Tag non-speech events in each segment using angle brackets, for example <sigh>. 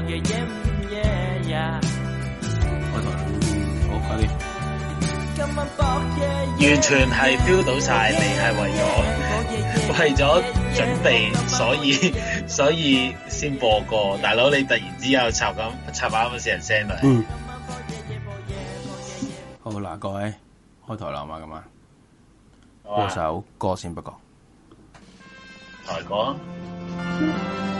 開台好，完全係 feel 到晒，你係為咗為咗準備，所以所以先播歌。大佬，你突然之後插咁插埋咁少人聲咪？ <music> 好，嗱，各位，開台啦好嘛？咁啊，吧歌歌先不講，台歌 <music>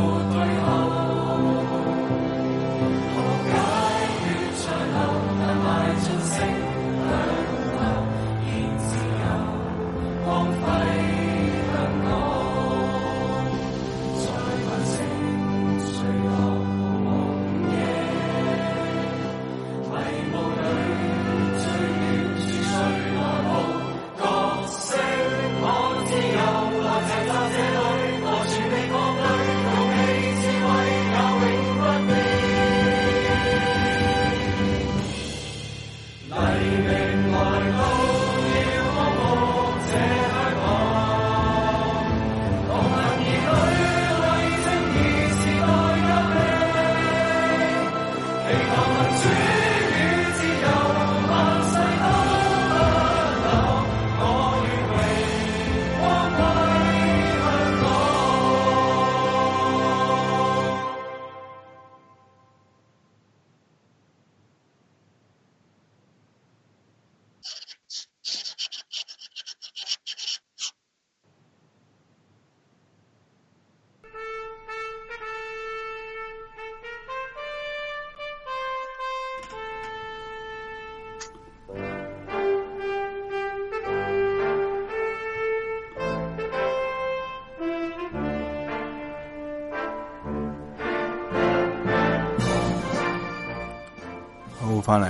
翻嚟，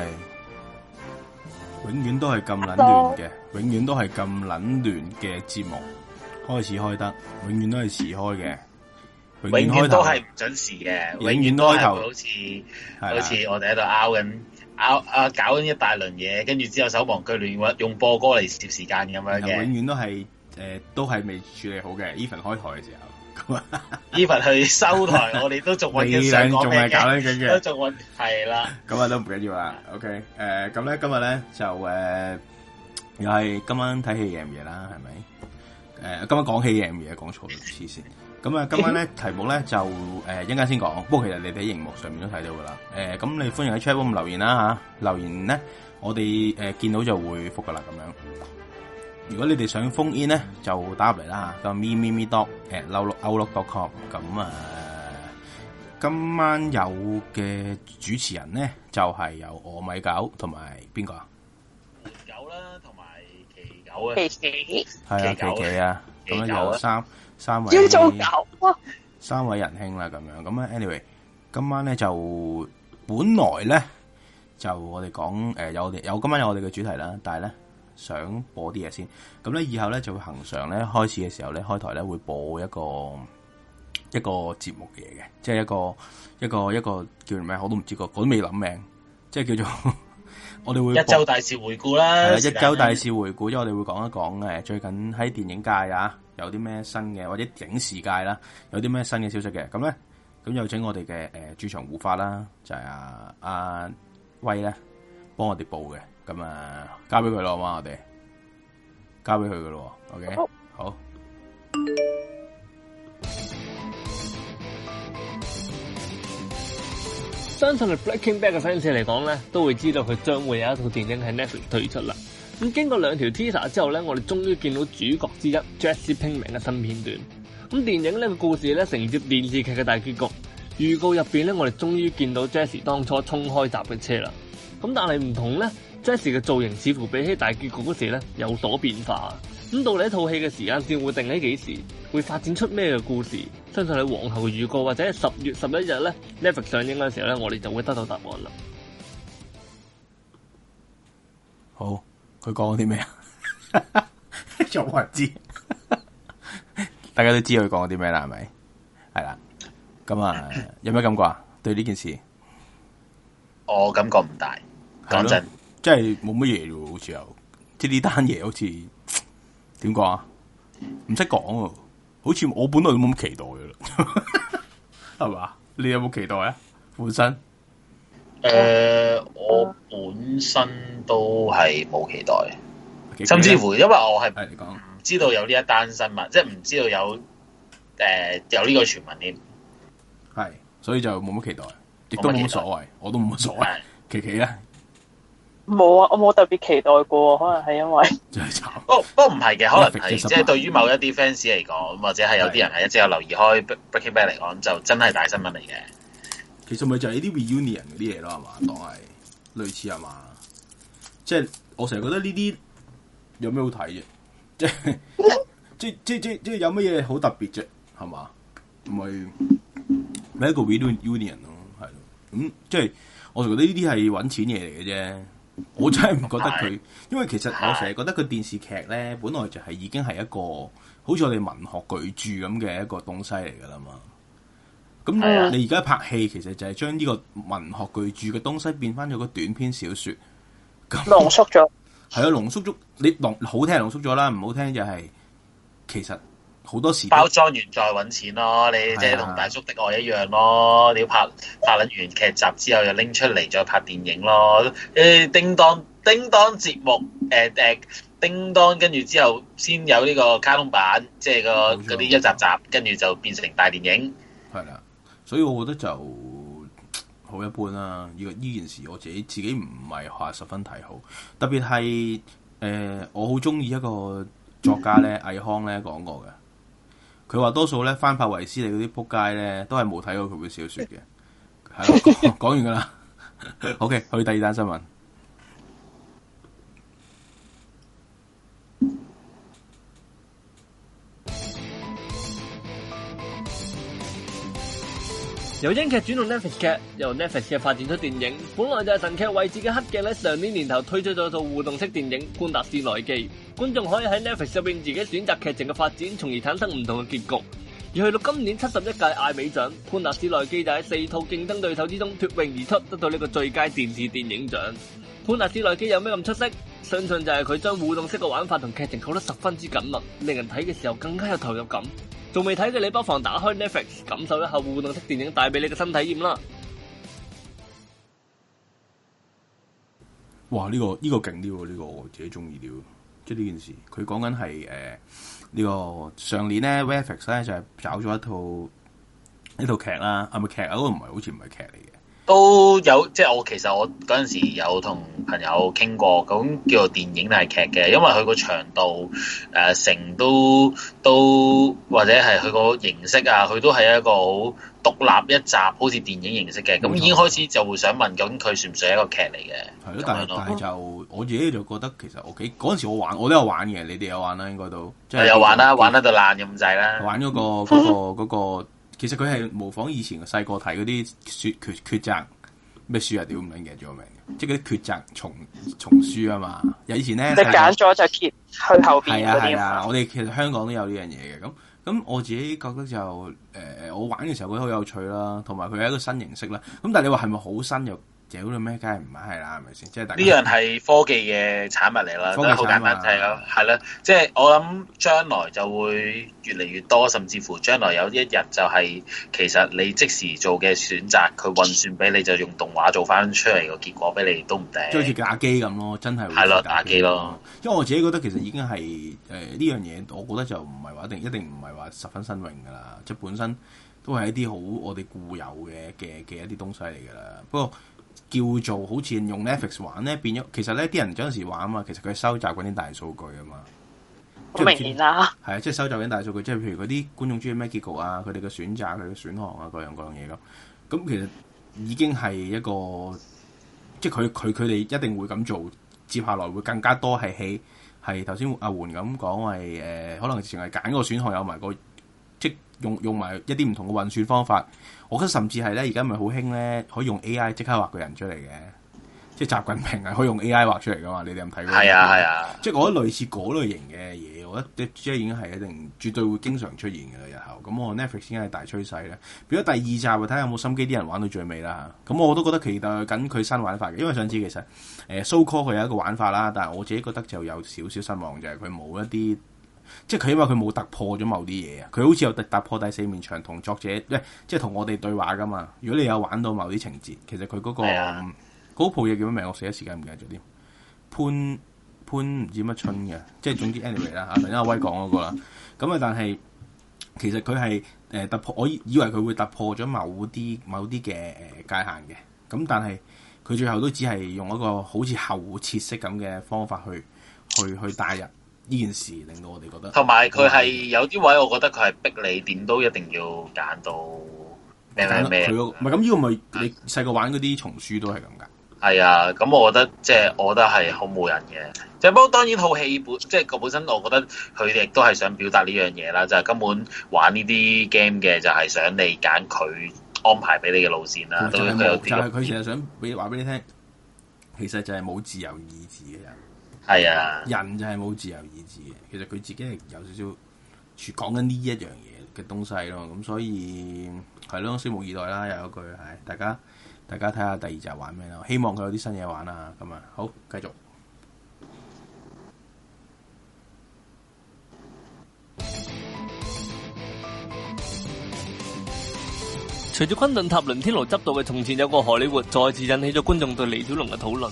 永遠都係咁冷暖嘅，永遠都係咁冷暖嘅節目開始開得，永遠都係遲開嘅，永遠都係唔準時嘅，永遠開頭遠都係好似好似我哋喺度拗緊拗啊，搞緊一大輪嘢，跟住之後手忙腳亂，用播歌嚟攝時間咁樣嘅，永遠都係誒、呃，都係未處理好嘅，even 開台嘅時候。依份 <laughs> 去收台， <laughs> 我哋都做運嘅。仲係搞緊嘅，都做運係啦。咁啊 <laughs> 都唔緊要啦。 <laughs> OK，誒、呃，咁咧今日咧就誒、呃，又係今晚睇戲夜唔夜啦，係咪？誒、呃，今晚講戲夜唔夜，講錯啦，黐線。咁啊，今晚咧題目咧就誒一陣間先講。不、呃、過其實你哋喺熒幕上面都睇到噶啦。誒、呃，咁你歡迎喺 chatroom 留言啦吓、啊，留言咧我哋誒、呃、見到就會覆噶啦，咁樣。如果你哋想 phone in 咧，就打入嚟啦吓，咪咪咪 dog，at outlook dot com。咁啊，今晚有嘅主持人咧，就係、是、有鵝米狗同埋邊個啊？狗啦，同埋奇狗啊，奇奇係啊，奇奇啊，咁咧、啊、有三三位要做狗、啊、三位仁兄啦，咁樣，咁啊，anyway，今晚咧就本來咧就我哋講誒，有我哋有今晚有我哋嘅主題啦，但係咧。想播啲嘢先，咁咧以後咧就會恒常咧開始嘅時候咧開台咧會播一個一個節目嘅嘢嘅，即係一個一個一個叫咩，我都唔知個，我都未諗名，即係叫做我哋會一周大事回顧啦，的的一周大事回顧，即係的我哋會講一講誒最近喺電影界啊有啲咩新嘅，或者影視界啦有啲咩新嘅消息嘅，咁咧咁有請我哋嘅誒主場護法啦，就係阿阿威咧幫我哋報嘅。咁啊，交俾佢咯，好嘛，我哋交俾佢嘅咯，OK，好。相信《Breaking Bad》嘅 fans 嚟講咧，都會知道佢將會有一套電影喺 Netflix 推出啦。咁經過兩條 teaser 之後咧，我哋終於見到主角之一 <music> Jesse Pinkman 嘅新片段。咁電影呢個故事咧承接電視劇嘅大結局，預告入邊咧我哋終於見到 Jesse 當初衝開閘嘅車啦。咁但係唔同咧。Jesse 嘅造型似乎比起大結局嗰時咧有所變化。咁到底呢套戲嘅時間線會定喺幾時？會發展出咩嘅故事？相信喺往後嘅預告或者十月十一日咧 Netflix 上映嗰陣時候咧，我哋就會得到答案啦。好，佢講咗啲咩啊？仲冇人知道， <laughs> <laughs> 大家都知佢講咗啲咩啦？係咪？係啦。咁啊， <coughs> 有咩感覺啊？對呢件事，我感覺唔大。講了真。即係冇乜嘢好似又。即係呢單嘢，好似點講啊？唔識講，好似我本來都冇乜期待啦，係嘛？你有冇期待啊？本身，誒、呃，我本身都係冇期待，期待甚至乎，因為我係唔知道有呢一單新聞，即係唔知道有誒、呃、有個傳聞呢個傳聞添，係，所以就冇乜期待，亦都冇乜所謂，期待我都冇乜所謂，琪琪咧。冇啊，我冇特別期待過，可能係因為真係慘。慘哦、不過唔係嘅，可能係即係對於某一啲 fans 嚟講，嗯、或者係有啲人係一直有留意開 Breaking Bad 嚟講，就真係大新聞嚟嘅。其實咪就係呢啲 reunion 嗰啲嘢咯，係嘛，當係類似係嘛。即係我成日覺得呢啲有咩好睇啫？即係 <laughs> 即即即即有乜嘢好特別啫？係嘛，咪咪一個 reunion 咯，係、嗯、咁即係我成日覺得呢啲係揾錢嘢嚟嘅啫。我真係唔覺得佢，因為其實我成日覺得佢電視劇咧，本來就係已經係一個好似我哋文學巨著咁嘅一個東西嚟噶啦嘛。咁你而家拍戲，其實就係將呢個文學巨著嘅東西變翻咗個短篇小說，咁濃縮咗。係啊，濃縮咗。你濃好聽濃縮咗啦，唔好聽就係、是、其實。好多時包裝完再揾錢咯，你即係同大叔的愛一樣咯。的你要拍拍撚完劇集之後，又拎出嚟再拍電影咯。誒、呃，叮當叮當節目，誒、呃、誒叮當，跟住之後先有呢個卡通版，即係、那個嗰啲錯一集集，跟住就變成大電影。係啦，所以我覺得就好一般啦、啊。呢個呢件事，我自己自己唔係話十分睇好。特別係誒、呃，我好中意一個作家咧，倪匡咧講過嘅。佢話多數咧，翻拍維斯利嗰啲撲街呢，都係冇睇過佢本小説嘅。係咯， <laughs> 講完㗎喇。 <laughs> OK，去第二單新聞。由英劇轉到 Netflix 劇，由 Netflix 嘅發展出電影，本來就係神劇位置嘅《黑鏡》咧，上年年頭推出咗套互動式電影《潘達斯奈基》，觀眾可以喺 Netflix 入邊自己選擇劇情嘅發展，從而產生唔同嘅結局。而去到今年七十一屆艾美獎，《潘達斯奈基》就喺四套競爭對手之中脫穎而出，得到呢個最佳電視電影獎。《潘達斯奈基》有咩咁出色？相信就係佢將互動式嘅玩法同劇情搞得十分之緊密，令人睇嘅時候更加有投入感。仲未睇嘅你，不妨打開 Netflix 感受一下互動式電影帶俾你嘅新體驗啦！哇，呢個呢個勁啲喎，呢個我自己中意啲喎，即係呢件事，佢講緊係誒呢個上年呢 Netflix 咧就係找咗一套呢套劇啦，係咪劇啊？嗰個唔係，好似唔係劇嚟嘅。都有即係我，其實我嗰陣時有同朋友傾過，咁叫做電影定係劇嘅，因為佢個長度誒、呃、成都都或者係佢個形式啊，佢都係一個好獨立一集，好似電影形式嘅，咁已經開始就會想問咁，佢算唔算一個劇嚟嘅？係咯、嗯，但係就我自己就覺得，其實 OK。嗰陣時我玩我都有玩嘅，你哋有玩啦，應該都即係有玩啦、啊，嗰個、玩得就爛就咁滯啦，玩嗰個個個。 <laughs> 其實佢係模仿以前細個睇嗰啲選決抉擇咩書啊，唔樣嘅，做名、嘅，即係嗰啲抉擇叢叢書啊嘛。以前咧，你揀咗就貼去後邊。係啊係啊，啊啊我哋其實香港都有呢樣嘢嘅。咁咁我自己覺得就誒、呃，我玩嘅時候覺得好有趣啦，同埋佢係一個新形式啦。咁但係你話係咪好新又？屌你咩，梗係唔係啦，係咪先？即係呢樣係科技嘅產物嚟啦，真係好簡單，係咯，係啦。即係我諗將來就會越嚟越多，甚至乎將來有一日就係其實你即時做嘅選擇，佢運算俾你就用動畫做翻出嚟個結果俾你，都唔定。即好似打機咁咯，真係係咯，打機咯。機因為我自己覺得其實已經係誒呢樣嘢，呃、我覺得就唔係話一定一定唔係話十分新穎噶啦，即、就、係、是、本身都係一啲好我哋固有嘅嘅嘅一啲東西嚟噶啦。不過叫做好似用 Netflix 玩呢變咗其實呢啲人有陣時玩啊嘛，其實佢收集緊啲大數據㗎嘛，好明顯啦，係啊，即係收集緊大數據，即係譬如嗰啲觀眾中意咩結局啊，佢哋嘅選擇、佢嘅選項啊，各樣各樣嘢咯。咁其實已經係一個，即係佢佢佢哋一定會咁做，接下來會更加多係起，係頭先阿媛咁講，係、呃、可能直情係揀個選項有埋個，即係用用埋一啲唔同嘅運算方法。我覺得甚至係咧，而家咪好興咧，可以用 A.I. 即刻畫個人出嚟嘅，即係習近平係可以用 A.I. 畫出嚟噶嘛？你哋有冇睇過？係啊係啊，即係我覺得類似嗰類型嘅嘢，我覺得即係已經係一定絕對會經常出現嘅日後。咁我 Netflix 已經係大趨勢咧。變咗第二集啊，睇下有冇心機啲人玩到最尾啦。咁我都覺得期待緊佢新玩法嘅，因為上次其實、呃、So Call 佢有一個玩法啦，但係我自己覺得就有少少失望就係佢冇一啲。即係佢，因為佢冇突破咗某啲嘢啊。佢好似有突破第四面牆，同作者，係即係同我哋對話噶嘛？如果你有玩到某啲情節，其實佢嗰、嗰個嗰部嘢叫咩名？我寫咗時間唔記得咗添，潘潘唔知乜春嘅，即係總之 anyway 啦。阿阿威講嗰個啦，咁啊，但係其實佢係誒突破，我以為佢會突破咗某啲某啲嘅誒界限嘅。咁但係佢最後都只係用一個好似後設式咁嘅方法去去去帶入。呢件事令到我哋覺得，同埋佢係有啲位，我覺得佢係逼你點都一定要揀到咩咩咩。唔係咁呢個咪你細個玩嗰啲蟲書都係咁㗎。係啊，咁、就是就是、我覺得即係我覺得係好冇人嘅。就不過當然套戲本即係個本身，我覺得佢哋都係想表達呢樣嘢啦。就係根本玩呢啲 game 嘅就係想你揀佢安排俾你嘅路線啦。但係佢其實想俾話俾你聽，其實就係冇自由意志嘅人。係啊，哎、人就係冇自由意志嘅，其實佢自己係有少少講緊呢一樣嘢嘅東西咯，咁所以係咯，拭目以待啦，又有一句係，大家大家睇下第二集玩咩啦，希望佢有啲新嘢玩啊，咁啊，好，繼續。除咗昆頓塔倫天羅執導嘅《從前有個荷里活》，再次引起咗觀眾對李小龍嘅討論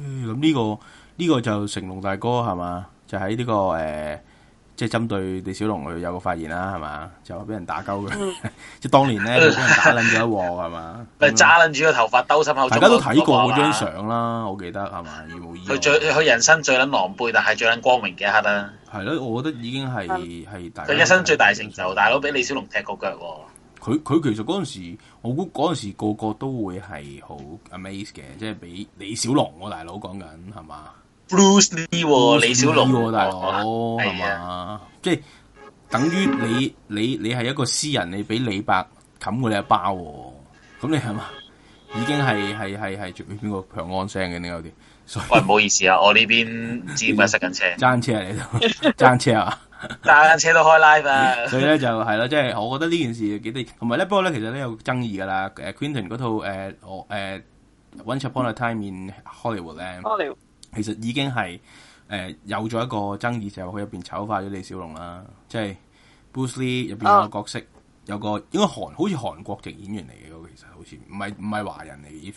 咁呢、這個呢、這個就成龍大哥係嘛，就喺、是、呢、這個誒，即、呃、係、就是、針對李小龍佢有個發言啦，係嘛，就俾人打鳩嘅，即係 <laughs> 當年咧俾 <laughs> 人打捻咗一鑊係嘛，揸捻住個頭髮兜心口，大家都睇過嗰張相啦， <laughs> 我記得係嘛，羽毛衣，佢最佢人生最捻狼狽，但係最捻光明嘅一刻啦、啊，係咯，我覺得已經係係大，佢一生最大成就，大佬俾李小龍踢過腳、啊。佢佢其實嗰陣時，我估嗰陣時個個都會係好 amazed 嘅，即係畀李小龍喎，大佬，講緊係咪 Bruce Lee 喎，李小龍喎，大佬係咪？即係等於你你你係一個詩人，你畀李白冚過你阿包喎、啊，咁你係咪？已經係係係係屬於邊個強安聲嘅呢？有啲，所以喂，以唔好意思呀、啊，我呢邊只乜塞緊車，爭車呀、啊，你都，爭車呀、啊。 <laughs> <laughs> 揸架車都開 live 啊！ <laughs> 所以咧就係啦，即係我覺得呢件事幾得意，同埋咧，不過咧其實咧有爭議噶啦。誒 Quentin 嗰套誒，我誒、呃呃、，Once Upon a Time in Hollywood、嗯、其實已經係誒、呃、有咗一個爭議，就係佢入邊醜化咗李小龍啦。即係 Bruce Lee 入邊個角色、oh. 有個應該韓，好似韓國籍演員嚟嘅，嗰其實好似唔係唔係華人嚟嘅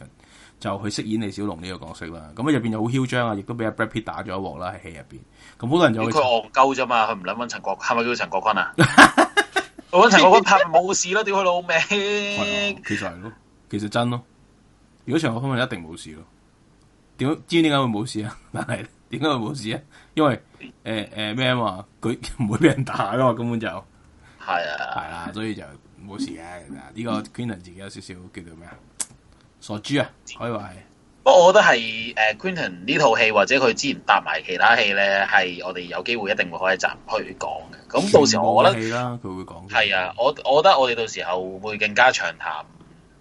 就去飾演李小龍呢個角色啦，咁啊入邊就好囂張啊，亦都俾阿 Brad Pitt 打咗一鑊啦喺戲入邊，咁好多人就佢戇鳩啫嘛，佢唔諗揾陳國係咪叫陳國坤啊？揾陳 <laughs> 國坤拍冇 <laughs> 事咯，屌佢老命！其實係咯，其實真咯，如果陳國坤咪一定冇事咯，點知點解會冇事啊？但係點解會冇事啊？因為誒誒咩啊嘛，佢唔會俾人打噶嘛，根本就係啊係啦、啊，所以就冇事嘅。呢個 Glenn 自己有少少叫做咩啊？傻豬啊！可以話係，不過，我覺得係誒、呃、Quentin 呢套戲，或者佢之前搭埋其他戲咧，係我哋有機會一定會開一集去講嘅。咁到時候我覺得，佢會講。係啊，我我覺得我哋到時候會更加長談誒呢、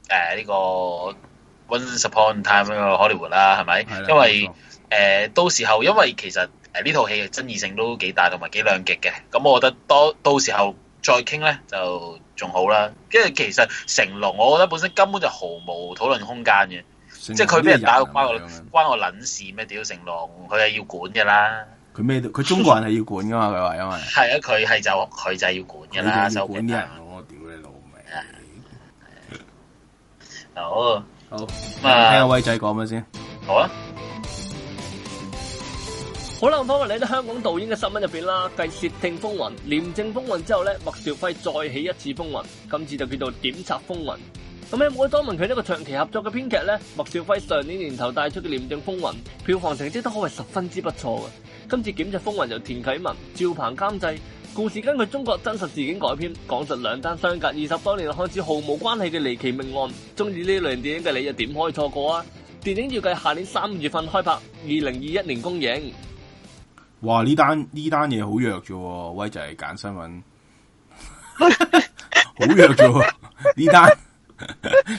呃這個 Once Upon a Time 嘅 Hollywood 啦，係咪？因為誒錯、呃、到時候，因為其實誒呢套戲嘅爭議性都幾大，同埋幾兩極嘅。咁我覺得，多到時候再傾咧就。仲好啦，因為其實成龍，我覺得本身根本就毫無討論空間嘅，成龍 即係佢俾人打個關我關我撚事咩？屌成龍，佢係要管嘅啦。佢咩佢中國人係要管噶嘛？佢話 <laughs> 因為係啊，佢係就佢就係要管嘅啦。就管啲人，啊、我屌你老味啊！ <laughs> 好，好，嗯、聽阿威仔講咩先？好啊。好啦，我講埋你啲香港導演嘅新聞入邊啦，繼《竊聽風雲》《廉政風雲》之後咧，麥兆輝再起一次風雲，今次就叫做《檢察風雲》。咁啊，冇咗文強呢個長期合作嘅編劇咧，麥兆輝上年年頭帶出嘅《廉政風雲》票房成績都可謂十分之不錯嘅。今次《檢察風雲》由田啟文、趙鵬監製，故事根據中國真實事件改編，講述兩單相隔二十多年開始毫無關係嘅離奇命案。中意呢類電影嘅你又點可以錯過啊？電影要計下年三月份開拍，二零二一年公映。哇！呢單呢單嘢好弱啫，威仔揀新聞好 <laughs> 弱啫，呢單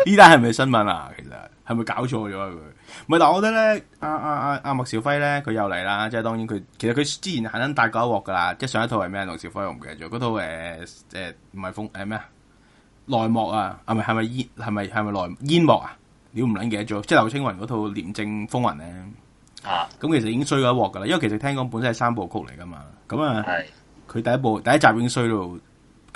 呢單係咪新聞啊？其實係咪搞錯咗？唔係，但我覺得咧，阿阿阿阿麥兆輝咧，佢又嚟啦，即係當然佢其實佢之前行緊大一鑊噶啦，即係上一套係咩？麥兆輝我唔記得咗，嗰套誒誒唔係風誒咩啊內幕啊？啊咪？係咪煙係咪係咪內煙幕啊？你記得了唔捻即係劉青雲嗰套廉政風雲咧。咁、啊、其實已經衰咗一鑊噶啦，因為其實聽講本身係三部曲嚟噶嘛，咁啊，佢的第一部第一集已經衰到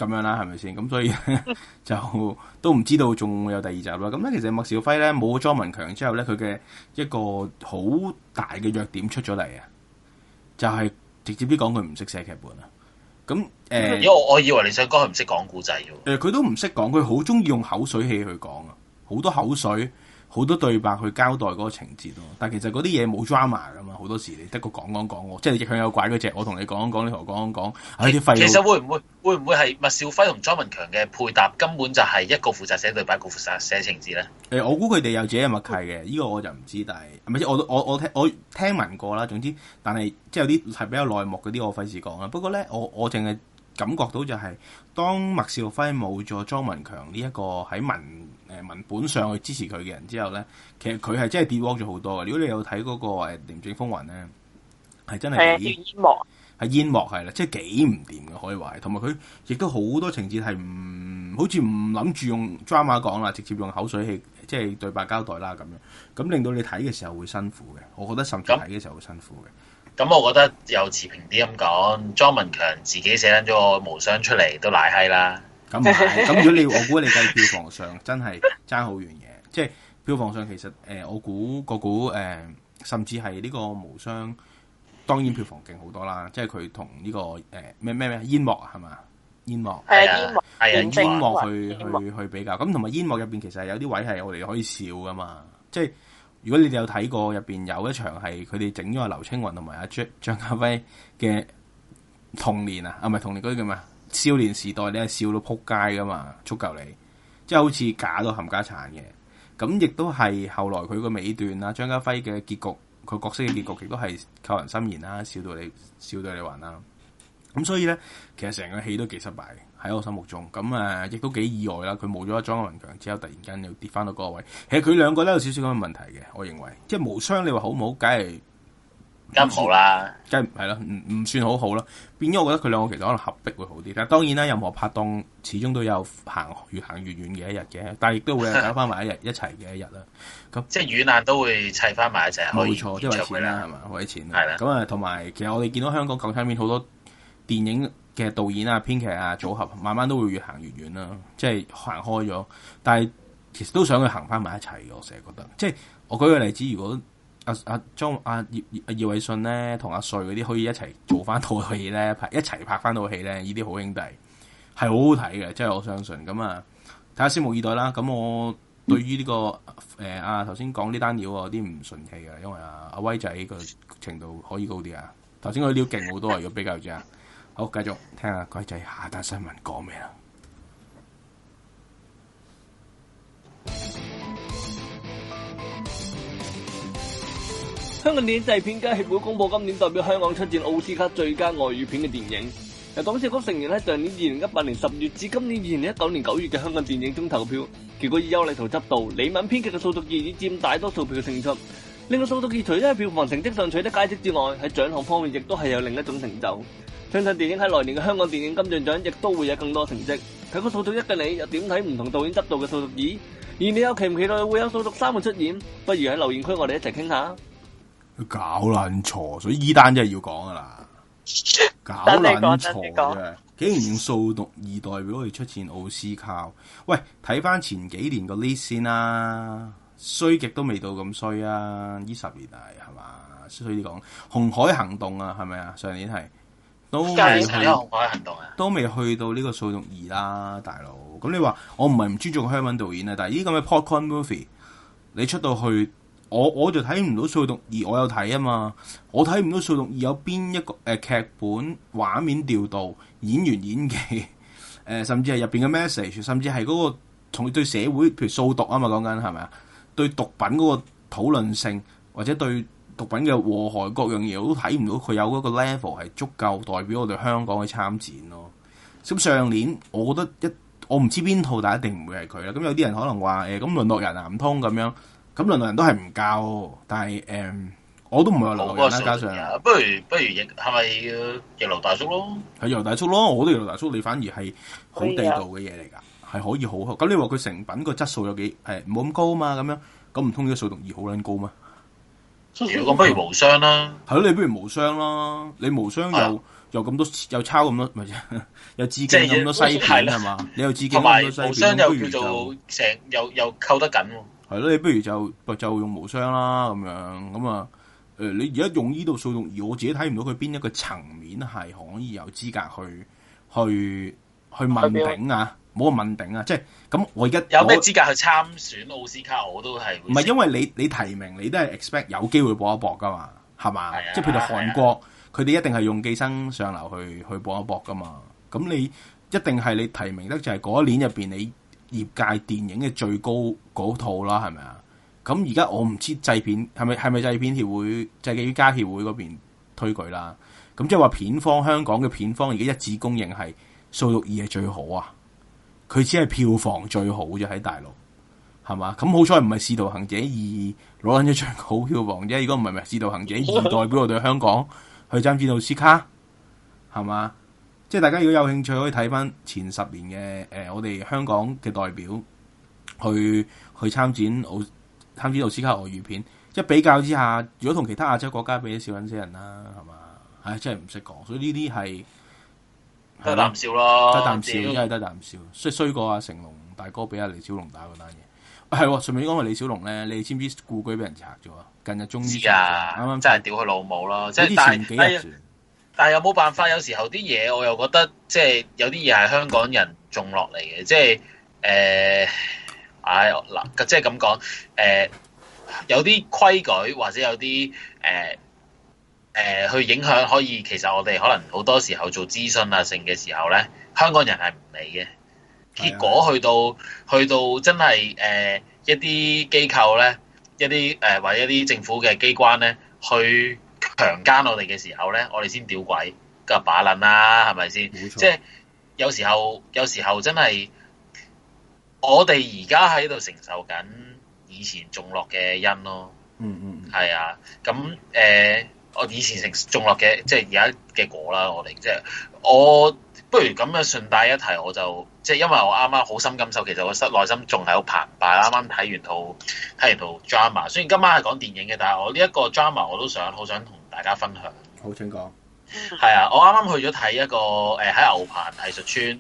咁樣啦，係咪先？咁所以 <laughs> 就都唔知道仲會有第二集啦。咁、嗯、咧，其實麥兆輝咧冇咗莊文強之後咧，佢嘅一個好大嘅弱點出咗嚟啊，就係、是、直接啲講，佢唔識寫劇本啊。咁誒，因為我，、呃、我以為你想講佢唔識講古仔嘅，誒、呃，佢都唔識講，佢好中意用口水戲去講啊，好多口水。好多對白去交代嗰個情節咯，但係其實嗰啲嘢冇 drama 噶嘛，好多時你得個講講講，即係逆向有怪嗰隻，我同你講講，你同我講講，唉、哎，啲廢。其實會唔會會唔會係麥兆輝同莊文強嘅配搭根本就係一個負責寫對白，一個負責寫情節咧？誒、欸，我估佢哋有自己嘅默契嘅，呢、這個我就唔知，但係唔係即我我我聽我聽聞過啦。總之，但係即係有啲係比較內幕嗰啲，我費事講啦。不過咧，我我淨係感覺到就係、是、當麥兆輝冇咗莊文強呢一個喺文。誒，文本上去支持佢嘅人之後咧，其實佢係真係跌落咗好多嘅。如果你有睇嗰個誒廉政風雲咧，係真係係煙幕，係煙幕，係啦，即係幾唔掂嘅可以話。同埋佢亦都好多情節係唔，好似唔諗住用 drama 講啦，直接用口水戲，即係對白交代啦咁樣，咁令到你睇嘅時候會辛苦嘅。我覺得甚至睇嘅時候會辛苦嘅。咁我覺得又持平啲咁講，莊文強自己寫緊咗個無雙出嚟都賴閪啦。咁咁如果你我估你計票房上真係爭好遠嘅， <laughs> 即係票房上其實誒、呃，我估個股誒，甚至係呢個無雙，當然票房勁好多啦，即係佢同呢個誒咩咩咩煙幕係係嘛煙幕係煙幕，用煙幕去、啊、去去，幕去比較。咁同埋煙幕入面其實係有啲位係我哋可以笑㗎嘛，即係如果你哋有睇過，入面有一場係佢哋整咗阿劉青雲同埋啊張張家輝嘅童年啊，啊唔係童年嗰啲嘛。少年時代你係笑到撲街噶嘛，足夠你，即係好似假到冚家鏟嘅。咁亦都係後來佢個尾段啦，張家輝嘅結局，佢角色嘅結局，亦都係扣人心弦啦，笑到你笑到你暈啦。咁所以咧，其實成個戲都幾失敗喺我心目中。咁啊，亦都幾意外啦，佢冇咗莊文強之後，突然間又跌翻到嗰個位。其實佢兩個都有少少咁嘅問題嘅，我認為。即係無雙，你話好唔好？梗係。跟唔好啦，跟係咯，唔唔算好好咯。變咗，我覺得佢兩個其實可能合璧會好啲。但當然啦，任何拍檔始終都有行越行越遠嘅一日嘅，但係亦 <laughs> 那都會有翻埋一日一齊嘅一日啦。咁即係遠難都會砌翻埋一齊。冇錯，因、就是、為錢啦係嘛，為錢係啦。咁啊的，同埋其實我哋見到香港港產片好多電影嘅導演啊、編劇啊組合，慢慢都會越行越遠啦，即係行開咗。但係其實都想佢行翻埋一齊嘅，我成日覺得。即、就、係、是、我舉個例子，如果。啊啊啊、二二位信阿阿阿葉阿葉偉信咧同阿瑞嗰啲可以一齊做翻套戲咧，拍一齊拍翻套戲咧，呢啲好兄弟係好好睇嘅，即係我相信。咁啊，睇下拭目以待啦。咁我對於呢、這個誒阿頭先講呢單料有啲唔順氣啊，因為阿、啊、阿威仔個程度可以高啲啊。頭先佢料勁好多，如果比較住啊，好繼續聽下鬼仔下單新聞講咩啊！香港電影製片家協會公布今年代表香港出戰奧斯卡最佳外語片嘅電影。由董事局成員喺上年二零一八年十月至今年二零一九年九月嘅香港電影中投票，結果以邱禮濤執導、李敏編劇嘅《掃毒二》佔大多數票嘅勝出。令到《掃毒二》除咗喺票房成績上取得佳績之外，喺獎項方面亦都係有另一種成就。相信電影喺來年嘅香港電影金像獎亦都會有更多成績。睇過《掃毒一》嘅你又點睇唔同導演執導嘅《掃毒二》？而你又期唔期待會有《掃毒三》嘅出現？不如喺留言區我哋一齊傾下。搞撚錯，所以依單真係要講噶啦，搞撚錯嘅，竟然用掃毒二代表去出戰奧斯卡。喂，睇翻前幾年個 list 先啦，衰極都未到咁衰啊！呢十年嚟係嘛，所以講紅海行動啊，係咪啊？上年係都未去紅海行動啊，都未去到呢個掃毒二啦，大佬。咁你話我唔係唔尊重香港導演啊，但係呢咁嘅 popcorn movie，你出到去。我我就睇唔到掃毒二，我有睇啊嘛。我睇唔到掃毒二，有邊一個、呃、劇本、畫面調度、演員演技，呃、甚至係入面嘅 message，甚至係嗰、嗰個從對社會譬如掃毒啊嘛講緊係咪啊？對毒品嗰個討論性或者對毒品嘅禍害各樣嘢，我都睇唔到佢有嗰個 level 係足夠代表我哋香港參戰去參展咯。咁上年我覺得一我唔知邊套，但係一定唔會係佢啦。咁有啲人可能話呃，咁《淪落人》啊唔通咁樣。.咁流流人都係唔教，但係誒、嗯，我都唔係流流人啦。加上不如不如逆咪、啊、逆流大叔咯，係楊大叔咯，我覺得楊大叔你反而係好地道嘅嘢嚟㗎，係可以，啊、可以好。咁你話佢成品個質素有幾係冇咁高嘛？咁樣咁唔通呢個掃毒二好撚高嘛？質素 不如無雙啦，係咯，你不如無雙啦。你無雙又又咁多又抄咁多，咪又致敬咁多西片係嘛？你又致敬咁多西片，同埋無雙又叫做成又又扣得緊。係咯，你不如就就用無雙啦咁樣，咁啊、呃！你而家用依度數用，而我自己睇唔到佢邊一個層面係可以有資格去去去問鼎啊！冇個問鼎啊，即係咁我而家有咩資格去參選奧斯卡？我都係唔係因為你你提名你都係 expect 有機會搏一搏噶嘛？係嘛？的即係譬如韓國，佢哋的一定係用寄生上流去去搏一搏噶嘛？咁你一定係你提名得就係嗰一年入面你。業界電影嘅最高嗰套啦，係咪啊？咁而家我唔知製片係咪係咪製片協會、製片家協會嗰邊推舉啦。咁即係話片方香港嘅片方而家一致公認係《掃毒二》係最好啊！佢只係票房最好啫，喺大陸係嘛？咁好彩唔係《使徒行者二》攞緊一張好票房啫。如果唔係咪係《使徒行者二》代表我哋香港去爭奧斯卡，係嘛？即係大家如果有興趣可以睇翻，前十年嘅誒、呃，我哋香港嘅代表去去參展奧參展奧斯卡外語片，即比較之下，如果同其他亞洲國家比少人，少揾些人啦，係嘛？唉，真係唔識講，所以呢啲係得啖笑咯，得啖笑，真係得啖笑。衰衰過阿成龍大哥俾阿李小龍打嗰單嘢，係、哎、順便講下李小龍咧，你知唔知故居俾人拆咗啊？近日終於啱啱真係屌佢老母咯，即係前幾日。但係有冇辦法？有時候啲嘢我又覺得，即係有啲嘢係香港人種落嚟嘅，即係誒，唉嗱，即係咁講，誒有啲規矩或者有啲誒誒去影響，可以其實我哋可能好多時候做諮詢啊性嘅時候咧，香港人係唔理嘅，結果去到的去到真係誒一啲機構咧，一啲誒或者一啲政府嘅機關咧去。強姦我哋嘅時候咧，我哋先吊鬼，咁、就、啊、是、把愣啦，係咪先？沒錯 即係有時候，有時候真係我哋而家喺度承受緊以前種落嘅因咯。嗯嗯，係啊。咁誒、呃，我以前承種落嘅，即係而家嘅果啦。我哋即係我，不如咁樣順帶一提，我就即係因為我啱啱好深感受，其實我室內心仲係好澎湃。啱啱睇完套睇完套 drama，雖然今晚係講電影嘅，但係我呢一個 drama 我都想好想同大家分享，好請講，係啊，我啱啱去咗睇一個誒，喺、呃、牛棚藝術村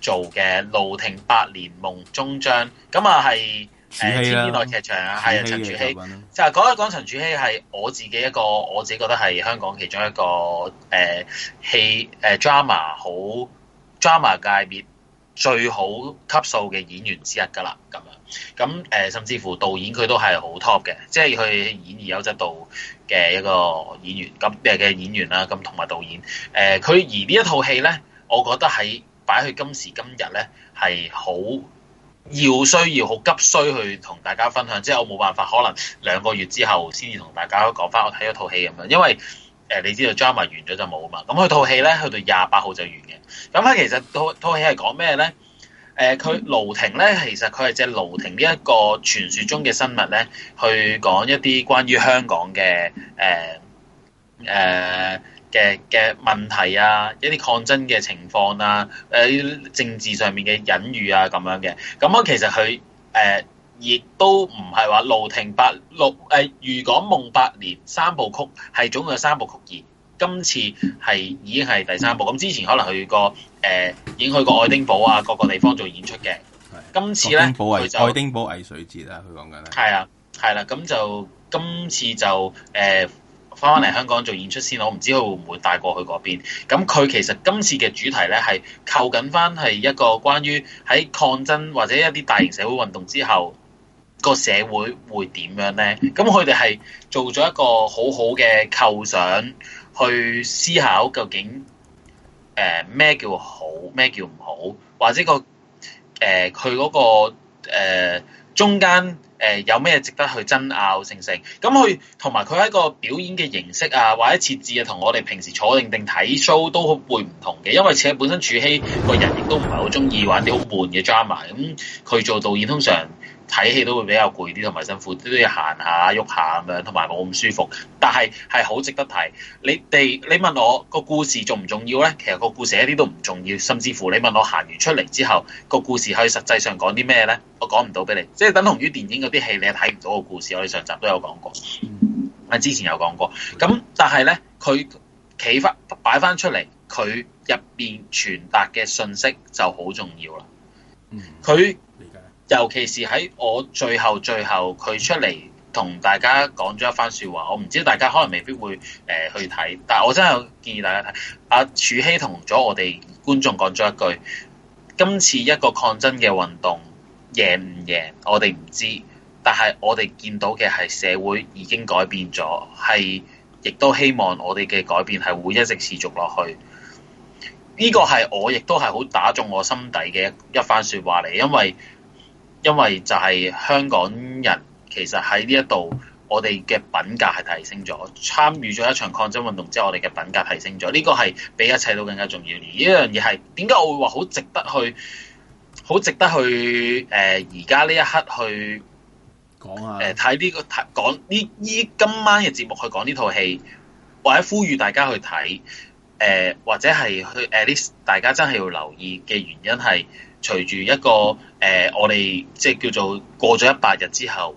做嘅《盧亭百年夢終章》，咁啊係陳柱熙內劇場啊，係陳柱熙，啊、就係講一講陳柱熙係我自己一個，我自己覺得係香港其中一個誒戲、呃、誒、呃、drama 好 drama 界別最好級數嘅演員之一噶啦，咁樣咁誒、呃，甚至乎導演佢都係好 top 嘅，即係佢演而優則導。嘅一個演員咁嘅演員啦，咁同埋導演誒，佢、呃、而呢一套戲咧，我覺得喺擺去今時今日咧係好要需要好急需去同大家分享，即係我冇辦法，可能兩個月之後先至同大家講返我睇一套戲咁樣，因為、呃、你知道，Drama 完咗就冇嘛，咁佢套戲咧去到廿八號就完嘅，咁啊其實套套戲係講咩咧？誒佢、呃、盧亭咧，其實佢係借盧亭呢一個傳説中嘅生物咧，去講一啲關於香港嘅誒誒嘅嘅問題啊，一啲抗爭嘅情況啊，誒政治上面嘅隱喻啊咁樣嘅。咁啊，其實佢誒亦都唔係話盧亭八六誒、呃，如果《夢八年三部曲係總有三部曲二。今次係已經係第三部，咁之前可能去過誒、呃，已經去過愛丁堡啊，各個地方做演出嘅。是的今次呢，丁就愛丁堡藝術節啊，佢講緊咧。係啊，係啦，咁就今次就誒返返嚟香港做演出先咯。我唔知佢會唔會帶過去嗰邊。咁佢其實今次嘅主題呢，係扣緊返係一個關於喺抗爭或者一啲大型社會運動之後，這個社會會點樣呢？咁佢哋係做咗一個很好好嘅構想。去思考究竟，誒、呃、咩叫好，咩叫唔好，或者個誒佢嗰個誒、呃、中間誒、呃、有咩值得去爭拗成成，咁佢同埋佢喺個表演嘅形式啊，或者設置啊，同我哋平時坐定定睇 show 都會唔同嘅，因為且本身儲希個人亦都唔係好中意玩啲好悶嘅 drama，咁佢做導演通常。睇戲都會比較攰啲，同埋辛苦都要行下、喐下咁樣，同埋我唔舒服。但係係好值得睇。你哋你問我，個故事重唔重要呢？其實個故事一啲都唔重要，甚至乎你問我行完出嚟之後，個故事可以實際上講啲咩呢？我講唔到俾你，即係等同於電影嗰啲戲你係睇唔到個故事。我哋上集都有講過，啊之前有講過。咁但係呢，佢企翻擺翻出嚟，佢入邊傳達嘅信息就好重要啦。佢。尤其是喺我最後最後，佢出嚟同大家講咗一番說話，我唔知大家可能未必會誒去睇，但係我真係建議大家睇阿、啊、柱希同咗我哋觀眾講咗一句：今次一個抗爭嘅運動贏唔贏，我哋唔知，但係我哋見到嘅係社會已經改變咗，係亦都希望我哋嘅改變係會一直持續落去。呢個係我亦都係好打中我心底嘅一番說話嚟，因為。因為就係香港人，其實喺呢一度，我哋嘅品格係提升咗。參與咗一場抗爭運動之後，我哋嘅品格提升咗。呢個係比一切都更加重要的。而呢樣嘢係點解我會話好值得去，好值得去誒，而家呢一刻去講啊！誒睇呢個睇講呢呢今晚嘅節目去講呢套戲，或者呼籲大家去睇，誒、呃、或者係去 at least 大家真係要留意嘅原因係。隨住一個誒、呃，我哋即係叫做過咗一百日之後，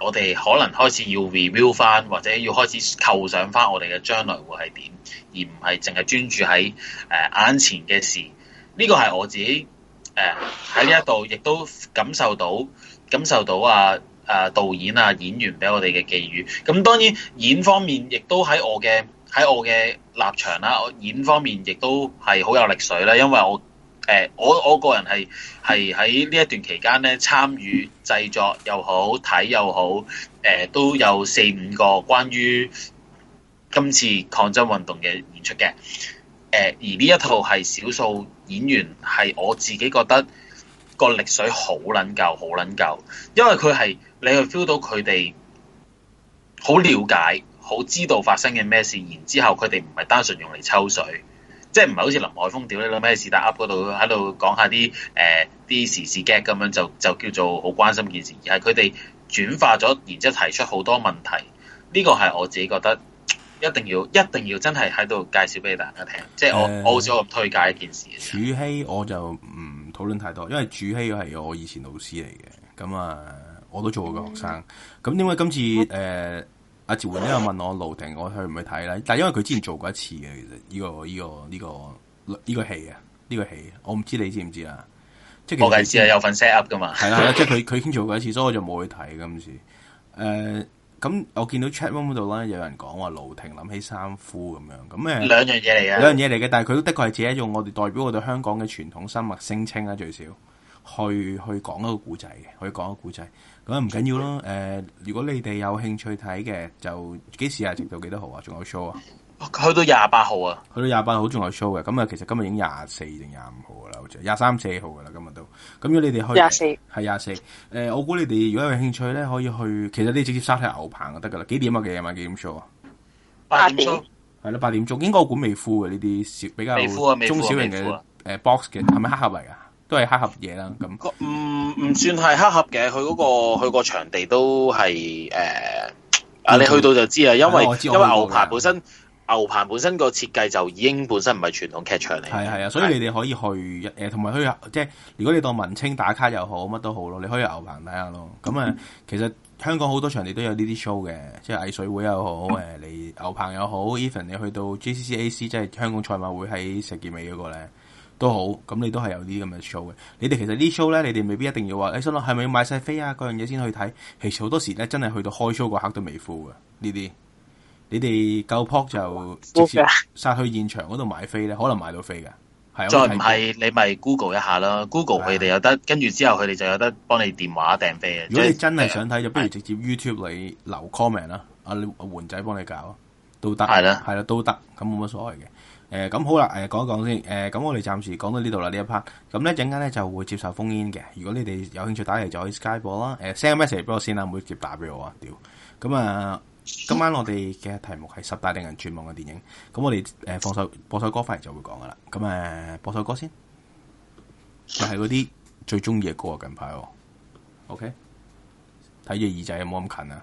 我哋可能開始要 review 翻，或者要開始構想翻我哋嘅將來會係點，而唔係淨係專注喺誒眼前嘅事。呢、這個係我自己誒喺呢一度亦都感受到感受到啊誒、啊、導演啊演員俾我哋嘅寄語。咁當然演方面亦都喺我嘅喺我嘅立場啦。我演方面亦都係好有力水啦，因為我。呃、我我個人係係喺呢一段期間咧，參與製作又好，睇又好、呃，都有四五個關於今次抗爭運動嘅演出嘅、呃，而呢一套係少數演員係我自己覺得個力水好撚夠，好撚夠，因為佢係你去 feel 到佢哋好了解，好知道發生嘅咩事，然之後佢哋唔係單純用嚟抽水。即係唔係好似林海峰屌你諗咩是但 Up 嗰度喺度講下啲誒啲時事 gag 咁樣就就叫做好關心件事，而係佢哋轉化咗，然之後提出好多問題。呢、這個係我自己覺得一定要一定要真係喺度介紹俾大家聽。即係我好少、呃、推介一件事。主希我就唔討論太多，因為柱希係我以前老師嚟嘅，咁啊我都做過個學生。咁點解今次誒？嗯呃阿趙煥咧又問我盧亭，我去唔去睇呢？」但因為佢之前做過一次嘅，其實呢、這個呢、這個呢、這個呢、這個戲啊，呢個戲，我唔知你知唔知啦。即係我梗係知啊，有份 set up 噶嘛。係啦，即係佢佢已經做過一次，所以我就冇去睇今時。咁、呃、我見到 chat room 度咧，有人講話盧亭諗起三夫咁樣。咁誒，兩樣嘢嚟㗎。兩樣嘢嚟嘅，但係佢都的確係自己用我哋代表我哋香港嘅傳統生物聲稱啦，最少去去講一個古仔嘅，去講一個古仔。唔緊要咯，誒，如果你哋有興趣睇嘅，就幾時啊？直到幾多號啊？仲有 show 啊？去到廿八號啊？去到廿八號仲有 show 嘅，咁啊，其實今日已經廿四定廿五號噶啦，好似廿三四號噶啦，今日都。咁如果你哋去廿四，係廿四，誒，我估你哋如果有興趣咧，可以去。其實你直接 search 睇牛棚就得噶啦，幾點啊？幾晚、啊、幾點 show 啊點？八點 show 係咯，八點鐘。應該館未開嘅呢啲比較中小型嘅誒 box 嘅，係咪、啊啊啊啊、黑盒嚟噶？都係黑盒嘢啦，咁唔唔算係黑盒嘅，佢嗰、嗰個佢個場地都係誒啊，呃嗯、你去到就知啦，因為因為牛棚本身牛棚本身個設計就已經本身唔係傳統劇場嚟，係係係啊，所以你哋可以去誒，同埋去即係如果你當文青打卡又好，乜都好咯，你可以去牛棚睇下咯。咁啊，其實香港好多場地都有呢啲 show 嘅，即係藝穗會又好，誒牛棚又好，even 你去到 JCCAC 即係香港賽馬會喺石硤尾嗰、嗰個咧。都好，咁你都係有啲咁嘅 show 嘅。你哋其實 show 呢 show 咧，你哋未必一定要話，你心諗係咪要買曬飛啊，嗰樣嘢先去睇。其實好多時咧，真係去到開 show 嗰刻都未付嘅呢啲。你哋夠 p o、ok、就直接曬去現場嗰度買飛咧，可能買到飛嘅。再唔係你咪 Google 一下啦，Google 佢哋有得，跟住之後佢哋就有得幫你電話訂飛。如果你真係想睇，的就不如直接 YouTube 你留 comment 啦，阿阿媛仔幫你搞都得，係啦，係啦，都得，咁冇乜所謂嘅。誒，咁，呃，好啦，誒，呃，講一講先，誒，呃，咁我哋暫時講到呢度啦，呢一 part。咁咧陣間咧就會接受 phone in 嘅，如果你哋有興趣打嚟就可以 skype 播啦。誒，send message 俾我先，唔妹接打俾我啊，屌！咁啊，呃，今晚我哋嘅題目係十大令人絕望嘅電影。咁我哋誒，呃，放首播首歌翻嚟就會講㗎啦。咁啊，播首歌先，就係嗰啲最中意嘅歌啊，近排。OK，睇住耳仔有冇咁近啊？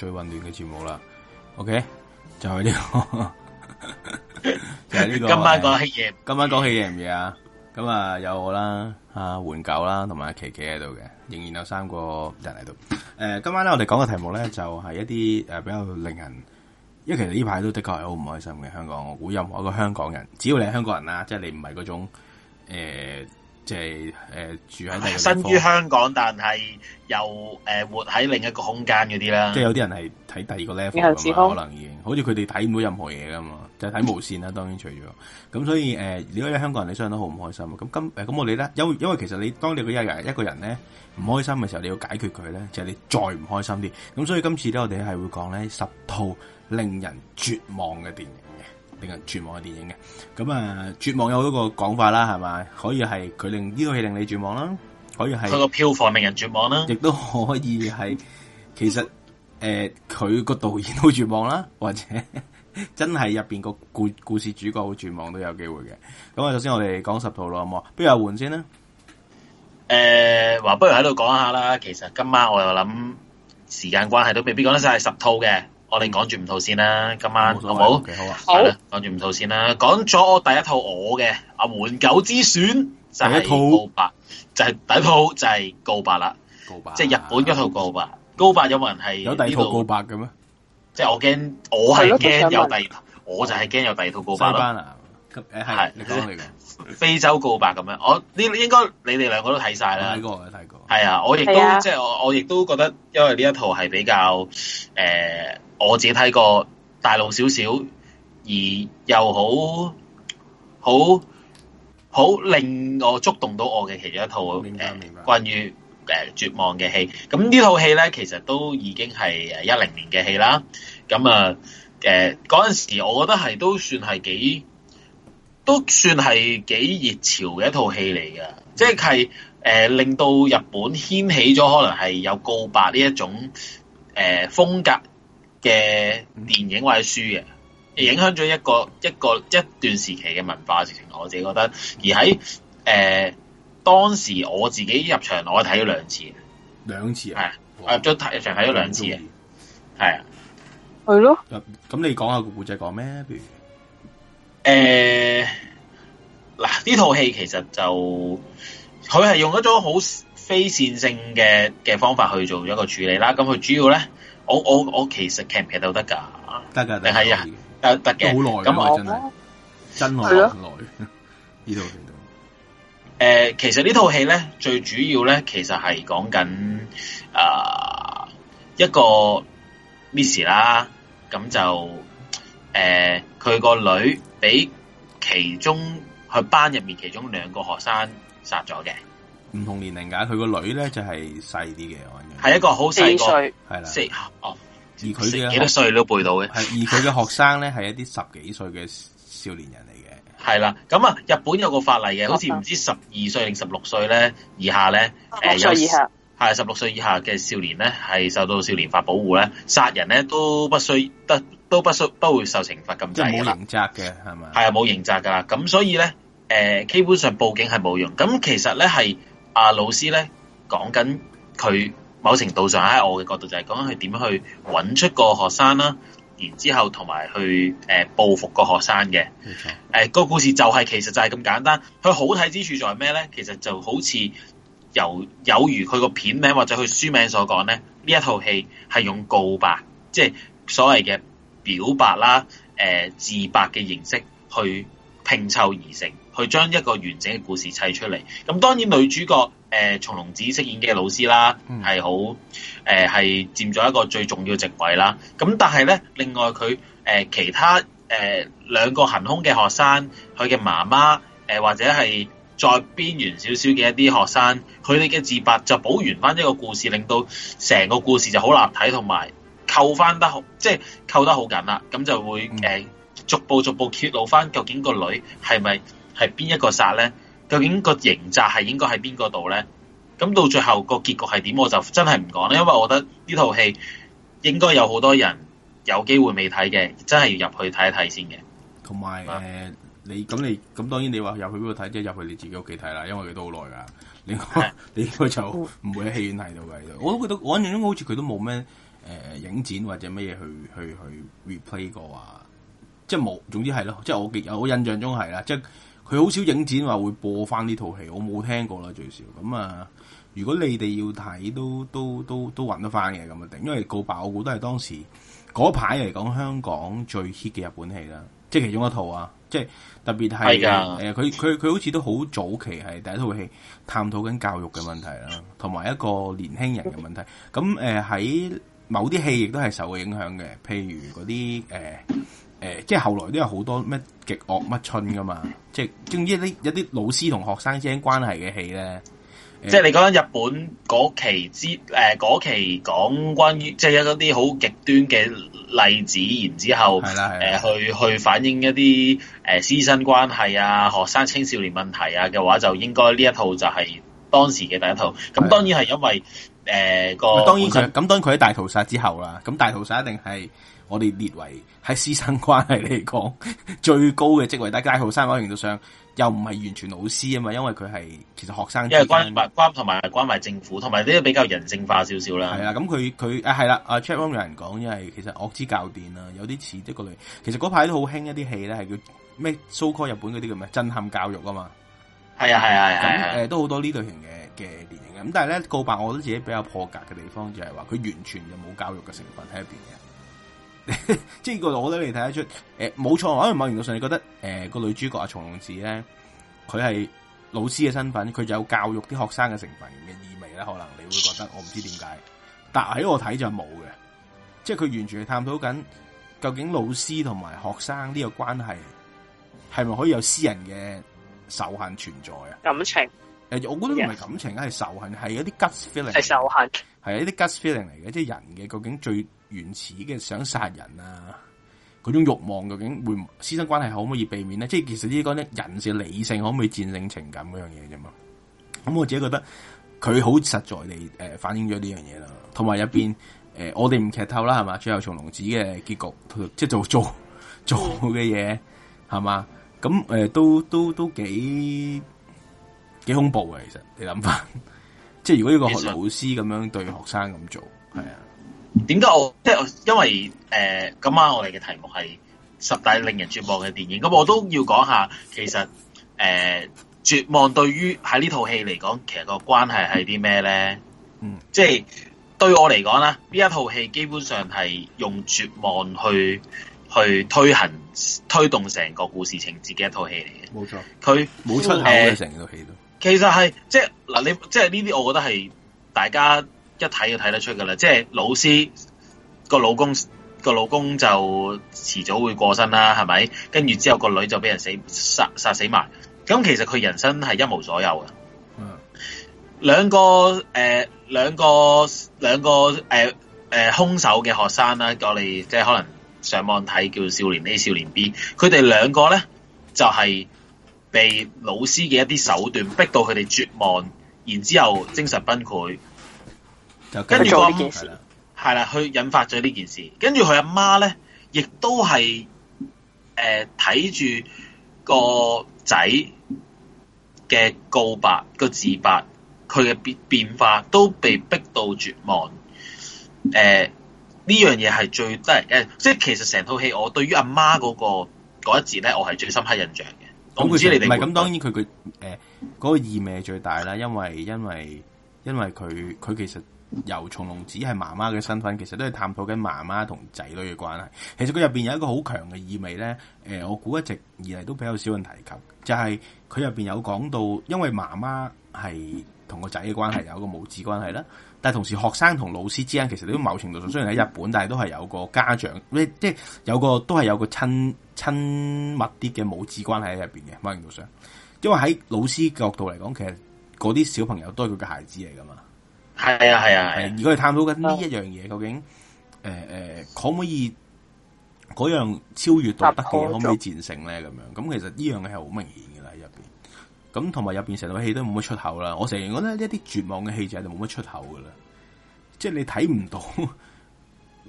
最混亂嘅節目啦，OK 就係呢個就係呢個。 <laughs> 今晚講戲，今晚講戲夜唔夜啊？咁啊有我啦，阿換狗啦，同埋阿琪琪喺度嘅，仍然有三個人喺度。誒、呃，今晚咧，我哋講嘅題目咧，就係、是、一啲誒、呃、比較令人，因為其實呢排都的確係好唔開心嘅香港。我估任何一個香港人，只要你係香港人啦，即係你唔係嗰種誒。呃即係誒，住喺身於香港，但係又誒、呃、活喺另一個空間嗰啲啦。即係有啲人係睇第二個 level，可能已經好似佢哋睇唔到任何嘢噶嘛，就係睇無綫啦。當然除咗咁， <laughs> 所以誒，如果喺香港人你傷得好唔開心，咁今誒咁、呃、我哋咧，因因為其實你當你一個人一個人咧唔開心嘅時候，你要解決佢咧，就係、是、你再唔開心啲。咁所以今次咧，我哋係會講咧十套令人絕望嘅電影。令人絕望嘅電影嘅，咁啊絕望有好多個講法啦，係咪？可以係佢令呢套戲令你絕望啦，可以係佢個票房令人絕望啦，亦都可以係其實誒佢、呃、個導演好絕望啦，或者真係入邊個故故事主角好絕望都有機會嘅。咁啊，首先我哋講十套啦，好冇？不如又換先啦。誒、呃，話不如喺度講下啦。其實今晚我又諗時間關係都未必講得晒十套嘅。我哋講住五套先啦，今晚好唔好？啦，講住五套先啦。講咗我第一套我嘅《阿門狗之選》，就係一套告白，就係第一套就係告白啦。告白，即係日本嗰套告白。告白有冇人係有第二套告白嘅咩？即係我驚，我係驚有第二套，我就係驚有第二套告白啦。係你講嚟嘅，非洲告白咁樣。我呢，應該你哋兩個都睇晒啦。睇過，睇過。係啊，我亦都即係我我亦都覺得，因為呢一套係比較誒。我自己睇過大陸少少，而又好好好令我觸動到我嘅其中一套誒，關於絕望嘅戲。咁呢套戲咧，其實都已經係誒一零年嘅戲啦。咁啊誒嗰陣時，我覺得係都算係幾都算係幾熱潮嘅一套戲嚟嘅，即係誒令到日本掀起咗可能係有告白呢一種誒，呃，風格。嘅電影或者書嘅，影響咗一個一個一段時期嘅文化事情，我自己覺得。而喺誒、呃、當時我自己入場，我係睇咗兩次，兩次係啊，入咗入場睇咗兩次啊，係啊，係咯。咁你講下個故仔講咩？譬如誒嗱，呢套戲其實就佢係用一種好非線性嘅嘅方法去做一個處理啦。咁佢主要咧。我我我其實劇唔劇都得噶，得噶，你係啊，得得嘅，好耐咁我的真係真耐耐呢套戲。誒、呃，其實這戲呢套戲咧，最主要咧，其實係講緊啊一個 Miss 啦，咁就誒佢個女俾其中佢班入面其中兩個學生殺咗嘅。唔同年齡噶，佢個女咧就係細啲嘅，我諗係一個好細個，係啦，了四哦，而佢嘅幾多歲都背到嘅，係 <laughs> 而佢嘅學生咧係一啲十幾歲嘅少年人嚟嘅，係啦。咁啊，日本有個法例嘅，好似唔知十二歲定十六歲咧以下咧，十以下係十六歲以下嘅少年咧係受到少年法保護咧，殺人咧都不需得都不需都不會受懲罰咁滯冇刑責嘅係咪係啊冇刑責噶，咁所以咧誒、呃，基本上報警係冇用。咁其實咧係。是阿老師咧講緊佢某程度上喺我嘅角度就係講緊佢點樣去揾出個學生啦，然之後同埋去誒、呃、報復個學生嘅。誒、呃，這個故事就係、是、其實就係咁簡單。佢好睇之處在咩咧？其實就好似由有如佢個片名或者佢書名所講咧，呢一套戲係用告白，即係所謂嘅表白啦、啊，誒、呃、自白嘅形式去拼湊而成。去將一個完整嘅故事砌出嚟。咁當然女主角，誒、呃，松隆子飾演嘅老師啦，係好係佔咗一個最重要席位啦。咁但係咧，另外佢、呃、其他、呃、兩個行兇嘅學生，佢嘅媽媽或者係再邊緣少少嘅一啲學生，佢哋嘅自白就補完翻一個故事，令到成個故事就好立體，同埋扣翻得好，即係扣得好緊啦。咁就會、嗯、逐步逐步揭露翻究竟個女係咪？係邊一個殺咧？究竟個刑責係應該喺邊個度咧？咁到最後個結局係點，我就真係唔講啦，因為我覺得呢套戲應該有好多人有機會未睇嘅，真係要入去睇一睇先嘅。同埋誒，你咁你咁，咁當然你話入去邊度睇，即係入去你自己屋企睇啦。因為佢都好耐噶，你你應該就唔會喺戲院睇到嘅。 <laughs> 我都覺得我印象中好似佢都冇咩誒影展或者乜嘢，去去去 replay 過話，即係冇。總之係咯，即係我嘅，我印象中係啦，即係。佢好少影展話會播翻呢套戲，我冇聽過啦最少。咁啊，如果你哋要睇都都都都揾得翻嘅咁啊定，因為告白我估都係當時嗰排嚟講香港最 hit 嘅日本戲啦，即係其中一套啊，即係特別係呃佢佢佢好似都好早期係第一套戲探討緊教育嘅問題啦，同埋一個年輕人嘅問題。咁喺、呃、某啲戲亦都係受影響嘅，譬如嗰啲誒、呃，即係後來都有好多咩極惡乜春噶嘛，即係總之呢有啲老師同學生之間關係嘅戲咧，即係你講緊日本嗰期之誒嗰期講關於即係有一啲好極端嘅例子，然之後係啦，誒、呃、去去反映一啲誒師生關係啊、學生青少年問題啊嘅話，就應該呢一套就係當時嘅第一套。咁當然係因為誒的、呃那個，當然佢咁身當然佢喺大屠殺之後啦，咁大屠殺一定係。我哋列為喺師生關係嚟講最高嘅職位，但係街校生嗰型度上又唔係完全老師啊嘛，因為佢係其實學生，因為關埋關同埋關埋政府，同埋啲比較人性化少少啦。係啦、啊，咁佢佢啊係啦，阿 c h a c k One 人講，因為其實惡之教典啊，有啲似呢個類，其實嗰排都好興一啲戲咧，係叫咩 so call 日本嗰啲叫咩震撼教育啊嘛，係啊係啊係咁誒，都好多呢類型嘅嘅電影嘅，咁但係咧，告白我覺得自己比較破格嘅地方就係話佢完全就冇教育嘅成分喺入邊嘅。即係個， <laughs> 我都未睇得出誒，冇錯可能某程度上你覺得誒，欸那個女主角阿松隆子咧，佢係老師嘅身份，佢有教育啲學生嘅成分嘅意味咧，可能你會覺得我唔知點解，但喺我睇就冇嘅，即係佢完全去探討緊究竟老師同埋學生呢個關係係咪可以有私人嘅仇恨存在啊？感情誒，我覺得唔係感情，係 Yes. 仇恨，係一啲 gut feeling，係仇恨，係一啲 gut feeling 嚟嘅，即係人嘅究竟最。原始嘅想殺人啊，嗰種欲望究竟會師生關係可唔可以避免呢？即係其實呢個咧，人嘅理性可唔可以戰勝情感嗰樣嘢啫嘛？咁我自己覺得佢好實在地誒反映咗呢樣嘢啦。同埋入邊誒，我哋唔劇透啦，係嘛？最後從龍子嘅結局，即係做做做嘅嘢，係嘛？咁誒、呃、都都都幾幾恐怖啊！其實你諗翻，即係如果一個老師咁樣對學生咁做，係啊。點解我即係因為誒、呃、今晚我哋嘅題目係十大令人絕望嘅電影咁我都要講下其實誒、呃、絕望對於喺呢套戲嚟講其實個關係係啲咩咧？嗯，即係對我嚟講啦，呢一套戲基本上係用絕望去去推行推動成個故事情節嘅一套戲嚟嘅，冇錯。佢冇出口成套戲，其實係即係嗱你即係呢啲，呢啲我覺得係大家。一睇就睇得出噶啦，即係老師個老公個老公就遲早會過身啦，係咪？跟住之後個女就俾人死殺殺死埋，咁其實佢人生係一無所有噶。嗯，兩、呃、個誒，兩個兩個誒誒，凶、呃呃、手嘅學生啦，我哋即係可能上網睇叫少年 A、少年 B，佢哋兩個咧就係、是、被老師嘅一啲手段逼到佢哋絕望，然之後精神崩潰。跟住佢件事，係啦，佢引發咗呢件事。跟住佢阿媽咧，亦都係誒睇住個仔嘅告白、個自白、佢嘅變變化，都被逼到絕望。誒、呃，呢樣嘢係最誒、呃，即係其實成套戲，我對於阿媽嗰、那個嗰一節咧，我係最深刻印象嘅。我唔、嗯、知你哋係咁，當然佢佢誒嗰個意味最大啦，因為因為因為佢佢其實。由從龍子係媽媽嘅身份，其實都係探討緊媽媽同仔女嘅關係。其實佢入邊有一個好強嘅意味咧，誒、呃，我估一直以嚟都比較少人提及，就係佢入邊有講到，因為媽媽係同個仔嘅關係有個母子關係啦。但係同時，學生同老師之間，其實都某程度上雖然喺日本，但係都係有個家長，即係係有個都係有個親親密啲嘅母子關係喺入邊嘅某程度上。因為喺老師角度嚟講，其實嗰啲小朋友都係佢嘅孩子嚟噶嘛。係啊係啊係！啊啊啊啊啊啊啊，而佢哋探討緊呢一樣嘢，究竟誒誒、呃呃、可唔可以嗰樣超越道德嘅，可唔可以戰勝咧？咁樣咁，其實呢樣嘢係好明顯嘅啦，喺入邊。咁同埋入邊成套戲都冇乜出口啦。我成日覺得呢一啲絕望嘅戲就係冇乜出口噶啦。即係你睇唔到。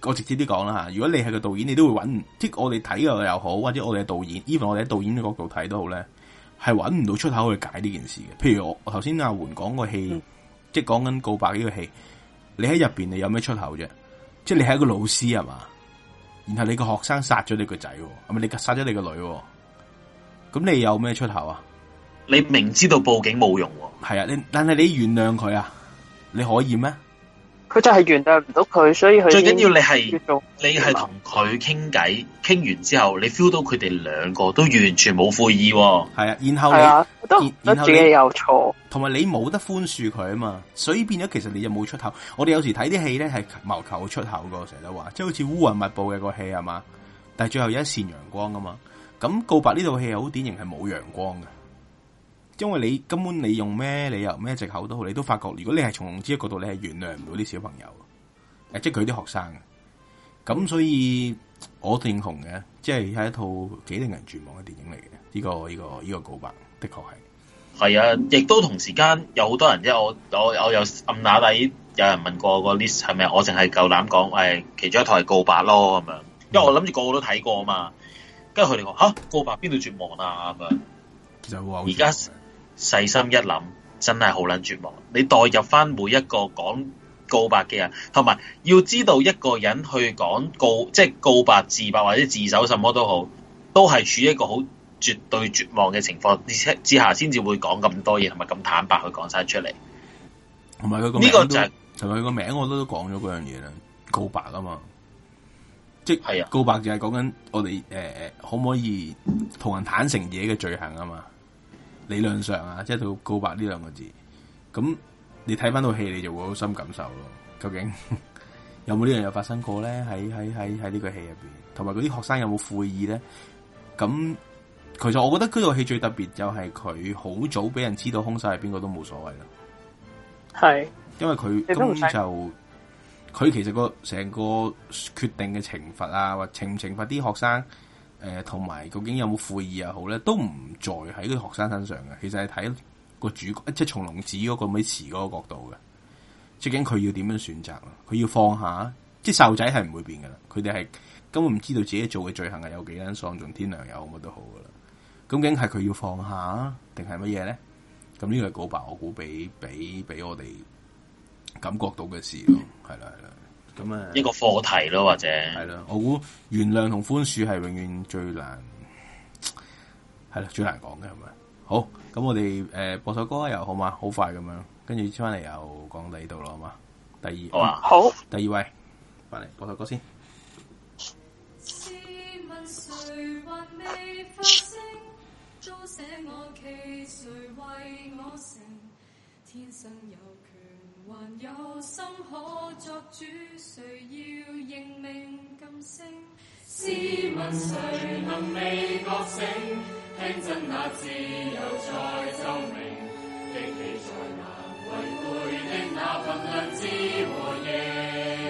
我直接啲講啦吓，如果你係個導演，你都會揾即係我哋睇嘅又好，或者我哋係導演，even 我哋喺導演嘅角度睇都好咧，係揾唔到出口去解呢件事嘅。譬如我頭先阿媛講個戲。嗯即係講緊告白呢個戲，你喺入邊你有咩出口啫？即係你係一個老師係嘛，然後你個學生殺咗你個仔，係咪你殺咗你個女？咁你有咩出口啊？你明知道報警冇用哦，係啊，你但係你原諒佢啊？你可以咩？佢就係原諒唔到佢，所以佢最緊要你係你係同佢傾偈，傾完之後你 feel 到佢哋兩個都完全冇悔意，哦，係啊，然後你，然後你自己有錯，同埋你冇得寬恕佢啊嘛，所以變咗其實你就冇出口。我哋有時睇啲戲咧係謀求出口噶，成日都話，即係好似烏雲密布嘅個戲係嘛，但係最後有一線陽光啊嘛，咁告白呢套戲好典型係冇陽光嘅。因為你根本你用咩理由咩借口都好，你都發覺如果你係從，從之一角度，你係原諒唔到啲小朋友，誒，即係佢啲學生。咁所以我斷紅嘅，即係係一套幾令人絕望嘅電影嚟嘅。呢、呢個呢、呢個呢、呢個告白的確係係啊，亦都同時間有好多人即係我我，我有暗打底，有人問過個 list 係咪我淨係夠膽講誒，其中一台係告白咯咁樣。是是嗯、因為我諗住個個都睇過啊嘛，跟住佢哋話吓告白邊度絕望啊咁樣。而家。其實細心一諗，真係好撚絕望。你代入翻每一個講告白嘅人，同埋要知道一個人去講告，即係告白、自白或者自首，什麼都好，都係處於一個好絕對絕望嘅情況，而且之下先至會講咁多嘢，同埋咁坦白去講晒出嚟。同埋佢呢個就係同埋佢個名，我都都講咗嗰樣嘢啦，告白啊嘛，即係係啊，告白就係講緊我哋誒誒，可、呃、唔可以同人坦誠嘢嘅罪行啊嘛？理論上啊，即係到告白呢兩個字，咁你睇翻套戲，你就會好深感受咯。究竟有冇呢樣嘢發生過咧？喺喺喺喺呢個戲入邊，同埋嗰啲學生有冇悔意咧？咁其實我覺得嗰套戲最特別就係佢好早俾人知道兇手係邊個都冇所謂啦。係，因為佢咁就佢其實個成個決定嘅懲罰啊，或懲唔懲罰啲學生？誒，同埋究竟有冇悔意又好咧，都唔在喺呢個學生身上嘅，其實係睇個主角，即係松隆子嗰、嗰個美辭嗰個角度嘅，究竟佢要點樣選擇咯？佢要放下，即係細路仔係唔會變噶啦，佢哋係根本唔知道自己做嘅罪行係有幾人喪盡天良，有乜都好噶啦。究竟係佢要放下，定係乜嘢咧？咁呢個係告白我，我估俾俾俾我哋感覺到嘅事咯，係啦、嗯，係啦。呢、啊、個課題咯，或者係啦。我估原諒同寬恕係永遠最難，係啦，最難講嘅係咪？好，咁我哋誒、呃、播首歌又好嘛？好快咁樣，跟住翻嚟又講第二度啦，好嘛？第二，好，啊嗯、好，第二位，翻嚟播首歌先。 <noise> 還有心可作主，誰要認命噤聲？試問誰能未覺醒，聽真那、啊、自由在奏鳴，激起再難違背的那份良知和應。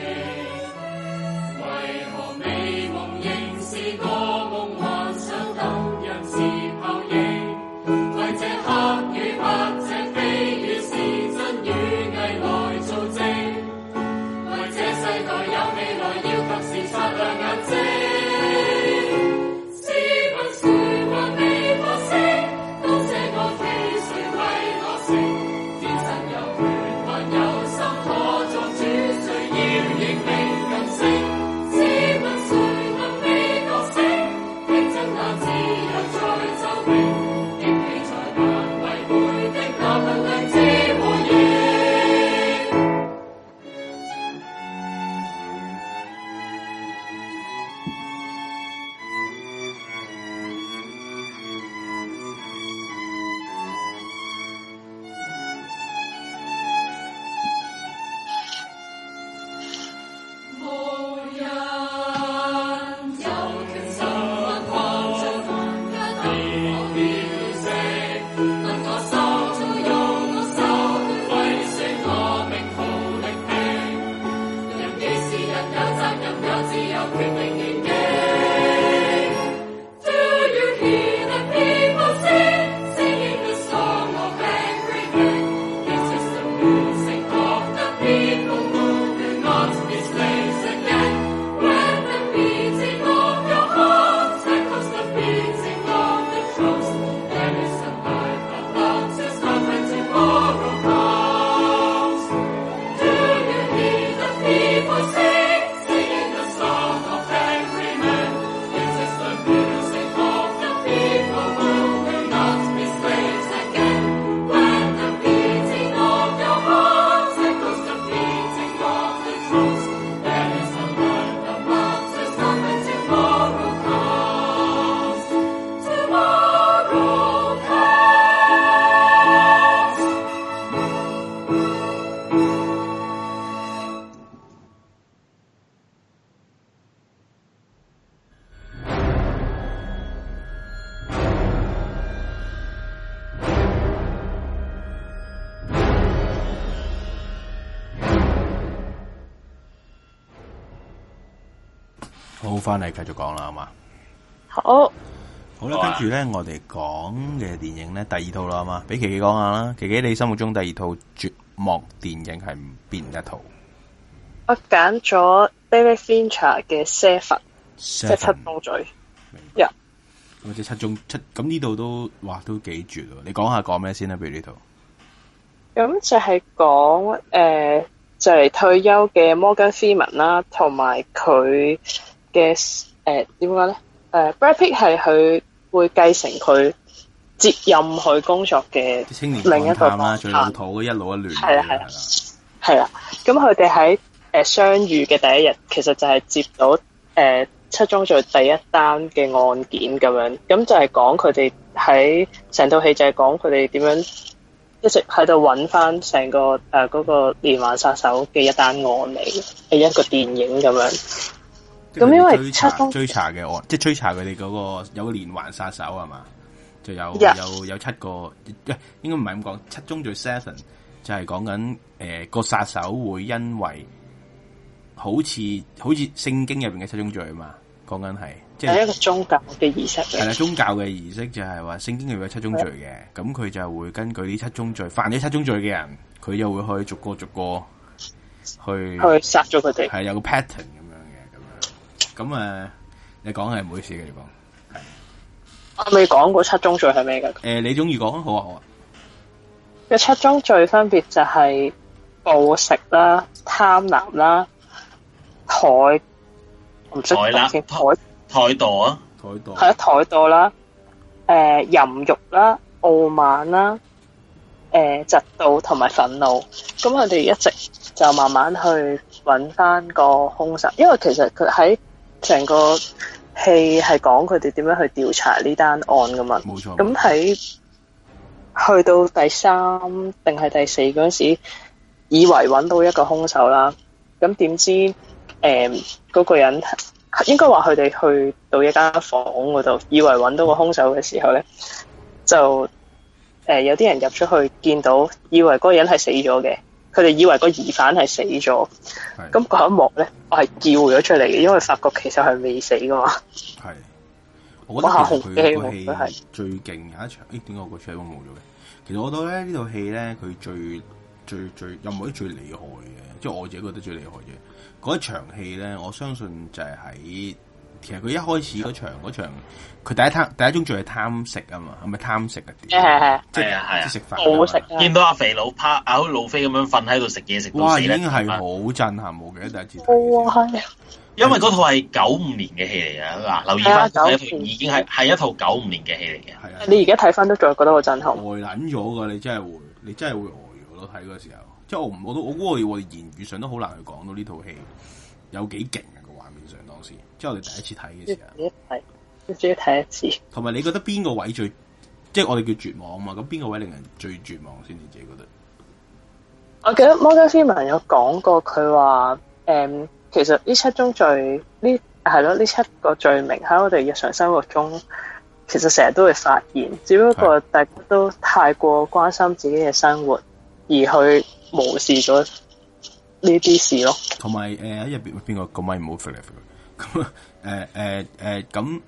翻嚟繼續講啦，好嘛，好好啦。跟住咧，哇我哋講嘅電影咧，第二套啦，好嘛，俾琪琪講下啦。琪琪，你心目中第二套絕望電影係邊一套？我揀咗 David Fincher 嘅《Seven 白》即 Yeah. 七宗罪，明白，或者七宗七咁呢？度都哇，都幾絕。你講下講咩先啦？譬如呢套咁就係講誒，就嚟、是呃、退休嘅摩根費曼啦，同埋佢。嘅誒點講咧？誒、呃呃、Brad Pitt 係佢會繼承佢接任佢工作嘅青年、啊。另一個 partner 最老土一路一亂，係啦係啦係啦。咁佢哋喺誒相遇嘅第一日，其實就係接到誒七宗罪第一單嘅案件咁樣。咁就係講佢哋喺成套戲就係講佢哋點樣一直喺度揾翻成個誒嗰、呃那個連環殺手嘅一單案嚟，係一個電影咁樣。咁因為追查嘅案，即係追查佢哋嗰個有個連環殺手係嘛，就有有有七個，應應該唔係咁講七宗罪 seven 就係講緊誒個殺手會因為好似好似聖經入邊嘅七宗罪嘛，講緊係即係一個宗教嘅儀式係啦，宗教嘅儀式就係話聖經入邊有七宗罪嘅，咁佢的就會根據啲七宗罪犯咗七宗罪嘅人，佢又會去逐個逐個去去殺咗佢哋，係有個 pattern。咁啊，你講係冇事嘅，你講，係我未講過七宗罪係咩㗎？誒、欸，你中意講，好啊好啊。嘅七宗罪分別就係暴食啦、貪婪啦、台唔識啦台台怠惰啊台怠惰係啦台怠惰啦，誒淫欲啦、傲慢啦、呃、誒嫉妒同埋憤怒。咁我哋一直就慢慢去揾翻個凶手，因為其實佢喺。成個戲係講佢哋點樣去調查呢單案噶嘛錯？冇錯。咁喺去到第三定係第四陣時，以為揾到一個凶手啦。咁點知，誒個人應該話佢哋去到一間房度，以為揾到一個凶手嘅時候咧，就誒有啲人入出去見到，以為嗰個人係死咗嘅。佢哋以為個疑犯係死咗，咁嗰是的 一幕咧，我係叫咗出嚟嘅，因為發覺其實係未死噶嘛。係，我覺得哇好驚啊！係最勁有一場，咦、哎？點解個車都冇咗嘅？其實我覺得咧，呢套戲咧，佢最最最有冇啲最厲害嘅，即、就、係、是、我自己覺得最厲害嘅嗰一場戲咧，我相信就係喺。其實佢一開始嗰場嗰場，佢第一貪第一種最係貪食啊嘛，係咪貪食啊？係係即係係食飯好食，見到阿肥佬拍阿老飛咁樣瞓喺度食嘢食到已經係好震撼，冇計得第一次，因為嗰套係九五年嘅戲嚟嘅嗱，留意返九已經係係一套九五年嘅戲嚟嘅，係啊，你而家睇翻都仲係覺得好震撼，餓撚咗噶，你真係會，你真係會餓咗。咯，睇嗰時候，即係我我都我我言語上都好難去講到呢套戲有幾勁。之後我第一次睇嘅時候，第一次，你只係睇一次。同埋你覺得邊個位最，即係我哋叫絕望啊嘛？咁邊個位令人最絕望先？你自己覺得？我記得 Morgan Freeman 有講過，佢話，誒，其實呢七宗罪，呢係咯，呢七個罪名喺我哋日常生活中，其實成日都會發現，只不過大家都太過關心自己嘅生活，而去無視咗呢啲事咯。同埋誒，喺入邊邊個咁咪唔好咁誒誒誒，咁、 <laughs> 呃呃呃、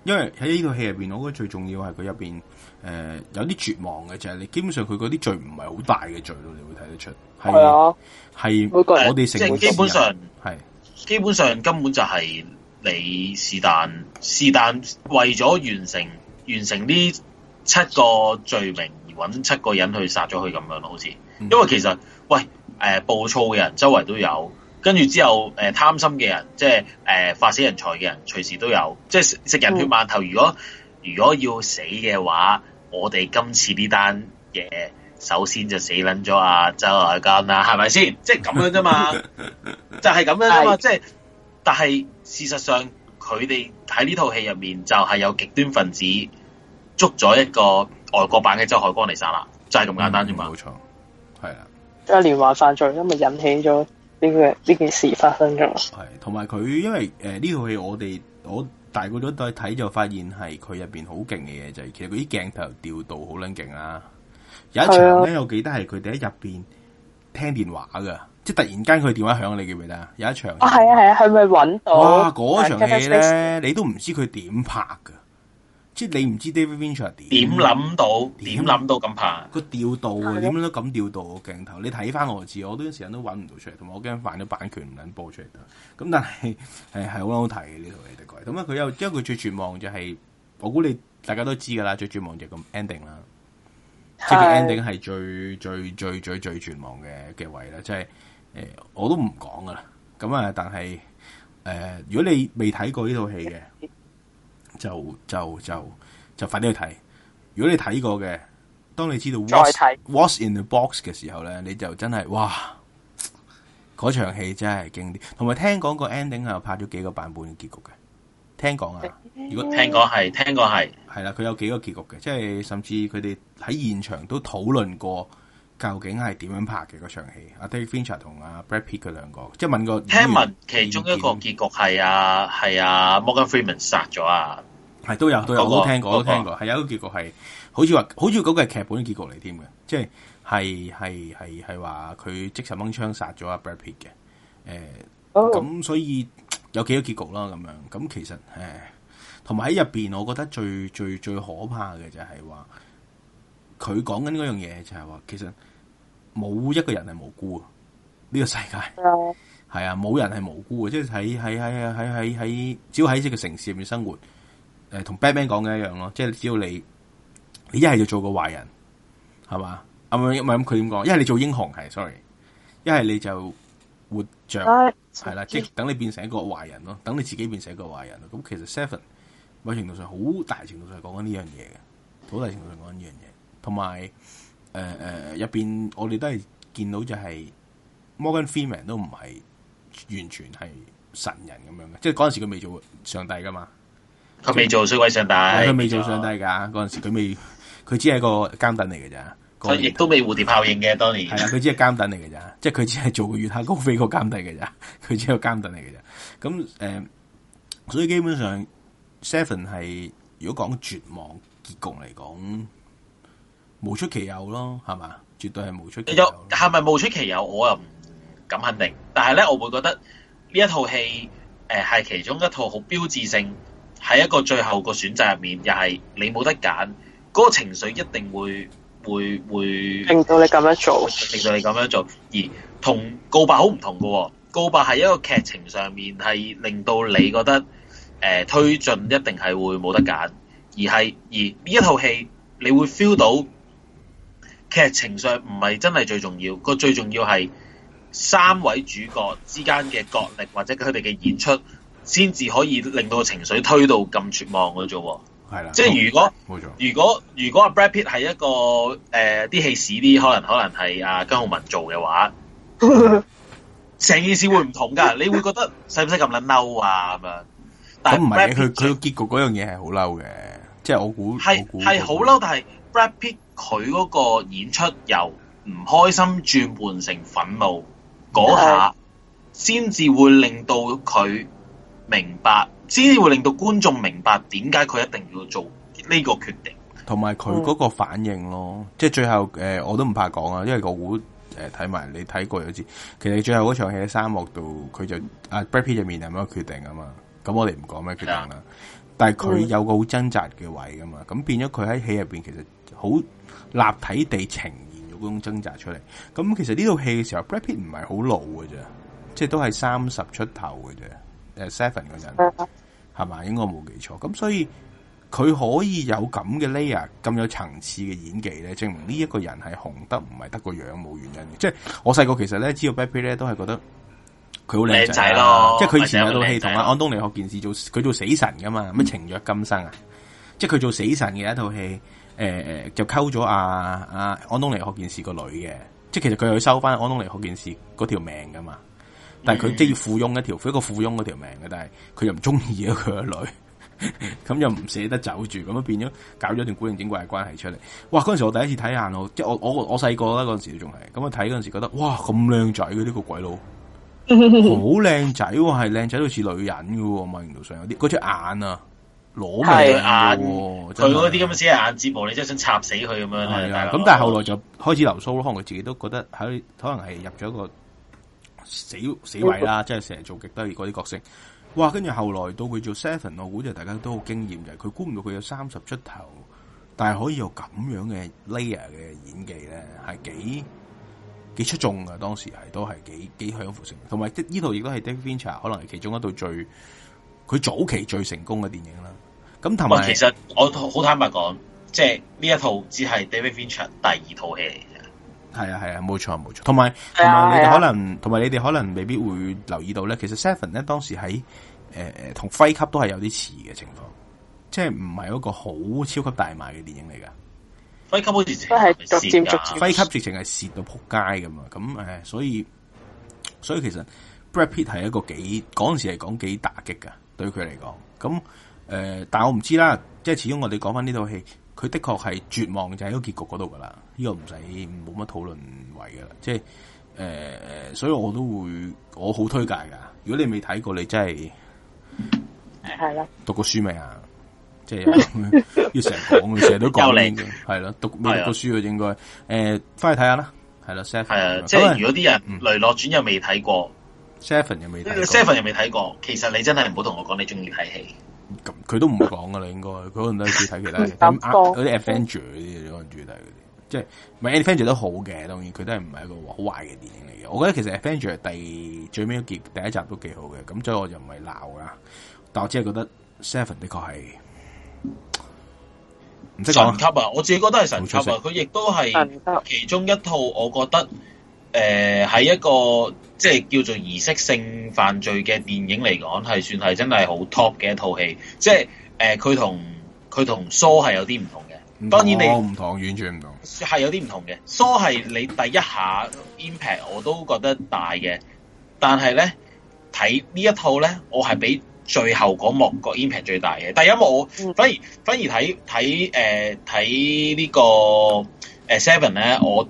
因為喺呢個戲入邊，我覺得最重要係佢入邊誒有啲絕望嘅，就係你基本上佢嗰啲罪唔係好大嘅罪咯，你會睇得出係啊，係我哋成，即係基本上係，基本上根本就係你是但，是但為咗、啊呃、是完成完成呢七個罪名而揾七個人去殺咗佢咁樣咯，好似、嗯、因為其實喂誒暴躁嘅人周圍都有。跟住之後，誒、呃、貪心嘅人，即係誒、呃、發死人財嘅人，隨時都有。即係食，食人血饅頭，如果如果要死嘅話，我哋今次呢單嘢首先就死撚咗阿周海根周海光啦，係咪先？即係咁樣啫嘛， <laughs> 就係咁樣啫嘛。的即係，但係事實上佢哋喺呢套戲入面就係有極端分子捉咗一個外國版嘅周海光嚟殺啦，就係、是、咁簡單啫嘛。冇、嗯、錯，係啊。即係連環犯罪，因為引起咗。呢個呢件事發生咗，係同埋佢，因為誒呢套戲我哋我大個咗再睇就發現係佢入邊好勁嘅嘢，就係其實佢啲鏡頭調度好撚勁啊！有一場咧，是的 我記得係佢哋喺入邊聽電話噶，即係突然間佢電話響，你記唔記得？有一場，係啊係啊，係咪搵到？嗰場戲咧，你都唔知佢點拍噶。你唔知 David Ventura 點諗到？點諗到咁麼拍？佢調度點樣都咁調度個鏡頭？你睇翻我就知，我都段時間都揾唔到出嚟，同埋我驚犯咗版權唔撚播出嚟。咁但係係好好睇嘅呢套嘢，的確。咁啊，佢有因為佢最絕望就係、是、我估你大家都知噶啦，最絕望就咁 ending 啦。的即係佢 ending 係最最最最最絕望嘅嘅位啦，即、就、係、是呃、我都唔講噶啦。咁啊，但係、呃、如果你未睇過呢套戲嘅。就就就就快啲去睇。如果你睇過嘅，當你知道 What's in the box 嘅時候咧，你就真係哇，嗰場戲真係經典。同埋聽講個 ending 係拍咗幾個版本嘅結局嘅，聽講啊。如果聽講係，聽講係，係啦，佢有幾個結局嘅，即係甚至佢哋喺現場都討論過究竟係點樣拍嘅嗰場戲。阿 David Fincher 同阿 Brad Pitt 佢兩個，即係問過聽聞其中一個結局係阿係阿 Morgan Freeman 殺咗啊。係都有都有都聽過都聽過，係過有一個結局係，好似話好似嗰個係劇本嘅結局嚟添嘅，就是、即係係係係係話佢即時掹槍殺咗阿 Brad Pitt 嘅，誒、呃，咁所以有幾個結局啦咁樣，咁其實誒，同埋喺入邊，面我覺得最最最可怕嘅就係話，佢講緊嗰樣嘢就係話，其實冇一個人係無辜呢、呢個世界係啊，冇人係無辜嘅，即係喺喺喺喺喺喺，只要喺呢個城市入面生活。誒，同 Batman 講嘅一樣咯，即係只要你，你一係要做個壞人，係嘛？阿咪咪咁佢點講？一係你做英雄係，sorry，一係你就活著，係啦、啊，即係等你變成一個壞人咯，等你自己變成一個壞人。咁其實 Seven 某程度上，好大程度上講緊呢樣嘢嘅，好大程度上講緊呢樣嘢。同埋誒誒入邊，呃呃、面我哋都係見到就係、是、Morgan Freeman 都唔係完全係神人咁樣嘅，即係嗰陣時佢未做上帝噶嘛。佢未做衰鬼上帝，佢未做上帝噶。嗰陣做時佢未，佢只係個監躉嚟嘅咋，佢亦都未蝴蝶效應嘅當年。係啊， <laughs> 佢只係監躉嚟嘅咋，即係佢只係做個月下高飛個監躉嘅咋。佢只係監躉嚟嘅咋。咁誒、呃，所以基本上 Seven 係如果講絕望結局嚟講，無出其右咯，係嘛？絕對係無出其右。係咪無出其右？我又唔敢肯定。但係咧，我會覺得呢一套戲誒係、呃、其中一套好標誌性。喺一個最後個選擇入面，又係你冇得揀，嗰個情緒一定會會會令到你咁樣做，令到你咁樣做。而同告白好唔同噶喎，告白係一個劇情上面係令到你覺得誒推進一定係會冇得揀，而係而呢一套戲你會 feel 到劇情上唔係真係最重要，個最重要係三位主角之間嘅角力或者佢哋嘅演出。先至可以令到情緒推到咁絕望嗰啫，係啦。即係如果冇錯，如果如果阿 Brad Pitt 係一個啲戲屎啲，可能可能係阿姜浩文做嘅話，成件事會唔同噶。你會覺得使唔使咁撚嬲啊，咁樣？咁唔係佢，佢個結局嗰樣嘢係好嬲嘅，即係我估係係好嬲，但係 Brad Pitt 佢嗰個演出由唔開心轉換成憤怒嗰下，先至會令到佢。明白，先至會令到觀眾明白點解佢一定要做呢個決定，同埋佢嗰個反應咯。嗯、即係最後誒、呃，我都唔怕講啊，因為我估誒睇埋你睇過有次，其實最後嗰場戲喺沙漠度，佢就阿、啊、Brad Pitt 就面有咩個決定啊嘛。咁我哋唔講咩決定啦，是啊、但係佢有個好掙扎嘅位啊嘛。咁變咗佢喺戲入邊，其實好立體地呈現咗嗰種掙扎出嚟。咁其實呢套戲嘅時候，Brad Pitt 唔係好老嘅啫，即係都係三十出頭嘅啫。誒、uh,，Seven 個人係嘛、uh huh.？應該冇記錯。咁所以佢可以有咁嘅 layer 咁有層次嘅演技咧，證明呢一個人係紅得唔係得個樣冇原因嘅。Uh huh. 即係我細個其實咧，知道 Baby 咧都係覺得佢好靚仔咯。即係佢以前有套戲同阿安東尼鶴健士做，佢做死神噶嘛？咩情若今生啊？Uh huh. 即係佢做死神嘅一套戲，誒、呃、誒，就溝咗阿阿安東尼鶴健士個女嘅。即係其實佢去收翻安東尼鶴健士嗰條命噶嘛。但係佢即係要附庸一條，佢一個附庸嗰條命嘅。但係佢 <laughs> 又唔中意佢個女，咁又唔捨得走住，咁啊變咗搞咗段古靈精怪嘅關係出嚟。哇！嗰陣時我第一次睇眼咯，即係我我我細個啦嗰陣時仲係咁啊睇嗰陣時，時覺得哇咁靚仔嘅呢個鬼佬， <laughs> 好靚仔喎，係靚仔都似女人嘅，嘛形圖上有啲嗰隻眼啊，攞命嘅眼，佢嗰啲咁嘅先係眼睫毛，你真係想插死佢咁樣係啊。咁但係後來就開始流蘇咯，可能佢自己都覺得喺可能係入咗一個。死死位啦！即係成日做極得意嗰啲角色，哇！跟住後來到佢做 Seven 我估就大家都好驚艷嘅。佢估唔到佢有三十出頭，但係可以有咁樣嘅 layer 嘅演技咧，係幾幾出眾噶。當時係都係幾幾享負盛。同埋，呢套亦都係 David Fincher 可能係其中一套最佢早期最成功嘅電影啦。咁同埋，其實我好坦白講，即係呢一套只係 David Fincher 第二套戲。係啊係啊，冇錯冇錯。同埋同埋，你哋可能同埋、啊啊、你哋可能未必會留意到咧。其實 Seven 咧，當時喺誒誒同輝級都係有啲似嘅情況，即係唔係一個好超級大賣嘅電影嚟噶。輝級係逐漸逐漸，輝級直情係蝕到仆街噶嘛。咁誒、呃，所以所以其實 Brad Pitt 係一個幾嗰陣時係講幾打擊噶，對佢嚟講。咁誒、呃，但係我唔知啦。即係始終我哋講翻呢套戲。佢的確係絕望，就喺個結局嗰度噶啦，呢個唔使冇乜討論位噶啦，即係誒、呃，所以我都會我好推介噶。如果你未睇過，你真係係咯，讀過書未啊？即係要成日講，成日 <laughs> <laughs> 都講，係咯理，讀未讀過書嘅應該誒，翻去睇下啦。係咯 Seven 係啊，嗯、即係如果啲人雷洛傳又未睇過，Seven 又未，Seven 又未睇過。其實你真係唔好同我講，你中意睇戲。佢都唔會講噶啦，應該佢可能都係注睇其他，咁嗰啲 Avenger 嗰啲你可能注睇嗰啲，即係唔係 Avenger 都好嘅，當然佢都係唔係一個好壞嘅電影嚟嘅。我覺得其實 Avenger 第最尾一集第一集都幾好嘅，咁所以我就唔係鬧噶，但我只係覺得 Seven 的確係神級啊！我自己覺得係神級啊，佢亦都係其中一套，我覺得。誒，喺、呃、一個即係叫做儀式性犯罪嘅電影嚟講，係算係真係好 top 嘅一套戲。即係誒，佢、呃、同佢同 Saw 係有啲唔同嘅。當然你唔、哦、同，完全唔同。係有啲唔同嘅。Saw 係你第一下 impact 我都覺得大嘅，但係咧睇呢看這一套咧，我係俾最後嗰幕個 impact 最大嘅。第一幕我反而反而睇睇誒睇呢個誒 Seven 咧我。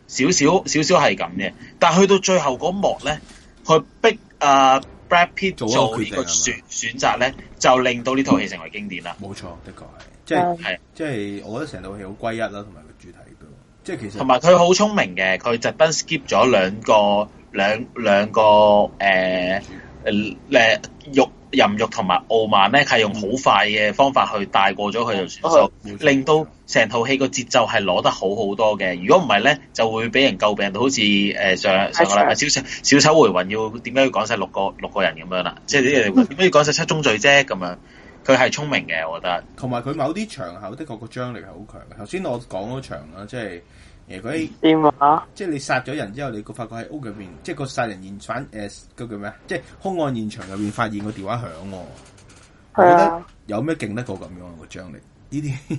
少少少少係咁嘅，但係去到最後嗰幕咧，佢逼啊、uh, Brad Pitt 做呢個選個、啊、選，選擇咧，就令到呢套戲成為經典啦。冇錯，的確係，即係係，對即係，我覺得成套戲好歸一啦，同埋個主題都，即係其實同埋佢好聰明嘅，佢特登 skip 咗兩個兩兩個誒誒誒肉。呃主呃呃淫欲同埋傲慢咧，係用好快嘅方法去帶過咗佢就算數，哦哦哦、令到成套戲個節奏係攞得好好多嘅。如果唔係咧，就會俾人詬病到好似誒、呃、上上禮拜小丑小、小丑回魂要點解要講晒六個六個人咁樣啦？即係點解要講晒七宗罪啫咁樣？佢、就、係、是、聰明嘅，我覺得。同埋佢某啲場口的確個張力係好強。頭先我講嗰場啦，即係。那個、嗎即係你殺咗人之後，你個發覺喺屋入面，即係個殺人現場。呃、叫咩即係兇案現場入面發現個電話響、啊。的我覺得有咩勁得過咁樣嘅、嗰個、張力？呢啲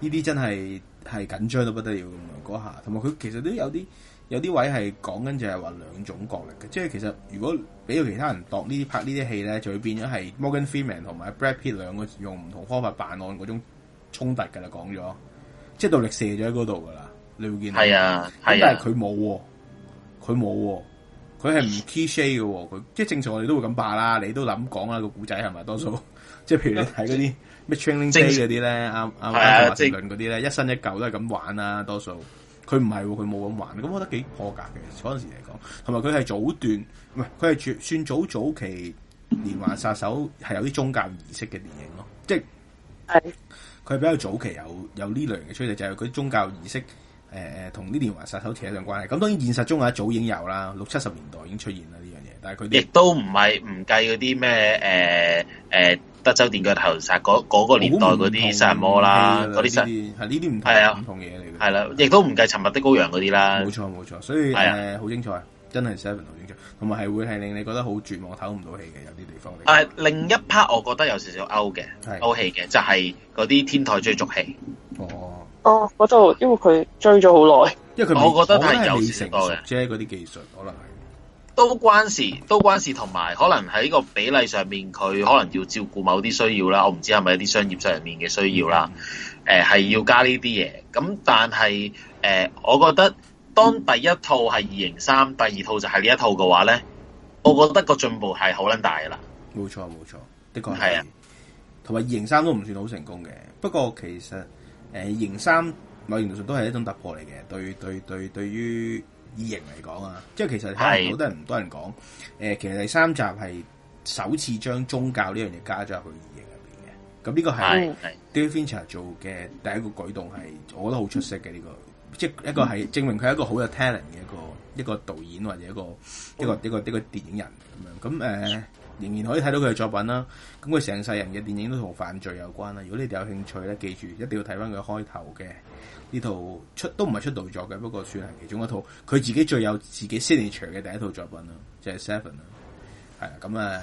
呢啲真係係緊張到不得了咁啊！嗰下，同埋佢其實都有啲有啲位係講緊，就係話兩種角力嘅。即係其實如果俾到其他人當呢啲拍呢啲戲呢，就會變咗係 Morgan Freeman 同埋 Brad Pitt 兩個用唔同方法辦案嗰種衝突㗎喇。講咗即係倒力射咗喺嗰度㗎喇。你會見到係啊，是啊但係佢冇，佢冇、啊，佢係唔 key shape 嘅，佢即係正常我哋都會咁霸啦，你都諗講啦、個古仔係咪？多數即係譬如你睇嗰啲咩 <laughs> training day 嗰啲咧，阿阿馬志倫嗰啲咧，一身一舊都係咁玩啊。多數佢唔係，佢冇咁玩，咁我覺得幾破格嘅嗰陣時嚟講，同埋佢係早段，唔係佢係算早早期連環殺手係有啲宗教儀式嘅電影咯，即係佢係比較早期有有呢類嘅趨勢，就係、是、佢宗教儀式。誒誒，同啲連環殺手扯上關係。咁當然現實中啊，早已經有啦，六七十年代已經出現啦呢樣嘢。但係佢亦都唔係唔計嗰啲咩誒誒德州電鋸頭殺嗰、嗰個年代嗰啲殺人魔啦，嗰啲殺呢啲唔係啊唔同嘢嚟嘅。係啦些，亦都唔計沉默的羔羊嗰啲啦。冇錯冇、啊、錯，所以誒好精彩，真係 seven 精彩，同埋係會係令你覺得好絕望，唞唔到氣嘅有啲地方。誒、啊、另一 part 我覺得有少少勾嘅勾氣嘅就係嗰啲天台追逐戲。哦。哦，嗰度因為佢追咗好耐，因為佢我覺得係有成嘅，即係啲技術可能係都關事，都關事，同埋可能喺呢個比例上面，佢可能要照顧某啲需要啦。我唔知係咪一啲商業上面嘅需要啦。誒、嗯，係、呃、要加呢啲嘢。咁但係誒、呃，我覺得當第一套係二型三，第二套就係呢一套嘅話咧，我覺得個進步係好撚大噶啦。冇錯、嗯，冇錯，的確係。同埋二型三都唔算好成功嘅，不過其實。誒形、呃、三某程度上都係一種突破嚟嘅，對對對，對於異形嚟講啊，即、就、係、是，其實可能好多人唔多人講，誒其實第三集係首次將宗教呢樣嘢加咗入去異形入面嘅。咁呢個係 David Fincher 做嘅第一個舉動係，我覺得好出色嘅呢的、這個，即係一個係證明佢係一個好有 talent 嘅一個一個導演或者一個、嗯、一個一個一個電影人咁樣，咁誒。呃仍然可以睇到佢嘅作品啦。咁佢成世人嘅電影都同犯罪有關啦。如果你哋有興趣咧，記住一定要睇翻佢開頭嘅呢套出都唔係出道作嘅，不過算係其中一套佢自己最有自己 signature 嘅第一套作品啦，就係 Seven 啦。係啊，咁啊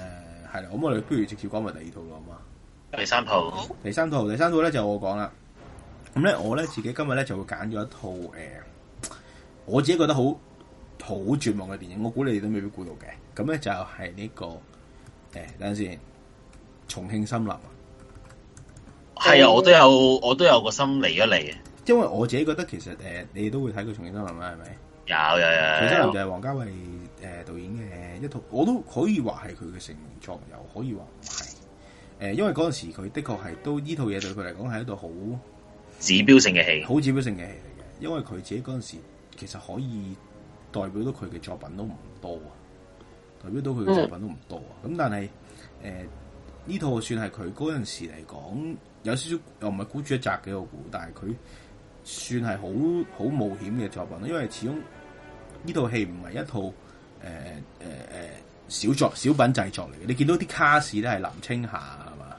係啦，咁我哋不如直接講埋第二套啦嘛。第三套，第三套，第三套咧就我講啦。咁咧我咧自己今日咧就會揀咗一套、呃、我自己覺得好好絕望嘅電影，我估你哋都未必估到嘅。咁咧就係呢個。等陣先，重慶森林啊，係啊，我都有，我都有個心理。一嚟嘅。因為我自己覺得其實誒、呃，你都會睇過重慶森林啦，係咪？有有有，重慶森林就係王家衛誒、呃、導演嘅一套，我都可以話係佢嘅成名作，又可以話唔係誒，因為嗰陣時佢的確係都呢套嘢對佢嚟講係一套好指標性嘅戲，好指標性嘅戲嚟嘅。因為佢自己嗰陣時其實可以代表到佢嘅作品都唔多睇到佢嘅作品都唔多啊，咁、嗯、但係誒呢套算係佢嗰陣時嚟講有少少，又唔係孤注一擲嘅，我估，但係佢算係好好冒險嘅作品，因為始終呢套戲唔係一套誒誒誒小作小品製作嚟嘅，你見到啲卡士 s t 咧係林青霞係嘛？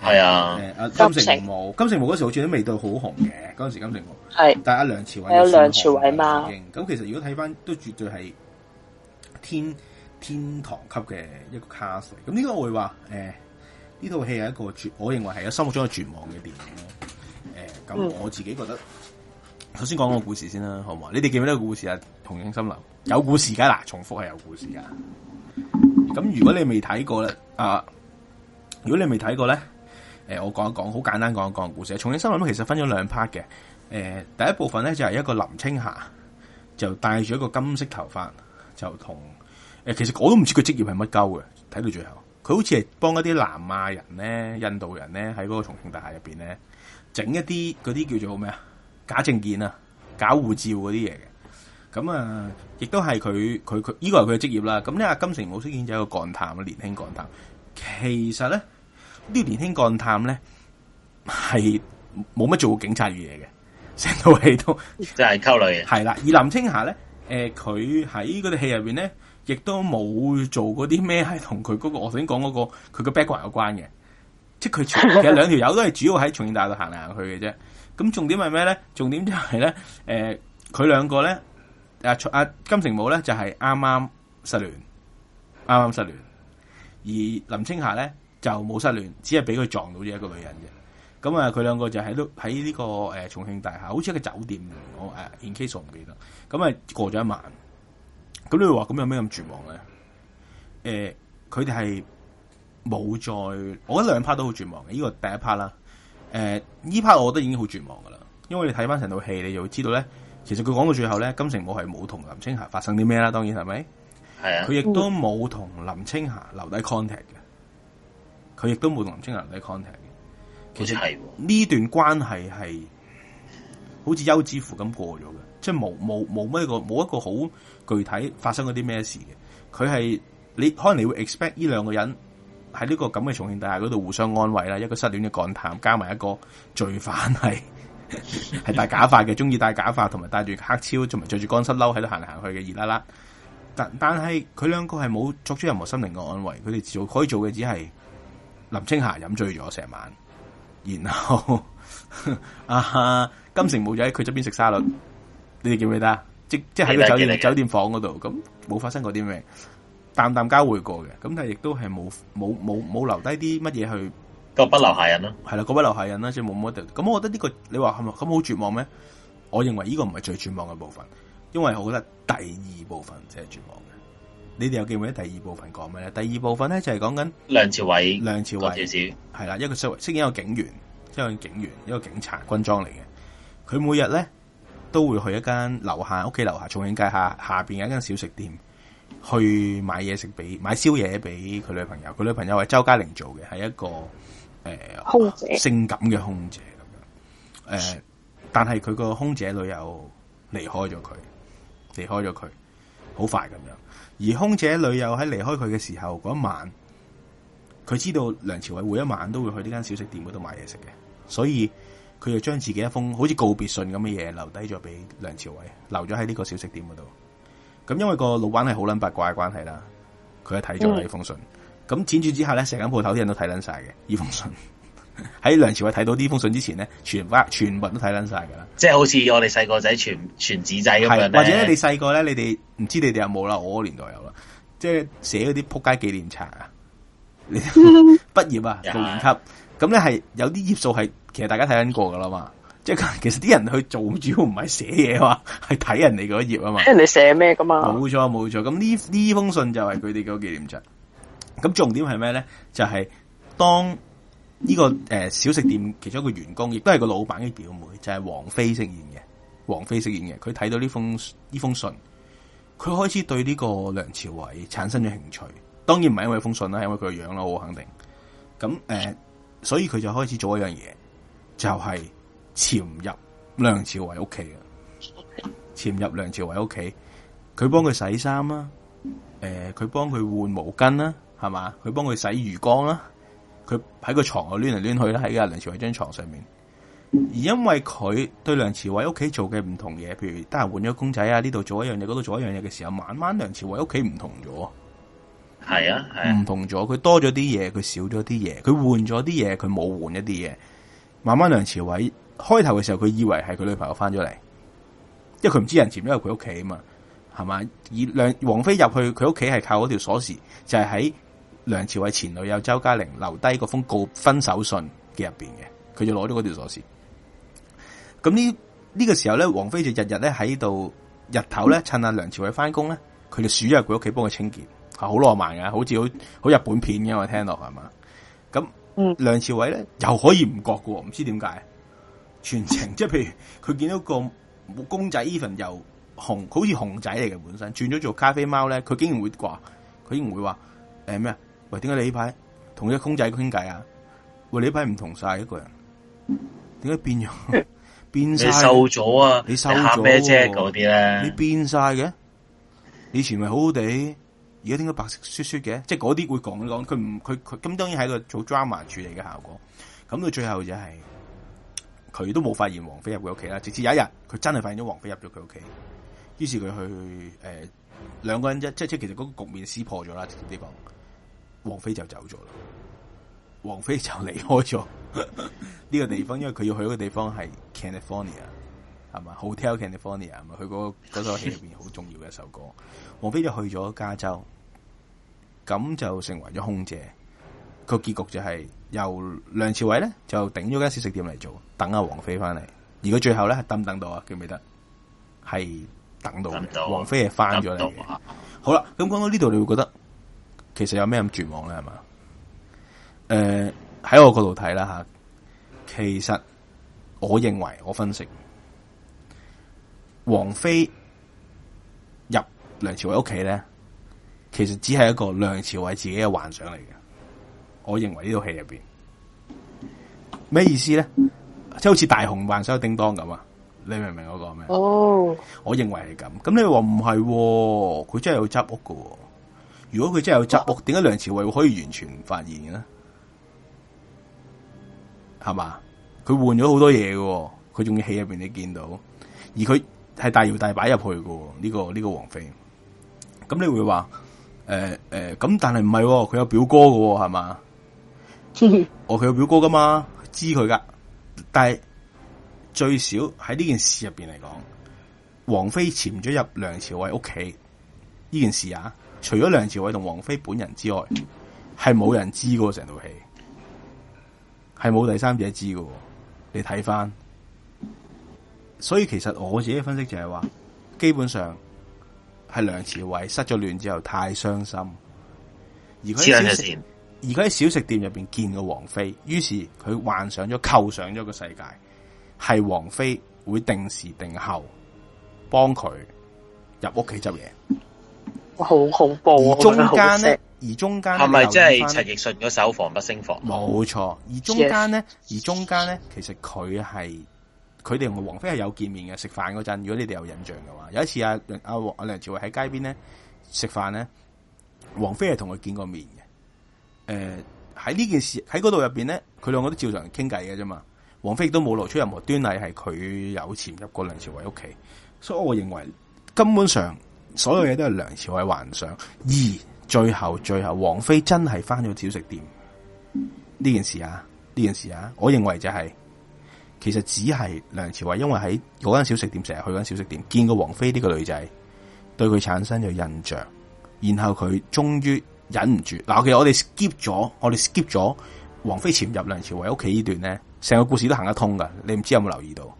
係啊，誒阿、嗯啊、金城武，金城武嗰時好似都味道好紅嘅，嗰時金城武係，但係阿梁朝偉有梁朝偉嘛，咁其實如果睇翻都絕對係天。天堂級嘅一個 cast，咁呢個我會話誒呢套戲係一個絕，我認為係一心目中嘅絕望嘅電影誒，咁、欸、我自己覺得，首先講個故事先啦，好唔好？你哋記唔記得個故事啊？《重慶森林》有故事噶啦，重複係有故事噶。咁如果你未睇過咧啊，如果你未睇過咧，誒、欸，我講一講，好簡單講一講故事啊。《重慶森林》其實分咗兩 part 嘅，誒、欸，第一部分咧就係、是、一個林青霞，就戴住一個金色頭髮就同。其實我都唔知佢職業係乜鳩嘅，睇到最後，佢好似係幫一啲南亞人咧、印度人咧，喺嗰個重慶大廈入邊咧，整一啲嗰啲叫做咩啊假證件啊、假護照嗰啲嘢嘅。咁啊，亦都係佢佢佢，呢、呢個係佢嘅職業啦。咁呢阿金城武飾演一個幹探啊，年輕幹探。其實咧，呢個年輕幹探咧係冇乜做過警察嘅嘢嘅，成套戲都真係溝女嘅。係啦，而林青霞咧，誒、呃，佢喺嗰套戲入邊咧。亦都冇做嗰啲咩，係同佢嗰個我頭先講嗰個佢個 background 有關嘅，即係佢其實兩條友都係主要喺重慶大廈行嚟行去嘅啫。咁重點係咩咧？重點就係咧，誒、呃，佢兩個咧，阿、啊、阿、啊、金城武咧就係啱啱失戀，啱啱失戀，而林青霞咧就冇失戀，只係俾佢撞到咗一個女人嘅。咁啊，佢兩個就喺度喺呢個誒、這個呃、重慶大廈，好似一個酒店，我誒、啊、in case 我唔記得，咁啊過咗一晚。咁你話咁有咩咁絕望咧？誒、呃，佢哋係冇再，我覺得兩 part 都好絕望嘅。呢個第一 part 啦，誒、呃，呢 part 我覺得已經好絕望噶啦。因為你睇翻成套戲，你就會知道咧，其實佢講到最後咧，金城武係冇同林青霞發生啲咩啦，當然係咪？係啊。佢亦都冇同林青霞留低 contact 嘅，佢亦都冇同林青霞留低 contact 嘅。其實係呢、哦、段關係係好似休止符咁過咗嘅。即係冇冇冇一個冇一個好具體發生嗰啲咩事嘅。佢係你可能你會 expect 呢兩個人喺呢個咁嘅重慶大廈嗰度互相安慰啦，一個失戀嘅幹探，加埋一個罪犯係係戴假髮嘅，中意戴假髮同埋戴住黑超，同埋着住乾濕褸喺度行嚟行去嘅熱辣辣，但但係佢兩個係冇作出任何心靈嘅安慰，佢哋可以做嘅只係林青霞飲醉咗成晚，然後啊哈 <laughs> 金城武喺佢側邊食沙律。你哋記唔記得啊？即即喺個酒店酒店房嗰度，咁冇發生過啲咩淡淡交匯過嘅，咁但係亦都係冇冇冇冇留低啲乜嘢去個不留下人咯，啊，係啦，個不留下人啦，啊，即冇乜嘢。咁我覺得呢個你話係咪咁好絕望咩？我認為呢個唔係最絕望嘅部分，因為我覺得第二部分即係絕望嘅。你哋有記唔記得第二部分講咩咧？第二部分咧就係講緊梁朝偉，梁朝偉係啦，一個識識一個警員，一個警員，一個警察，軍裝嚟嘅，佢每日咧。都會去一間樓下屋企樓下重慶街下下邊有一間小食店去買嘢食俾買宵夜俾佢女朋友，佢女朋友係周嘉玲做嘅，係一個誒、呃、空姐，性感嘅空姐咁樣。誒、呃，但係佢個空姐女友離開咗佢，離開咗佢好快咁樣。而空姐女友喺離開佢嘅時候嗰一晚，佢知道梁朝偉每一晚都會去呢間小食店嗰度買嘢食嘅，所以。佢就將自己一封好似告別信咁嘅嘢留低咗俾梁朝偉，留咗喺呢個小食店嗰度。咁因為個老闆係好捻八卦嘅關係啦，佢睇咗呢封信。咁輾轉之後咧，成間鋪頭啲人都睇捻晒嘅呢封信。喺 <laughs> 梁朝偉睇到呢封信之前咧，全全部都睇捻晒噶啦。即係好似我哋細個仔全傳紙仔咁樣。或者你細個咧，你哋唔知你哋有冇啦？我年代有啦，即係寫嗰啲撲街紀念冊啊！畢 <laughs> 業啊，六年級咁咧係有啲頁數係。其實大家睇緊過噶啦嘛，即係其實啲人去做主要唔係寫嘢嘛，係睇人哋嗰一頁啊嘛。睇人哋寫咩噶嘛？冇錯冇錯，咁呢呢封信就係佢哋嘅紀念物。咁重點係咩咧？就係當呢個誒小食店其中一個員工，亦都係個老闆嘅表妹，就係王菲飾演嘅。王菲飾演嘅，佢睇到呢封呢封信，佢開始對呢個梁朝偉產生咗興趣。當然唔係因為封信啦，係因為佢個樣啦，我肯定。咁誒，所以佢就開始做一樣嘢。就係潛入梁朝偉屋企啊！潛入梁朝偉屋企，佢幫佢洗衫啦，誒、呃，佢幫佢換毛巾啦，係嘛，佢幫佢洗魚缸啦，佢喺個床度攣嚟攣去啦，喺阿梁朝偉張床上面。而因為佢對梁朝偉屋企做嘅唔同嘢，譬如得閒換咗公仔啊，呢度做一樣嘢，嗰度做一樣嘢嘅時候，慢慢梁朝偉屋企唔同咗，係啊，係唔同咗，佢多咗啲嘢，佢少咗啲嘢，佢換咗啲嘢，佢冇換一啲嘢。慢慢，媽媽梁朝偉開頭嘅時候，佢以為係佢女朋友翻咗嚟，因為佢唔知人潛咗入佢屋企啊嘛，係嘛？而梁王菲入去佢屋企係靠嗰條鎖匙，就係、是、喺梁朝偉前女友周嘉玲留低嗰封告分手信嘅入邊嘅，佢就攞咗嗰條鎖匙。咁呢呢個時候咧，王菲就日日咧喺度，日頭咧趁，阿梁朝偉翻工咧，佢就鼠咗入佢屋企幫佢清潔，係好浪漫噶，好似好好日本片咁啊！我聽落係嘛。嗯、梁朝偉咧又可以唔覺嘅，唔知點解？全程即係譬如佢見到個公仔 even 又紅，好似紅仔嚟嘅本身，轉咗做咖啡貓咧，佢竟然會掛，佢竟然會話誒咩啊？喂，點解你呢排同一個公仔傾偈啊？喂，你呢排唔同晒一個人，點解變咗？變晒？你瘦咗啊？你瘦咗？咩啫？啲咧？你變晒嘅？以前咪好好地。而家點解白色雪雪嘅？即係嗰啲會講一講，佢唔佢佢咁，當然係一個做 drama 處理嘅效果。咁到最後就係、是、佢都冇發現王菲入佢屋企啦。直至有一日，佢真係發現咗王菲入咗佢屋企，於是佢去呃、兩個人即係即係其實嗰個局面撕破咗啦。直接啲講，王菲就走咗啦，王菲就離開咗呢 <laughs> 個地方，因為佢要去一個地方係 California。係嘛 Hotel California 係嘛，佢嗰嗰套戲入邊好重要嘅一首歌。王菲就去咗加州，咁就成為咗空姐。個結局就係、是、由梁朝偉咧就頂咗間小食店嚟,做，等阿王菲翻嚟。而佢最後咧等唔等到啊，記唔記得？係等，等到，王菲係翻咗嚟。好啦，咁講到呢度，你會覺得其實有咩咁絕望咧，係嘛？誒、呃，喺我角度睇啦吓，其實我認為我分析。王菲入梁朝偉屋企咧，其實只係一個梁朝偉自己嘅幻想嚟嘅。我認為呢套戲入邊，咩意思咧？即係、嗯、好似大雄幻想叮當咁啊！你明唔明嗰個咩？哦，我認為係咁。咁你話唔係？佢真係有執屋噶、哦。如果佢真係有執屋，點解梁朝偉可以完全唔發現嘅咧？係嘛？佢換咗好多嘢嘅、哦，佢仲要戲入邊你見到，而佢。係大搖大擺入去噶，呢、這個呢、這個王菲。咁你會話誒誒，咁、呃呃、但係唔係，佢有表哥噶係嘛？哦，佢、 <laughs> 哦、有表哥噶嘛，知佢噶。但係最少喺呢件事入邊嚟講，王菲潛咗入梁朝偉屋企呢件事啊，除咗梁朝偉同王菲本人之外，係冇 <coughs> 人知噶，成套戲，係冇第三者知噶。你睇翻。所以其實我自己嘅分析就係話，基本上係梁朝偉失咗戀之後太傷心，而佢喺小食而佢喺小食店入邊見過王菲，於是佢幻想咗、構想咗個世界，係王菲會定時定候幫佢入屋企執嘢。好恐怖！而中間咧，而中間係咪即係陳奕迅個手防不勝防？冇錯，而中間咧，Yes. 而中間咧，其實佢係。佢哋同王菲係有見面嘅，食飯嗰陣，如果你哋有印象嘅話，有一次阿阿梁阿梁朝偉喺街邊咧食飯咧，王菲係同佢見過面嘅。誒、呃，喺呢件事喺嗰度入邊咧，佢兩個都照常傾偈嘅啫嘛。王菲亦都冇露出任何端倪，係佢有潛入過梁朝偉屋企。所以我認為根本上所有嘢都係梁朝偉幻想。而最後最後，王菲真係返咗小食店。呢件事啊，呢件事啊，我認為就係、是。其實只係梁朝偉，因為喺嗰間小食店成日去嗰間小食店，見過王菲呢個女仔，對佢產生咗印象，然後佢終於忍唔住。嗱、啊，其實我哋 skip 咗，我哋 skip 咗王菲潛入梁朝偉屋企呢段咧，成個故事都行得通噶。你唔知有冇留意到？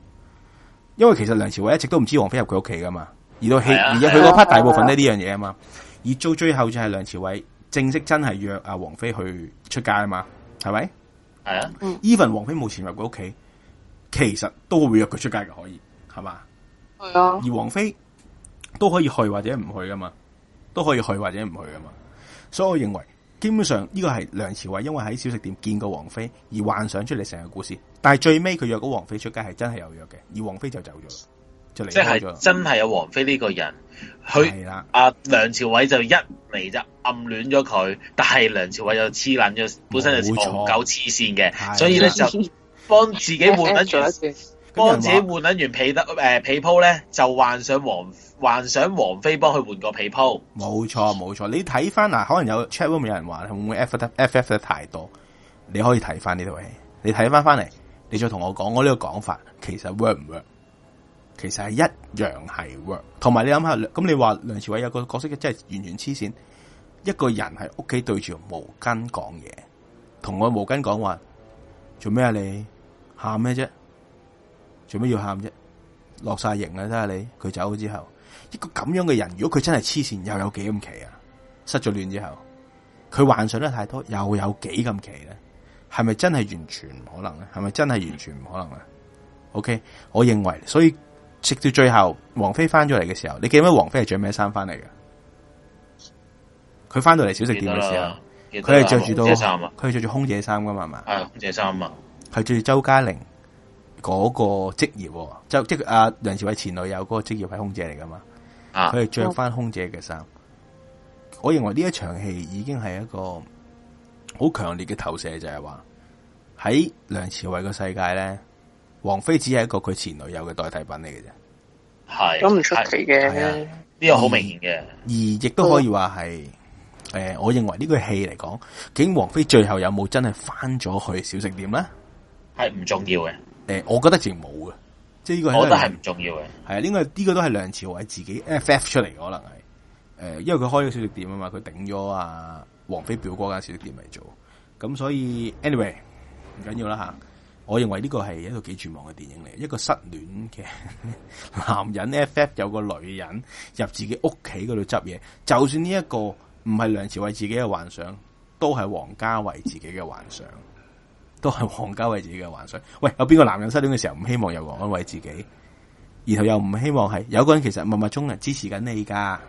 因為其實梁朝偉一直都唔知王菲入佢屋企噶嘛，而到、啊啊、而家佢嗰 part 大部分咧呢樣嘢啊、啊嘛，而到最後就係梁朝偉正式真係約阿王菲去出街啊嘛，係咪？係啊，even、嗯、王菲冇潛入佢屋企。其實都會約佢出街嘅，可以係嘛？係啊。而王菲都可以去或者唔去噶嘛，都可以去或者唔去噶嘛。所以我認為基本上呢、呢個係梁朝偉因為喺小食店見過王菲而幻想出嚟成個故事。但係最尾佢約咗王菲出街係真係有約嘅，而王菲就走咗，就嚟即係真係有王菲呢個人。佢阿的、啊、梁朝偉就一嚟就暗戀咗佢，但係梁朝偉又黐捻咗，錯本身就長久黐線嘅，的所以咧就。 <laughs> 幫自己換緊完，幫 <laughs> 說自己換緊完被單誒、呃、被鋪咧，就幻想王幻想王菲幫佢換個被鋪。冇錯冇錯，你睇翻嗱，可能有 chatroom 有人話會唔會 F 得 FF 得太多？你可以睇翻呢套戲，你睇翻翻嚟，你再同我講我呢個講法，其實 work 唔 work？其實係一樣係 work。同埋你諗下，咁你話梁朝偉有個角色嘅真係完全黐線，一個人喺屋企對住毛巾講嘢，同我毛巾講話做咩啊你？喊咩啫？做咩要喊啫？落晒型啦，睇下你佢走咗之後，一個咁樣嘅人，如果佢真係黐線，又有幾咁奇啊！失咗戀之後，佢幻想得太多，又有幾咁奇咧？係咪真係完全唔可能咧？係咪真係完全唔可能咧？OK，我認為，所以直到最後，王菲翻咗嚟嘅時候，你記唔記得王菲係着咩衫翻嚟㗎？佢翻到嚟小食店嘅時候，佢係着住到衫啊，佢係着住空姐衫噶嘛？係咪、嗯？係空姐衫啊！係住周嘉玲嗰個職業，就即阿、啊、梁朝偉前女友嗰個職業係空姐嚟㗎嘛。佢係着翻空姐嘅衫。啊、我認為呢一場戲已經係一個好強烈嘅投射，就係話喺梁朝偉個世界咧，王菲只係一個佢前女友嘅代替品嚟嘅啫。係咁唔出奇嘅，呢個好明顯嘅。而亦都可以話係，誒、呃，我認為呢個戲嚟講，究竟王菲最後有冇真係翻咗去小食店咧？係唔重要嘅，誒、呃，我覺得淨冇嘅，即係呢個，我覺得係唔重要嘅，係啊，呢個呢個都係梁朝偉自己 FF 出嚟，可能係，誒、呃，因為佢開咗小食店啊嘛，佢頂咗阿王菲表哥間小食店嚟做，咁所以 anyway 唔緊要啦吓，我認為呢個係一個幾絕望嘅電影嚟，一個失戀嘅男人 FF 有個女人入自己屋企嗰度執嘢，就算呢一個唔係梁朝偉自己嘅幻想，都係王家衛自己嘅幻想。 <laughs> 都係王家衛自己嘅幻想。喂，有邊個男人失戀嘅時候唔希望有黃安慰自己？然後又唔希望係有個人其實默默中人支持緊你噶，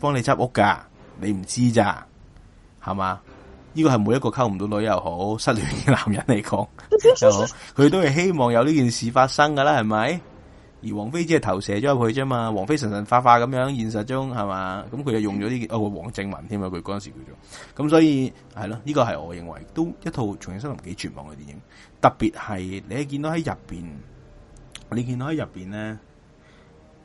幫你執屋噶，你唔知咋，係嘛？呢個係每一個溝唔到女又好失戀嘅男人嚟講，又好佢都係希望有呢件事發生噶啦，係咪？而王菲只係投射咗入去啫嘛，王菲神神化化咁樣，現實中係嘛？咁佢又用咗啲哦王靖雯添啊，佢嗰陣時叫做，咁所以係咯，呢個係我認為都一套《重慶森林》幾絕望嘅電影，特別係你見到喺入面。你見到喺入面咧，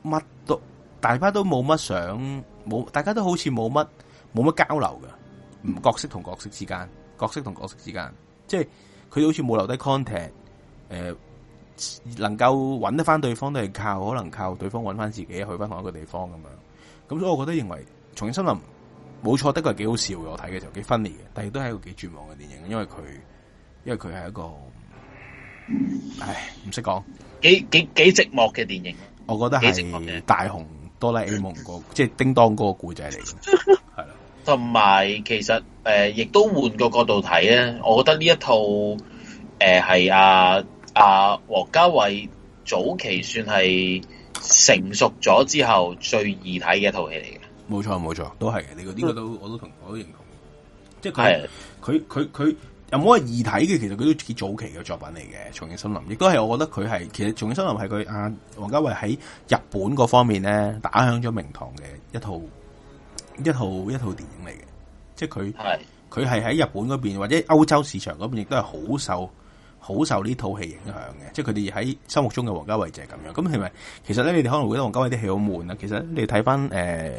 乜都大家都冇乜想，冇大家都好似冇乜冇乜交流㗎。唔、嗯、角色同角色之間，角色同角色之間，即係佢好似冇留低 conta、呃、ct 能夠揾得翻對方都係靠，可能靠對方揾翻自己去翻同一個地方咁樣。咁所以我覺得認為《重新森林》冇錯，的確係幾好笑。我睇嘅時候幾分裂嘅，但係都係一個幾絕望嘅電影，因為佢因為佢係一個，唉，唔識講幾幾幾寂寞嘅電影。我覺得係大雄哆啦 A 夢、那個即係、就是、叮當個個故仔嚟嘅，係啦 <laughs> 的。同埋其實誒，亦、呃、都換個角度睇咧，我覺得呢一套誒係阿。呃啊，王家衛早期算係成熟咗之後最易睇嘅一套戲嚟嘅，冇錯冇錯，都係嘅。呢個呢個都我都同我都認同的。即係佢佢佢佢又冇話易睇嘅，其實佢都幾早期嘅作品嚟嘅。《重慶森林》亦都係我覺得佢係其實《重慶森林》係佢啊，王家衛喺日本嗰方面咧打響咗名堂嘅一套一套一套電影嚟嘅。即係佢係佢係喺日本嗰邊或者歐洲市場嗰邊亦都係好受。好受呢套戲影響嘅，即係佢哋喺心目中嘅王家衛就係咁樣。咁係咪？其實咧，你哋可能會覺得王家衛啲戲好悶啊。其實你睇翻誒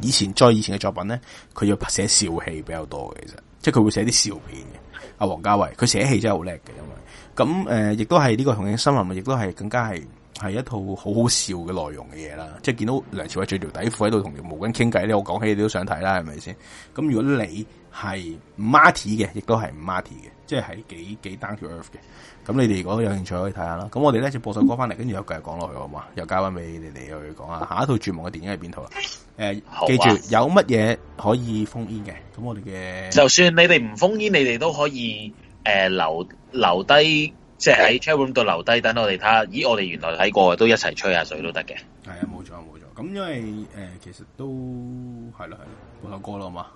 以前再以前嘅作品咧，佢要拍寫笑戲比較多嘅。其實，即係佢會寫啲笑片嘅。阿王家衛佢寫戲真係好叻嘅，因為咁誒、呃，亦都係呢個《同影森林》，亦都係更加係係一套好好笑嘅內容嘅嘢啦。即係見到梁朝偉著條底褲喺度同條毛巾傾偈咧，我講起你都想睇啦，係咪先？咁如果你係 Marty 嘅，亦都係 Marty 嘅。即係幾幾單條 earth 嘅，咁你哋如果有興趣可以睇下啦。咁我哋咧就播首歌翻嚟，跟住繼續講落去，好嘛？又交翻俾你哋去講下，下一套絕望嘅電影係邊套啦？呃啊、記住有乜嘢可以 phone in 嘅？咁我哋嘅就算你哋唔 phone in，你哋都可以誒、呃、留留低，即係喺 chat room 度留低，等我哋睇下。咦，我哋原來睇過，都一齊吹下水都得嘅。係啊，冇錯冇錯。咁因為、呃、其實都係咯，係播首歌啦，好嘛？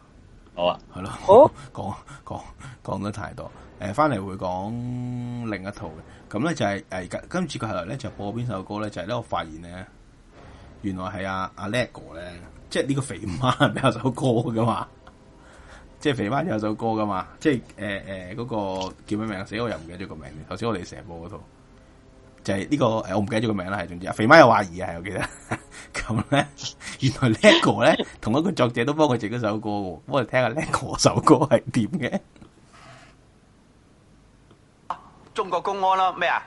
好啊，係咯，啊，講講講得太多，誒、呃，翻嚟會講另一套嘅，咁咧就係、是、誒、呃、今次佢後來咧就播邊首歌咧就係、是、咧我發現咧，原來係阿阿叻哥咧，即係呢個肥媽有首歌噶嘛，即係肥媽有首歌噶嘛，即係誒誒嗰個叫咩名啊？死我又唔記得咗個名，頭先我哋成日播嗰套。就係呢個誒，我唔記得咗個名啦，係總之肥媽有懷疑啊，係我記得。咁咧，原來 LEGO 咧，同一個作者都幫佢寫嗰首歌，我哋聽下 LEGO 嗰首歌係點嘅。中國公安啦，咩啊？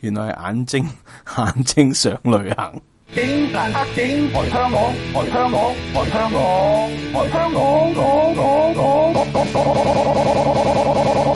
原來係眼睛，眼睛想旅行。警黑警來香港，來香港，來香港，來香港，港港港。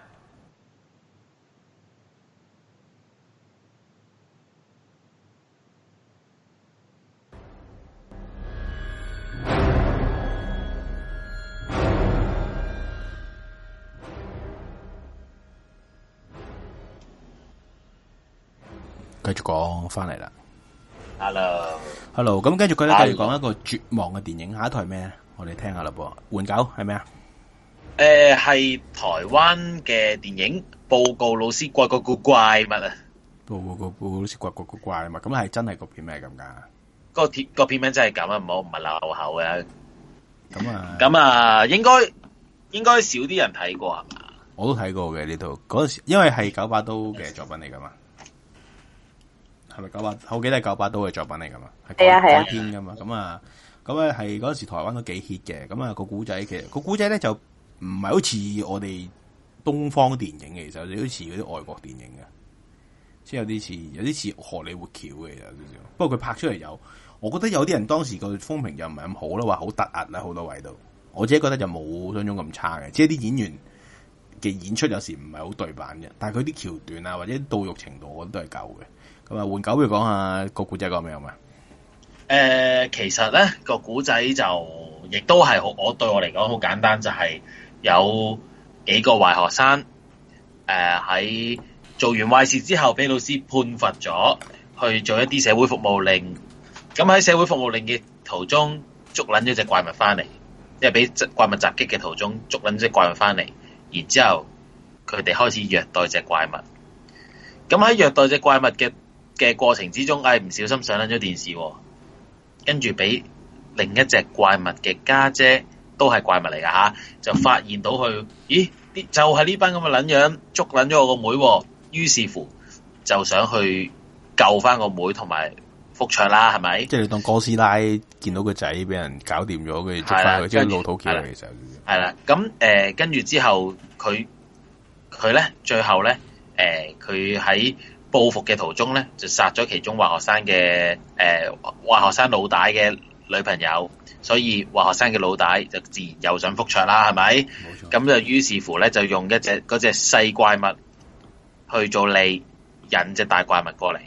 繼續講翻嚟啦，hello hello，咁跟住佢咧，繼續講一個絕望嘅電影，下一台咩？我哋聽下啦噃，換狗係咩啊？誒，係台灣嘅電影，報告老師怪怪怪怪物啊！報告告報告老師怪怪怪怪物，咁係真係嗰片咩咁噶？個片個片名真係咁啊，唔好唔係漏口嘅。咁啊，咁啊，應該應該少啲人睇過係嘛？我都睇過嘅呢套，嗰陣時因為係九把刀嘅作品嚟噶嘛。係咪九八？好幾都係九八都嘅作品嚟噶嘛？係改編噶嘛？咁啊，咁啊，係嗰陣時台灣都幾 hit 嘅。咁、那、啊、個，個古仔其實、那個古仔咧就唔係好似我哋東方電影嘅，其實好似嗰啲外國電影嘅，即係有啲似有啲似荷里活橋嘅。不過佢拍出嚟有，我覺得有啲人當時個風評又唔係咁好啦，話好突兀啦，好多位度。我自己覺得就冇想中咁差嘅，即係啲演員嘅演出有時唔係好對版嘅，但係佢啲橋段啊或者倒欲程度，我覺得都係夠嘅。咁啊，換狗，要講下個古仔講咩啊？誒、呃，其實咧、那個古仔就亦都係好，我對我嚟講好簡單，就係、是、有幾個壞學生，誒、呃、喺做完壞事之後，俾老師判罰咗去做一啲社會服務令。咁喺社會服務令嘅途中，捉撚咗隻怪物翻嚟，即係俾怪物襲擊嘅途中，捉撚咗隻怪物翻嚟，然之後佢哋開始虐待隻怪物。咁喺虐待隻怪物嘅。嘅過程之中，唉，唔小心上撚咗電視，跟住俾另一隻怪物嘅家姐，姐，都係怪物嚟噶吓，就發現到佢，咦？就係呢班咁嘅撚樣捉撚咗我個妹，妹，於是乎就想去救翻個妹同埋復仇啦，係咪？即係你當哥斯拉見到個仔俾人搞掂咗，跟住捉翻佢，即係的老土嘅的其實就係啦。咁誒，跟住，呃、之後佢佢咧，最後咧，誒、呃，佢喺。報復嘅途中咧，就殺咗其中華學生嘅誒華學生老大嘅女朋友，所以華學生嘅老大就自然又想復仇啦，係咪？冇錯錯。咁就於是乎咧，就用一隻嗰隻細怪物去做你，引隻大怪物過嚟。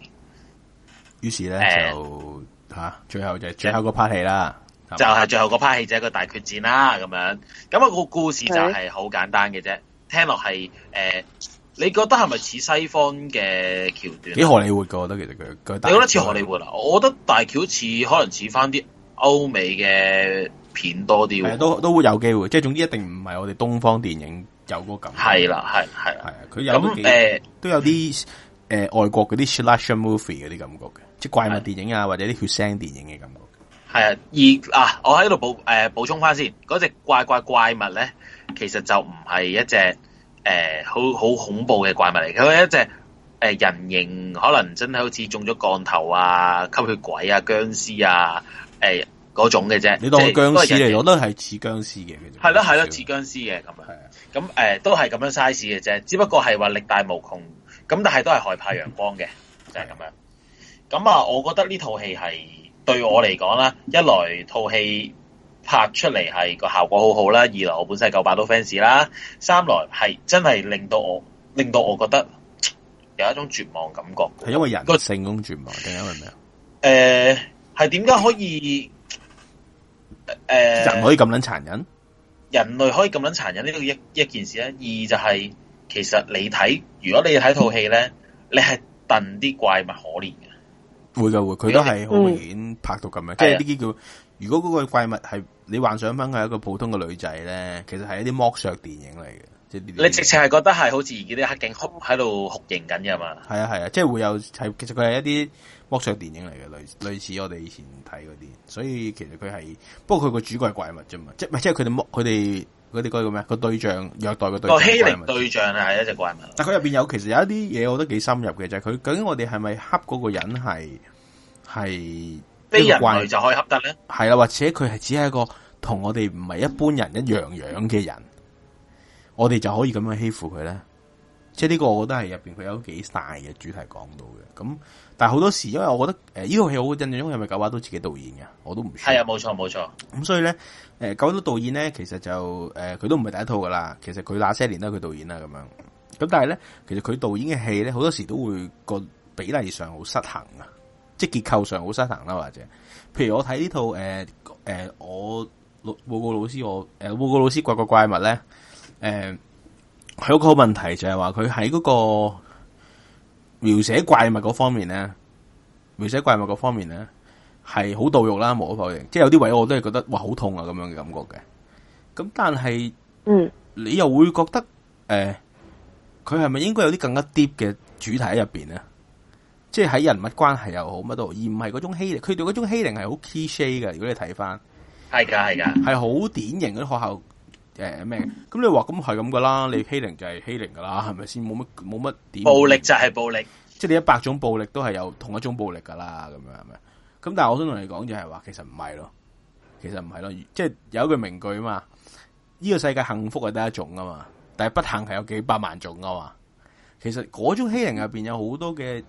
於是咧、嗯、就吓、啊，最後就最後個 part 戲啦，就係最後個 part 戲，就係一個大決戰啦，咁樣。咁、那、啊個故事就係好簡單嘅啫，的聽落係誒。呃.你覺得係咪似西方嘅橋段？幾荷里活噶，我覺得其實佢佢你覺得似荷里活啊？我覺得大橋似可能似翻啲歐美嘅片多啲喎，都都會有機會。即係總之，一定唔係我哋東方電影有嗰個感覺，係啦，係係係啊，佢有啲，誒那也都有啲誒、呃呃、外國嗰啲 slasher movie 嗰啲感覺嘅，即係怪物電影啊，的或者啲血腥電影嘅感覺。係啊，而啊，我喺度補誒補充翻先，嗰隻怪，怪怪怪物咧，其實就唔係一隻。誒，好好、呃、恐怖嘅怪物嚟，佢係一隻誒、呃、人形，可能真係好似中咗降頭啊、吸血鬼啊、僵屍啊，誒、呃、嗰種嘅啫。你當僵屍啊？我、就是、都係似僵屍嘅，係啦，係啦似僵屍嘅咁樣。咁誒的、呃、都係咁樣 size 嘅啫，只不過係話力大無窮，咁但係都係害怕陽光嘅，就係、是、咁樣。咁啊，我覺得呢套戲係對我嚟講啦，一來套戲拍出嚟係個效果好好啦，二來我本身係九把刀 fans 啦，三來係真係令到我令到我覺得有一種絕望感覺，係因為人性咁絕望定、那個、因為咩啊？誒、呃，係點解可以誒？人可以咁捻殘忍，人類可以咁捻殘忍呢都一一件事咧。二就係、是、其實你睇，如果你睇套戲咧，你係戥啲怪物可憐嘅，會就會，佢都係好明顯拍到咁樣，即係呢啲叫如果嗰個怪物係。你幻想翻係一個普通嘅女仔咧，其實係一啲剝削電影嚟嘅。即你直情係覺得係好似而家啲黑警喺度酷刑緊嘅嘛？係啊係啊，即係會有係，其實佢係一啲剝削電影嚟嘅，類類似我哋以前睇嗰啲。所以其實佢係，不過佢個主角係怪物啫嘛，即係即係佢哋剝佢哋嗰啲叫咩？個對象虐待個對象，欺凌對象係一隻怪物。但佢入邊有其實有一啲嘢，我覺得幾深入嘅，就係、是、佢究竟我哋係咪恰嗰個人係係？啲人類就可以恰得咧？係啦、啊，或者佢係只係一個同我哋唔係一般人一樣樣嘅人，我哋就可以咁樣欺負佢咧？即係呢個，我覺得係入邊佢有幾大嘅主題講到嘅。咁但係好多時，因為我覺得誒，呢套戲我印象中係咪九把刀都自己導演嘅？我都唔係啊，冇錯冇錯。咁所以咧，誒，九把刀導演咧，其實就誒，佢、呃、都唔係第一套噶啦。其實佢那些年啦，佢導演啦，咁樣。咁但係咧，其實佢導演嘅戲咧，好多時都會個比例上好失衡啊。即結構上好失衡啦，或者，譬如我睇呢套誒誒、呃呃，我報告老師我誒報告老師怪怪怪物咧，誒、呃，佢有個問題就係話佢喺嗰個描寫怪物嗰方面咧，描寫怪物嗰方面咧係好到肉啦，無可否認。即有啲位我都係覺得哇好痛啊咁樣嘅感覺嘅。咁但係，嗯，你又會覺得誒，佢係咪應該有啲更加 deep 嘅主題喺入邊咧？即係喺人物關係又好乜都好，而唔係嗰種欺凌。佢哋嗰種欺凌係好 cliche 嘅。如果你睇翻，係噶係噶，係好典型嗰啲學校誒咩？咁、欸欸嗯嗯、你話咁係咁噶啦，你欺凌就係欺凌噶啦，係咪先？冇乜冇乜點？暴力就係暴力，即係你一百種暴力都係有同一種暴力噶啦，咁樣係咪？咁但係我想同你講就係話，其實唔係咯，其實唔係咯，即係有一句名句啊嘛。呢、這個世界幸福係得一種啊嘛，但係不幸係有幾百萬種啊嘛。其實嗰種欺凌入邊有好多嘅。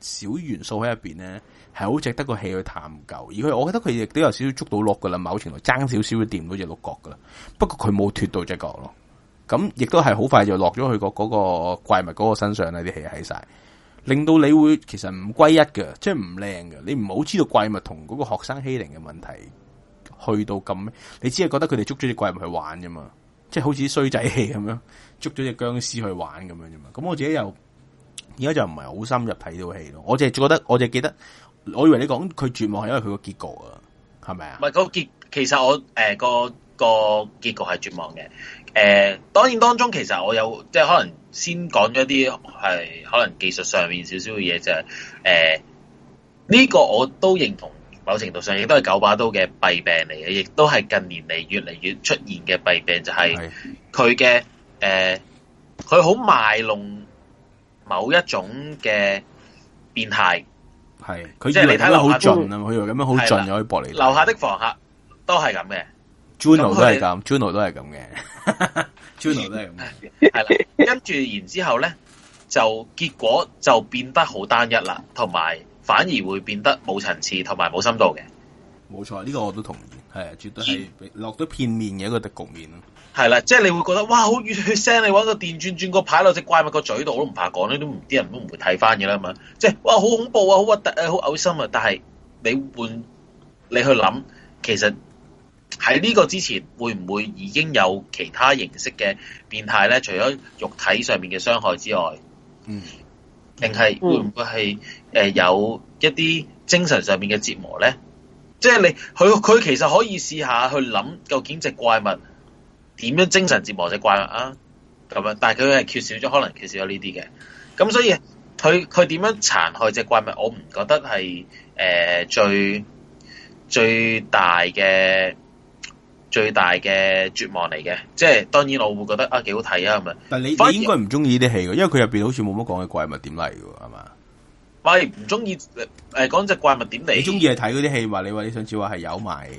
小元素喺入邊呢，係好值得個戲去探究。而佢，我覺得佢亦都有少少捉到落噶啦，某程度爭少少都掂到隻鹿角噶啦。不過佢冇脫到隻角咯。咁亦都係好快就落咗去個個怪物嗰個身上啦。啲戲喺晒，令到你會其實唔歸一嘅，即係唔靚嘅。你唔好知道怪物同嗰個學生欺凌嘅問題去到咁，你只係覺得佢哋捉咗隻怪物去玩啫嘛，即係好似衰仔戲咁樣捉咗隻僵屍去玩咁樣啫嘛。咁我自己又。而家就唔係好深入睇到戲咯，我淨係覺得，我就記得，我以為你講佢絕望係因為佢個結局啊，係咪啊？唔係、個結，其實我誒、呃個、個結局係絕望嘅。誒、呃，當然當中其實我有即係可能先講咗一啲係可能技術上面少少嘅嘢，就係誒呢個我都認同，某程度上亦都係九把刀嘅弊病嚟嘅，亦都係近年嚟越嚟越出現嘅弊病，就係佢嘅誒，佢好是的、呃、賣弄。某一種嘅變態，係佢即係你睇得好盡啊，佢又咁樣好盡咗喺《玻璃樓下的房客》都係咁嘅，Joan 都係咁，Joan 都係咁嘅，Joan 都係咁嘅，係啦。跟住然之後咧，就結果就變得好單一啦，同埋反而會變得冇層次，同埋冇深度嘅。冇錯，呢個我都同意，係絕對係落到片面嘅一個嘅局面。係啦，即係你會覺得哇，好血腥！你玩個電轉轉個牌落隻怪物個嘴度，我都唔怕講，都唔啲人都唔會睇翻嘅啦嘛。即係哇，好恐怖啊，好核突誒，好嘔心啊！但係你換你去諗，其實喺呢個之前會唔會已經有其他形式嘅變態咧？除咗肉體上面嘅傷害之外，嗯，定、嗯、係會唔會係誒、呃、有一啲精神上面嘅折磨咧？即係你佢佢其實可以試下去諗，究竟隻怪物。點樣精神折磨隻怪物啊？咁樣，但係佢係缺少咗，可能缺少咗呢啲嘅。咁所以佢佢點樣殘害隻怪物，我唔覺得係誒、呃、最最大嘅最大嘅絕望嚟嘅。即係當然我會覺得啊，幾好睇啊，係咪？但你，而你應該唔中意呢啲戲嘅，因為佢入邊好似冇乜講嘅怪物點嚟嘅係嘛？唔係唔中意誒講隻怪物點嚟？你中意係睇嗰啲戲話？你話你上次話係有埋。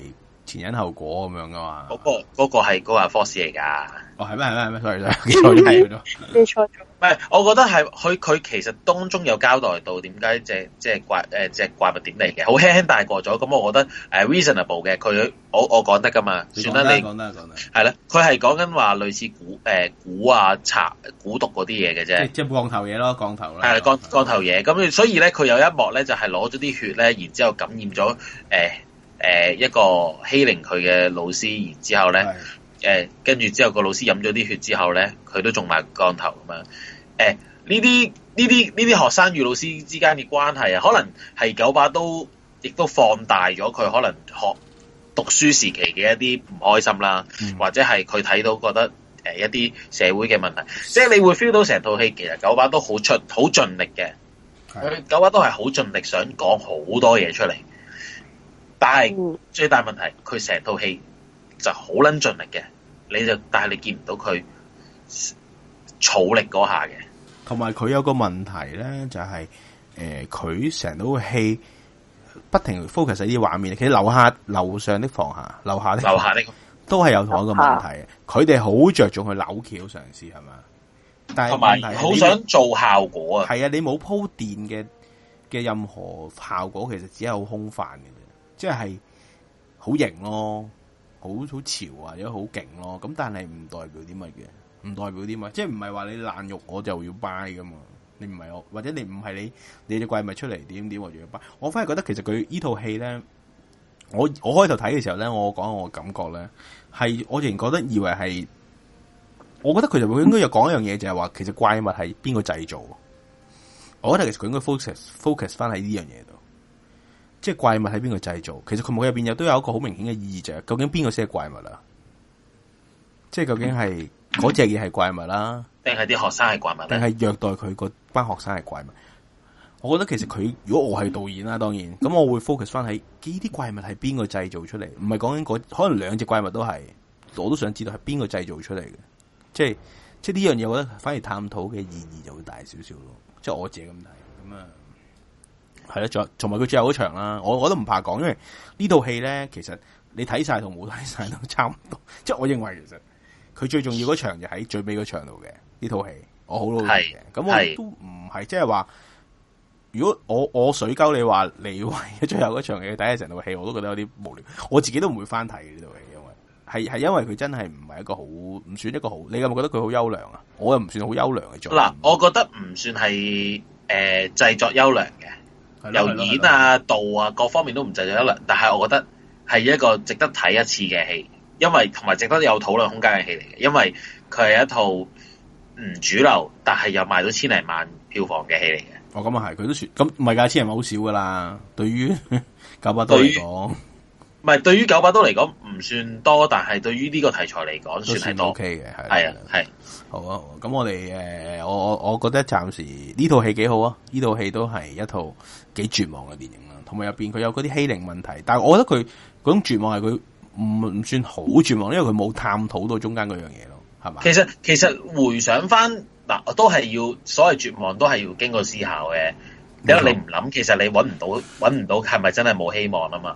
前因後果咁樣噶嘛？嗰、嗰個、嗰、嗰個係嗰個科斯嚟噶。哦，係咩？係咩？係咩？sorry 咧，記錯咗，記錯咗。唔係，我覺得係佢佢其實當中有交代到點解隻即係怪誒，隻、呃、怪物點嚟嘅。好輕輕帶過咗。咁我覺得誒，reasonable 嘅，佢我我講得噶嘛。講得，算啦你，講得，講得。係啦，佢係講緊話類似蠱誒、呃、蠱啊查蠱毒嗰啲嘢嘅啫，即係降頭嘢咯，降頭啦。係降降頭嘢。咁吧所以咧，佢有一幕咧，就係攞咗啲血咧，然之後感染咗誒。呃誒、呃，一個欺凌佢嘅老師，然之後咧，誒是的、呃，跟住之後個老師飲咗啲血之後咧，佢都中埋降頭咁樣。誒、呃，呢啲呢啲呢啲學生與老師之間嘅關係啊，可能係九把都亦都放大咗佢可能學讀書時期嘅一啲唔開心啦，嗯、或者係佢睇到覺得誒、呃、一啲社會嘅問題，即、就、係、是、你會 feel 到成套戲其實九把都好出好盡力嘅，佢是的 九把都係好盡力想講好多嘢出嚟。但係最大問題，佢成套戲就好撚盡力嘅，你就但係你見唔到佢草力嗰下嘅。同埋佢有，有個問題咧，就係誒佢成套戲不停 focus 喺啲畫面，其實樓下樓上的房下的房，樓下樓下呢，都係有同一個問題嘅。佢哋好着重去扭橋嘗試係嘛？但係同埋好想做效果啊！係啊，你冇鋪墊嘅嘅任何效果，其實只有空泛嘅。即係好型咯，好好潮啊，或者好勁咯。咁但係唔代表啲乜嘢，唔代表啲乜。即係唔係話你爛肉我就要 buy 噶嘛？你唔係我，或者你唔係你，你隻怪物出嚟點點我就要 buy。我反而覺得其實佢呢套戲咧，我我開頭睇嘅時候咧，我講我感覺咧，係我仍然覺得以為係，我覺得佢就佢應該又講一樣嘢，就係話其實怪物係邊個製造？我覺得其實佢應該 focus focus 翻喺呢樣嘢。即係怪物喺邊個製造？其實佢冇入邊又都有一個好明顯嘅意義就係、是，究竟邊個先係怪物啦？即係究竟係嗰隻嘢係怪物啦，定係啲學生係怪物？定係、啊、虐待佢嗰班學生係怪物？我覺得其實佢如果我係導演啦、啊，當然咁我會 focus 翻喺呢啲怪物係邊個製造出嚟？唔係講緊嗰可能兩隻怪物都係，我都想知道係邊個製造出嚟嘅。即係即係呢樣嘢，我覺得反而探討嘅意義就會大少少咯。即係我自己咁睇咁啊。係啦，仲同埋佢最後嗰場啦，我我都唔怕講，因為呢套戲咧，其實你睇曬同冇睇曬都差唔多，即 <laughs> 係我認為其實佢最重要嗰場就喺最尾嗰場度嘅，呢套戲，我好努力嘅。咁是我都唔係即係話，如果我我水溝你話你為咗最後嗰場嘅第一成套戲，我都覺得有啲無聊，我自己都唔會翻睇呢套戲，因為係係因為佢真係唔係一個好唔算一個好，你有冇覺得佢好優良啊？我又唔算好優良嘅。嗱、嗯，作品我覺得唔算係、呃、製作優良嘅。由演啊、對對對對，導啊，各方面都唔盡責啦。但係我覺得係一個值得睇一次嘅戲，因為同埋值得有討論空間嘅戲嚟嘅。因為佢係一套唔主流，但係又賣到千零萬票房嘅戲嚟嘅。我咁啊係，佢都算咁唔係噶，千零萬係咪好少噶啦。對於九百多嚟講。唔係，對於九把刀嚟講唔算多，但係對於呢個題材嚟講，算係多。O K 嘅係，係啊，係。好啊，咁我哋誒，我我我覺得暫時呢套戲幾好啊，呢套戲都係一套幾絕望嘅電影啦。同埋入邊佢有嗰啲欺凌問題，但係我覺得佢嗰種絕望係佢唔唔算好絕望，因為佢冇探討到中間嗰樣嘢咯，係嘛？其實其實回想翻嗱，都係要所謂絕望都係要經過思考嘅，因為你唔諗，其實你搵唔到搵唔到係咪真係冇希望啊嘛？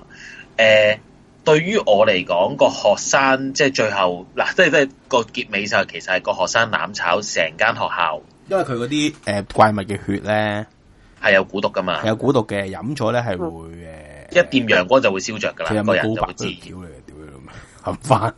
誒、呃，對於我嚟講個學生，即係最後嗱，即係即係個結尾就其實係個學生攬炒成間學校，因為佢嗰啲誒怪物嘅血咧係有蠱毒噶嘛，有蠱毒嘅飲咗咧係會誒、嗯呃、一掂陽光就會燒着噶啦，有冇人告白條橋嚟？屌你老味，含翻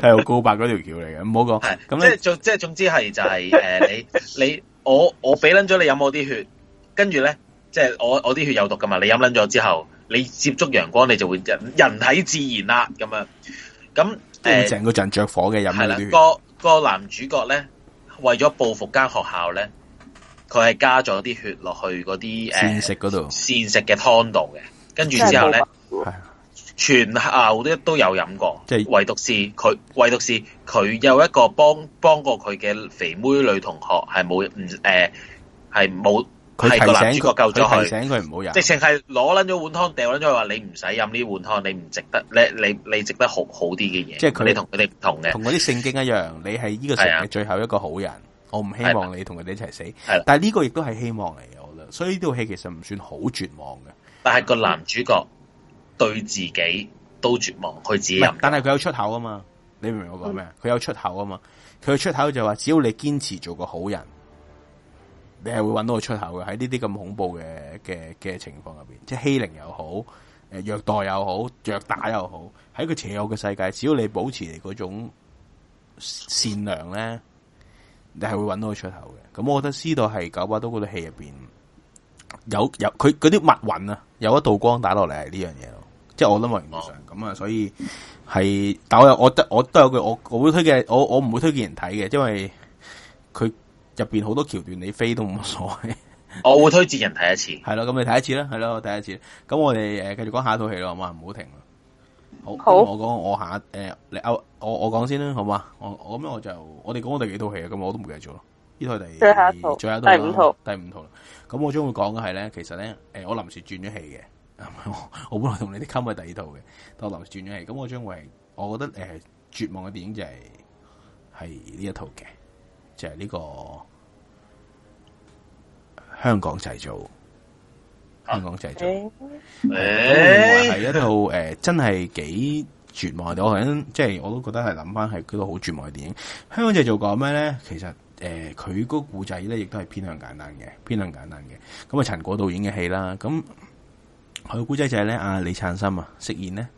係告白嗰條橋嚟嘅。唔好講係咁咧，即係總之係就係、是、誒、呃、你你我我俾捻咗你飲我啲血，跟住咧即係我我啲血有毒噶嘛，你飲捻咗之後。你接觸陽光，你就會人體自然啦咁樣咁誒，成、嗯、個陣着火嘅飲，係啦，個個男主角咧，為咗報復間學校咧，佢係加咗啲血落去嗰啲誒膳食嗰度，膳食嘅湯度嘅。跟住之後咧，全校都都有飲過，即、就是、唯獨是佢，唯獨是佢有一個幫幫過佢嘅肥妹女同學係冇唔誒係冇。佢係個男主角救咗佢，提醒佢唔好飲，即係淨係攞撚咗碗湯掉撚咗，話你唔使飲呢碗湯，你唔值得，你你你值得好好啲嘅嘢。即係佢哋同佢哋唔同嘅，同嗰啲聖經一樣，你係呢個世界最後一個好人，的我唔希望你同佢哋一齊死。係的，但係呢個亦都係希望嚟嘅，我覺得。所以呢套戲其實唔算好絕望嘅，但係個男主角對自己都絕望，佢自己，但係佢有出口啊嘛，你明唔明我講咩？佢、嗯、有出口啊嘛，佢嘅出口就話：只要你堅持做個好人。你係會揾到個出口嘅，喺呢啲咁恐怖嘅嘅嘅情況入邊，即係欺凌又好，誒虐待又好，着打又好，喺個邪惡嘅世界，只要你保持你嗰種善良咧，你係會揾到個出口嘅。咁、嗯嗯、我覺得是都的面《師道》係九把刀嗰套戲入邊有有佢嗰啲密韻啊，有一道光打落嚟，係呢樣嘢咯。即係我諗原則上咁啊，所以係，但係我又我，我，我都有句我我會推薦我我唔會推薦人睇嘅，因為佢。入邊好多橋段，你飛都冇乜所謂。 <laughs> 我會推薦人睇一次。係咯，咁你睇一次啦，係咯，睇一次。咁我哋誒繼續講下一套戲咯，好嘛？唔好停啦。好。好，嗯、我講我下誒、呃，你我我講先啦，好嘛？我我咁樣我就，我哋講我第幾套戲啊，咁我都唔記得咗咯。呢套第二，最後一套，最後一套，第五套。第五套。咁我將會講嘅係咧，其實咧，誒，我臨時轉咗戲嘅。 <laughs> 我本來同你哋溝嘅第二套嘅，但我臨時轉咗戲。咁我將會，我覺得誒，絕望嘅電影就係係呢一套嘅，就係呢個。香港製造，香港製造，係、欸、一套誒、呃，真係幾絕望嘅。我想即係，我都覺得係諗翻係個好絕望嘅電影。香港製造講咩咧？其實誒，佢嗰個故仔咧，亦都係偏向簡單嘅，偏向簡單嘅。咁啊，陳果導演嘅戲啦，咁佢嘅故仔就係、是、咧，阿李燦森啊，飾、啊、演呢，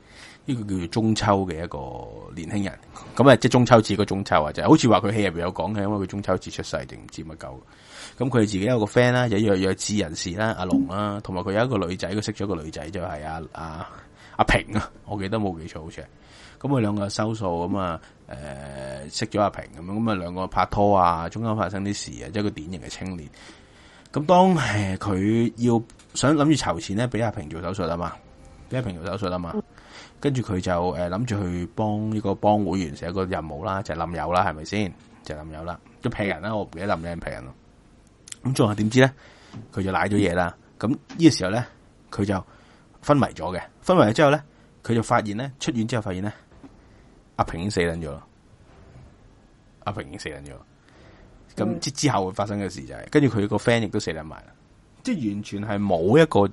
呢、這個叫做中秋嘅一個年輕人。咁啊，即係中秋節、那個中秋啊、就是，就係好似話佢戲入邊有講嘅，因為佢中秋節出世定唔知乜狗。咁佢自己有個 friend 啦，有弱弱智人士啦，阿龍啦，同埋佢有一個女仔，佢識咗個女仔就係、係、阿阿阿平啊。我記得冇記錯好似咁，佢兩個收數咁啊。誒、嗯，識咗阿平咁樣，咁啊，兩個拍拖啊，中間發生啲事啊，即係一個典型嘅青年。咁當誒佢要想諗住籌錢咧，俾阿平做手術啊嘛，俾阿平做手術啊嘛，跟住佢就誒諗住去幫呢個幫會員寫個任務啦，就係、林友啦，係咪先就係、林友啦？都劈人啦，我唔記得林靚劈人。咁仲話點知咧？佢就瀨咗嘢啦。咁呢個時候咧，佢就昏迷咗嘅。昏迷咗之後咧，佢就發現咧，出院之後發現咧，阿平已經死緊咗，阿平已經死緊咗。咁之之後會發生嘅事就係、是，跟住佢個 friend 亦都死緊埋。即係完全係冇一個。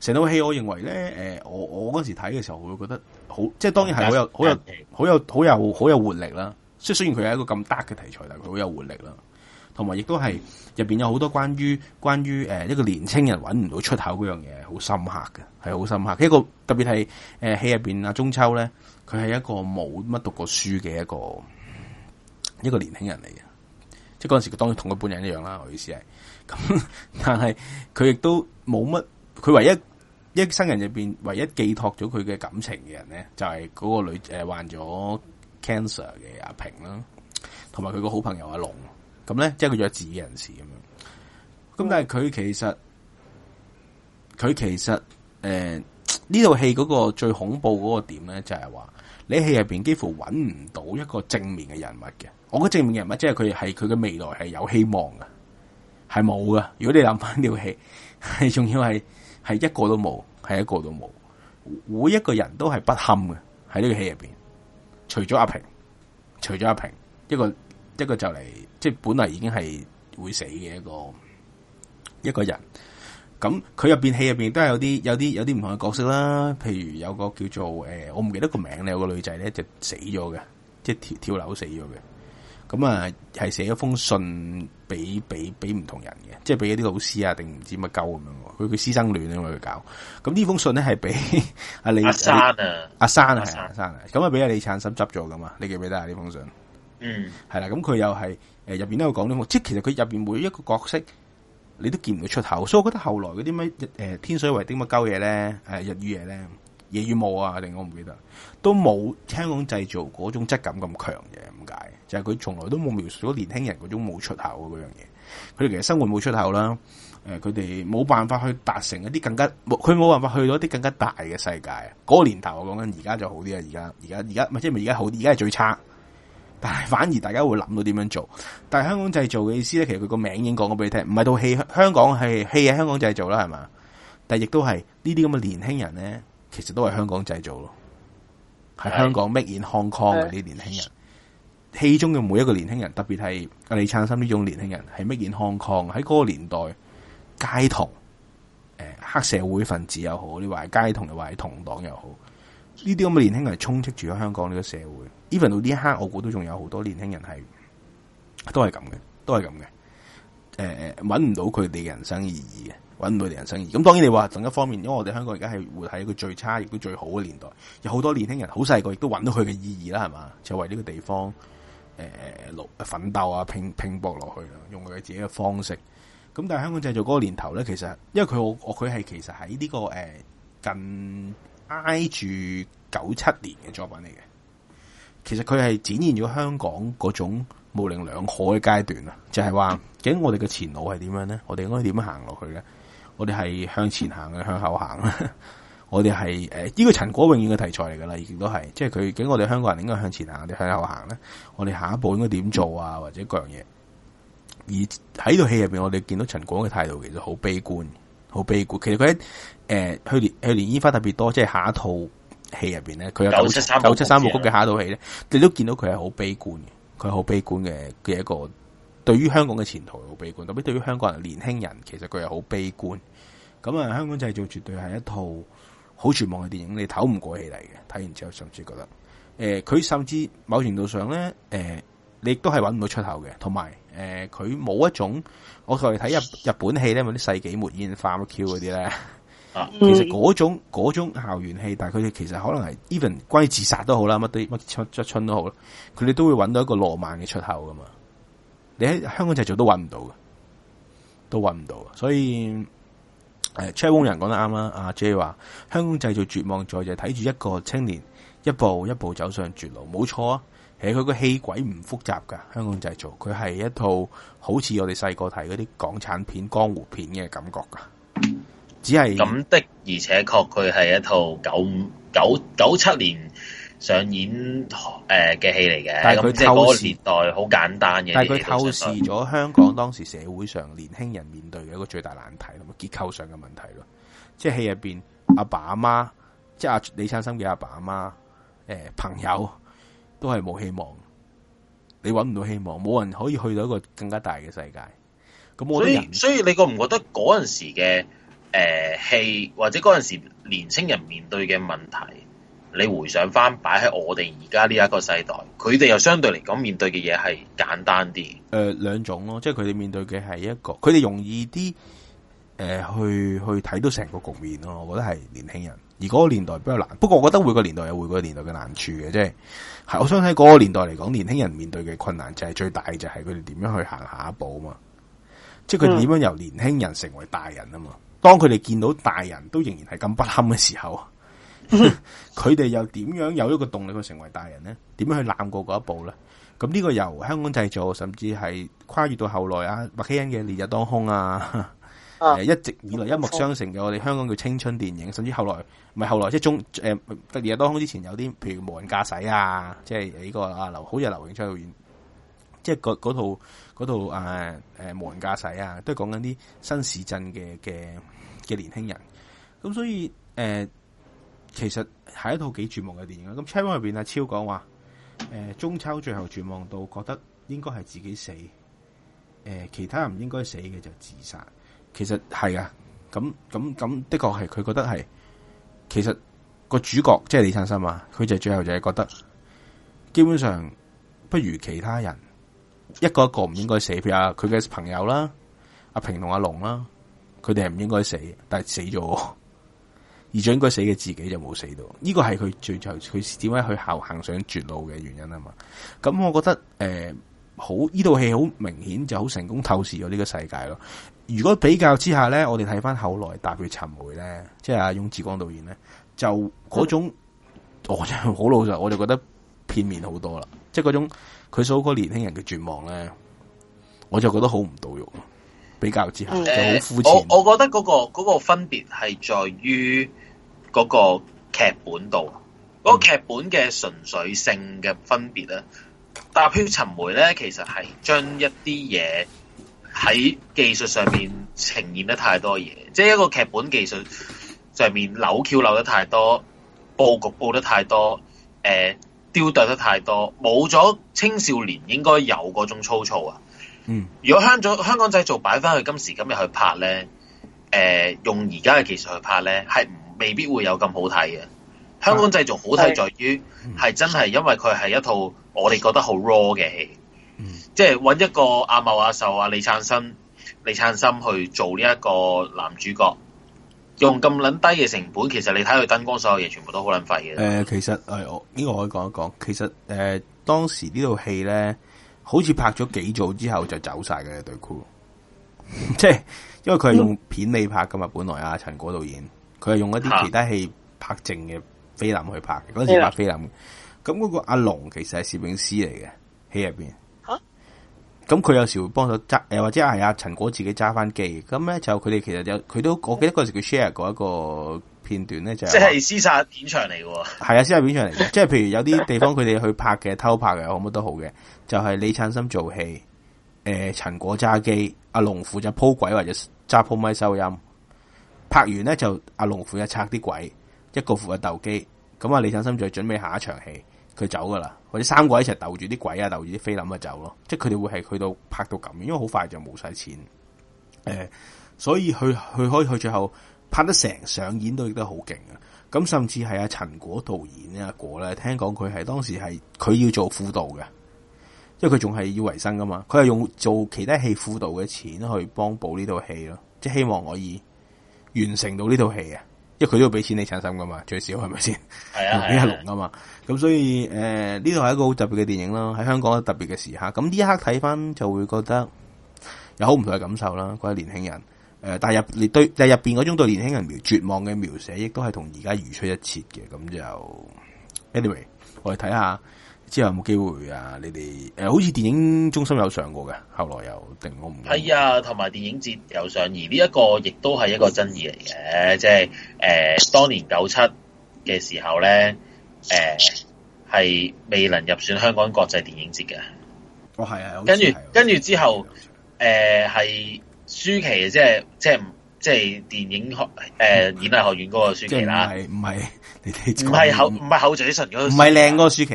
成套戲，我認為咧，誒，我我嗰時睇嘅時候，會會覺得好，即係當然係好有好有好有好有好有活力啦。即係雖然佢係一個咁 dark 嘅題材，但係佢好有活力啦。同埋亦都係入邊有好多關於關於誒一個年青人揾唔到出口嗰樣嘢，好深刻嘅，係好深刻嘅。一個特別係誒戲入邊阿中秋咧，佢係一個冇乜讀過書嘅一個一個年青人嚟嘅，即係嗰陣時佢當然同佢本人一樣啦，我意思係。咁但係佢亦都冇乜，佢唯一一生人入邊唯一寄託咗佢嘅感情嘅人咧，就係、是、嗰個女誒、呃、患咗 cancer 嘅阿平啦，同埋佢個好朋友阿龍。咁咧，即係佢咗弱智人士咁樣。咁但係佢其實，佢其實誒，呢套戲嗰個最恐怖嗰個點咧，就係話，你戲入邊幾乎揾唔到一個正面嘅人物嘅。我覺得正面嘅人物即係佢係佢嘅未來係有希望㗎，係冇㗎。如果你諗翻呢套戲，係仲要係係一個都冇，係一個都冇，每一個人都係不堪嘅喺呢個戲入邊。除咗阿平，除咗阿平，一個一個就嚟。即係本來已經係會死嘅一個一個人，咁佢入邊戲入邊都係有啲有啲有啲唔同嘅角色啦。譬如有個叫做誒、欸，我唔記得個名咧，有個女仔咧就死咗嘅，即係跳跳樓死咗嘅。咁、嗯、啊，係寫咗封信俾俾俾唔同人嘅，即係俾一啲老師啊，定唔知乜鳩咁樣。佢佢師生戀啊，佢搞。咁呢封信咧係俾阿李阿山啊，阿係阿啊。咁啊俾阿、啊啊、李燦森執咗噶嘛？你記唔記得啊？呢封信嗯係啦，咁佢又係。誒入邊都有講啲嘢，即係其實佢入邊每一個角色，你都見唔到出口，所以我覺得後來嗰啲咩誒天水圍啲乜鳩嘢咧，誒日與夜咧，夜與霧啊，定我唔記得，都冇香港製造嗰種質感咁強嘅，點解？就係、是、佢從來都冇描述咗年輕人嗰種冇出口嗰樣嘢，佢哋其實生活冇出口啦，誒佢哋冇辦法去達成一啲更加，佢冇辦法去到一啲更加大嘅世界啊！嗰、那個、年頭我講緊，而家就好啲啊，而家而家而家唔係即係唔係而家好啲，而家係最差。但係反而大家會諗到點樣做，但係香港製造嘅意思咧，其實佢個名已經講咗俾你聽，唔係到戲，香港係戲喺香港製造啦，係嘛？但係亦都係呢啲咁嘅年輕人咧，其實都係香港製造咯，係、嗯、香港 made in Hong Kong 嗰啲年輕人，戲中嘅每一個年輕人，特別係李燦森呢種年輕人，係 made in Hong Kong。喺嗰個年代，街童，誒，黑社會分子又好，你話街童又話係童黨又好，呢啲咁嘅年輕人充斥住咗香港呢個社會。Even 到呢一刻，我估都仲有好多年輕人係都係咁嘅，都係咁嘅。誒揾唔到佢哋人生意義嘅，揾唔到佢哋人生意義。咁當然你話另一方面，因為我哋香港而家係活喺一個最差亦都最好嘅年代，有好多年輕人好細個，亦都揾到佢嘅意義啦，係嘛？就係、為呢個地方誒落、呃、奮鬥啊，拼拼搏落去啦，用佢自己嘅方式。咁但係香港製造嗰個年頭咧，其實因為佢我佢係其實喺呢、呢個誒、呃、近挨住九七年嘅作品嚟嘅。其實佢係展現咗香港嗰種模稜兩可嘅階段啦，就係、是、話，究竟我哋嘅前路係點樣咧？我哋應該點行落去咧？我哋係向前行，定向後行咧？ <laughs> 我哋係誒，呢、呃這個陳果永遠嘅題材嚟噶啦，而都係即係佢，究竟我哋香港人應該向前行，定向後行咧？我哋下一步應該點做啊？嗯、或者各樣嘢，而喺呢套戲入邊，我哋見到陳果嘅態度其實好悲觀，好悲觀。其實佢喺誒去年去年煙花特別多，即係下一套。戲入邊咧，佢有九七,九七三部曲嘅下一套戲咧，你都見到佢係好悲觀嘅，佢係好悲觀嘅嘅一個對於香港嘅前途好悲觀，特別對於香港人年輕人，其實佢係好悲觀。咁、嗯、啊，香港製造絕對係一套好絕望嘅電影，你唞唔過氣嚟嘅。睇完之後甚至覺得，誒、呃，佢甚至某程度上咧，誒、呃，你都係揾唔到出口嘅。同埋，誒、呃，佢冇一種，我係睇日日本戲咧，冇啲世紀末煙花乜 Q 嗰啲咧。 <laughs> 其實嗰種嗰種校園戲，但係佢哋其實可能係 even 關於自殺都好啦，乜乜出春都好啦，佢哋都會揾到一個羅曼嘅出口噶嘛。你喺香港製造都揾唔到㗎，都揾唔到啊！所以誒 Cher Wong 人講得啱啦。阿 J 話香港製造絕望在就係睇住一個青年一步一步走上絕路，冇錯啊。其實佢個戲鬼唔複雜噶，香港製造，佢係一套好似我哋細個睇嗰啲港產片、江湖片嘅感覺噶。Mm hmm. 只係咁的，而且確佢係一套九九九七年上演誒嘅戲嚟嘅。呃、但係佢即係嗰個年代好簡單嘅，但係佢透視咗香港當時社會上年輕人面對嘅一個最大難題，咁啊結構上嘅問題咯。即係戲入邊阿爸阿媽，即係李燦森嘅阿爸阿媽，誒、呃、朋友都係冇希望，你搵唔到希望，冇人可以去到一個更加大嘅世界。咁我所以所以你覺唔覺得嗰陣時嘅？誒，係、呃、或者嗰陣時候年輕人面對嘅問題，你回想翻擺喺我哋而家呢一個世代，佢哋又相對嚟講面對嘅嘢係簡單啲。誒、呃，兩種咯，即係佢哋面對嘅係一個，佢哋容易啲。誒、呃，去去睇到成個局面咯，我覺得係年輕人而嗰個年代比較難。不過我覺得每個年代有每個年代嘅難處嘅，即係係。我相信喺嗰個年代嚟講，年輕人面對嘅困難就係、是、最大就係佢哋點樣去行下一步啊嘛。即係佢點樣由年輕人成為大人啊嘛。嗯當佢哋見到大人都仍然係咁不堪嘅時候，佢哋又點樣有一個動力去成為大人呢？點樣去攬過嗰一步呢？咁呢個由香港製造，甚至係跨越到後來啊，麥曦茵嘅烈日當空啊，誒、啊，一直以來一脈相承嘅我哋香港嘅青春電影，甚至後來唔係後來，即係中誒、呃，烈日當空之前有啲，譬如無人駕駛啊，即係呢個啊劉，好似係劉永昌導演。即係嗰一套誒誒、啊哎、無人駕駛啊，都係講緊啲新市鎮嘅嘅嘅年輕人。咁所以誒、呃，其實係一套幾絕望嘅電影。咁車王入邊阿超講話，誒、啊、中秋最後絕望到覺得應該係自己死，誒、呃、其他人唔應該死嘅就自殺。其實係啊，咁咁咁的確係佢覺得係，其實個主角即係李燦森啊，佢就，係、就最後就係覺得，基本上不如其他人。一個一個唔應該死，譬如佢嘅朋友啦，阿平同阿龍啦，佢哋係唔應該死，但係死咗。而最應該死嘅自己就冇死到，呢個係佢最就佢點解去後行行上絕路嘅原因啊嘛。咁我覺得誒、呃，好呢套戲好明顯就好成功透視咗呢個世界咯。如果比較之下咧，我哋睇翻後來，踏血尋梅咧，即係阿翁子光導演咧，就嗰種，嗯、我就好老實，我就覺得片面好多啦，即係嗰種。佢所個年輕人嘅絕望咧，我就覺得好唔到肉，比較之下、嗯、就好膚淺。我覺覺得嗰、那個嗰、那個分別係在於嗰個劇本度，嗰、那個劇本嘅純粹性嘅分別咧。踏血尋梅咧，其實係將一啲嘢喺技術上面呈現得太多嘢，即、就、係、是、一個劇本技術上面扭橋扭得太多，布局布得太多，誒、呃。雕琢得太多，冇咗青少年應該有嗰種粗糙啊！嗯、如果香港香港製造擺翻去今時今日去拍咧，誒、呃，用而家嘅技術去拍咧，係未必會有咁好睇嘅。香港製造好睇在於係真係，因為佢係一套我哋覺得好 raw 嘅戲，嗯、即係揾一個阿茂阿秀啊，李燦森李燦森去做呢一個男主角。用咁捻低嘅成本，其實你睇佢燈光所有嘢，全部都好捻廢嘅。誒、呃，其實誒、哎，我呢、這個我可以講一講。其實誒、呃，當時戲呢套戲咧，好似拍咗幾組之後就走晒嘅對 crew，即 <laughs> 係因為佢係用片尾拍噶嘛。嗯、本來阿陳果導演，佢係用一啲其他戲拍淨嘅菲林去拍嘅，嗰、啊、時拍菲林。咁嗰、嗯、個阿龍其實係攝影師嚟嘅，戲入邊。咁佢有時會幫手揸，又或者係阿陳果自己揸翻機。咁咧就佢哋其實有，佢都我記得嗰時佢 share 過一個片段咧，就是、即係施殺片場嚟喎，係啊，施殺片場嚟嘅，即係 <laughs> 譬如有啲地方佢哋去拍嘅偷拍嘅，冇乜都好嘅，就係、是、李燦森做戲，呃、陳果揸機，阿龍負責鋪軌或者揸鋪咪收音，拍完咧就阿龍負責拆啲軌，一個負責鬥機，咁啊李燦森就準備下一場戲。佢走噶啦，或者三個一齊鬥住啲鬼啊，鬥住啲菲林咪走咯，即係佢哋會係去到拍到咁，因為好快就冇晒錢。誒，所以佢去可以去最後拍得成上演都亦都好勁啊！咁甚至係阿陳果導演阿、啊、果咧，聽講佢係當時係佢要做輔導嘅，因為佢仲係要維生噶嘛，佢係用做其他戲輔導嘅錢去幫補呢套戲咯，即係希望可以完成到呢套戲啊！因為佢都要俾錢你產心噶嘛，最少係咪先？係啊，阿龍啊嘛，咁所以誒呢度係一個好特別嘅電影咯，喺香港特別嘅時刻，咁呢一刻睇翻就會覺得有好唔同嘅感受啦，關於年輕人誒、呃，但係入對，對但係入邊嗰種對年輕人描絕望嘅描寫，亦都係同而家如出一轍嘅，咁就 anyway 我哋睇下。之後有冇機會啊？你哋誒、呃，好似電影中心有上過嘅，後來又定好唔係啊，同埋、哎、電影節有上，而呢一個亦都係一個爭議嚟嘅，即係誒，當年九七嘅時候咧，誒、呃、係未能入選香港國際電影節嘅，哦係啊，跟住著、啊、跟住之後誒係、呃、舒琪，即係即係即係電影學誒、呃，演藝學院嗰個舒淇啦，唔係唔係唔係口唔係口嘴唇嗰，唔係靚個舒淇，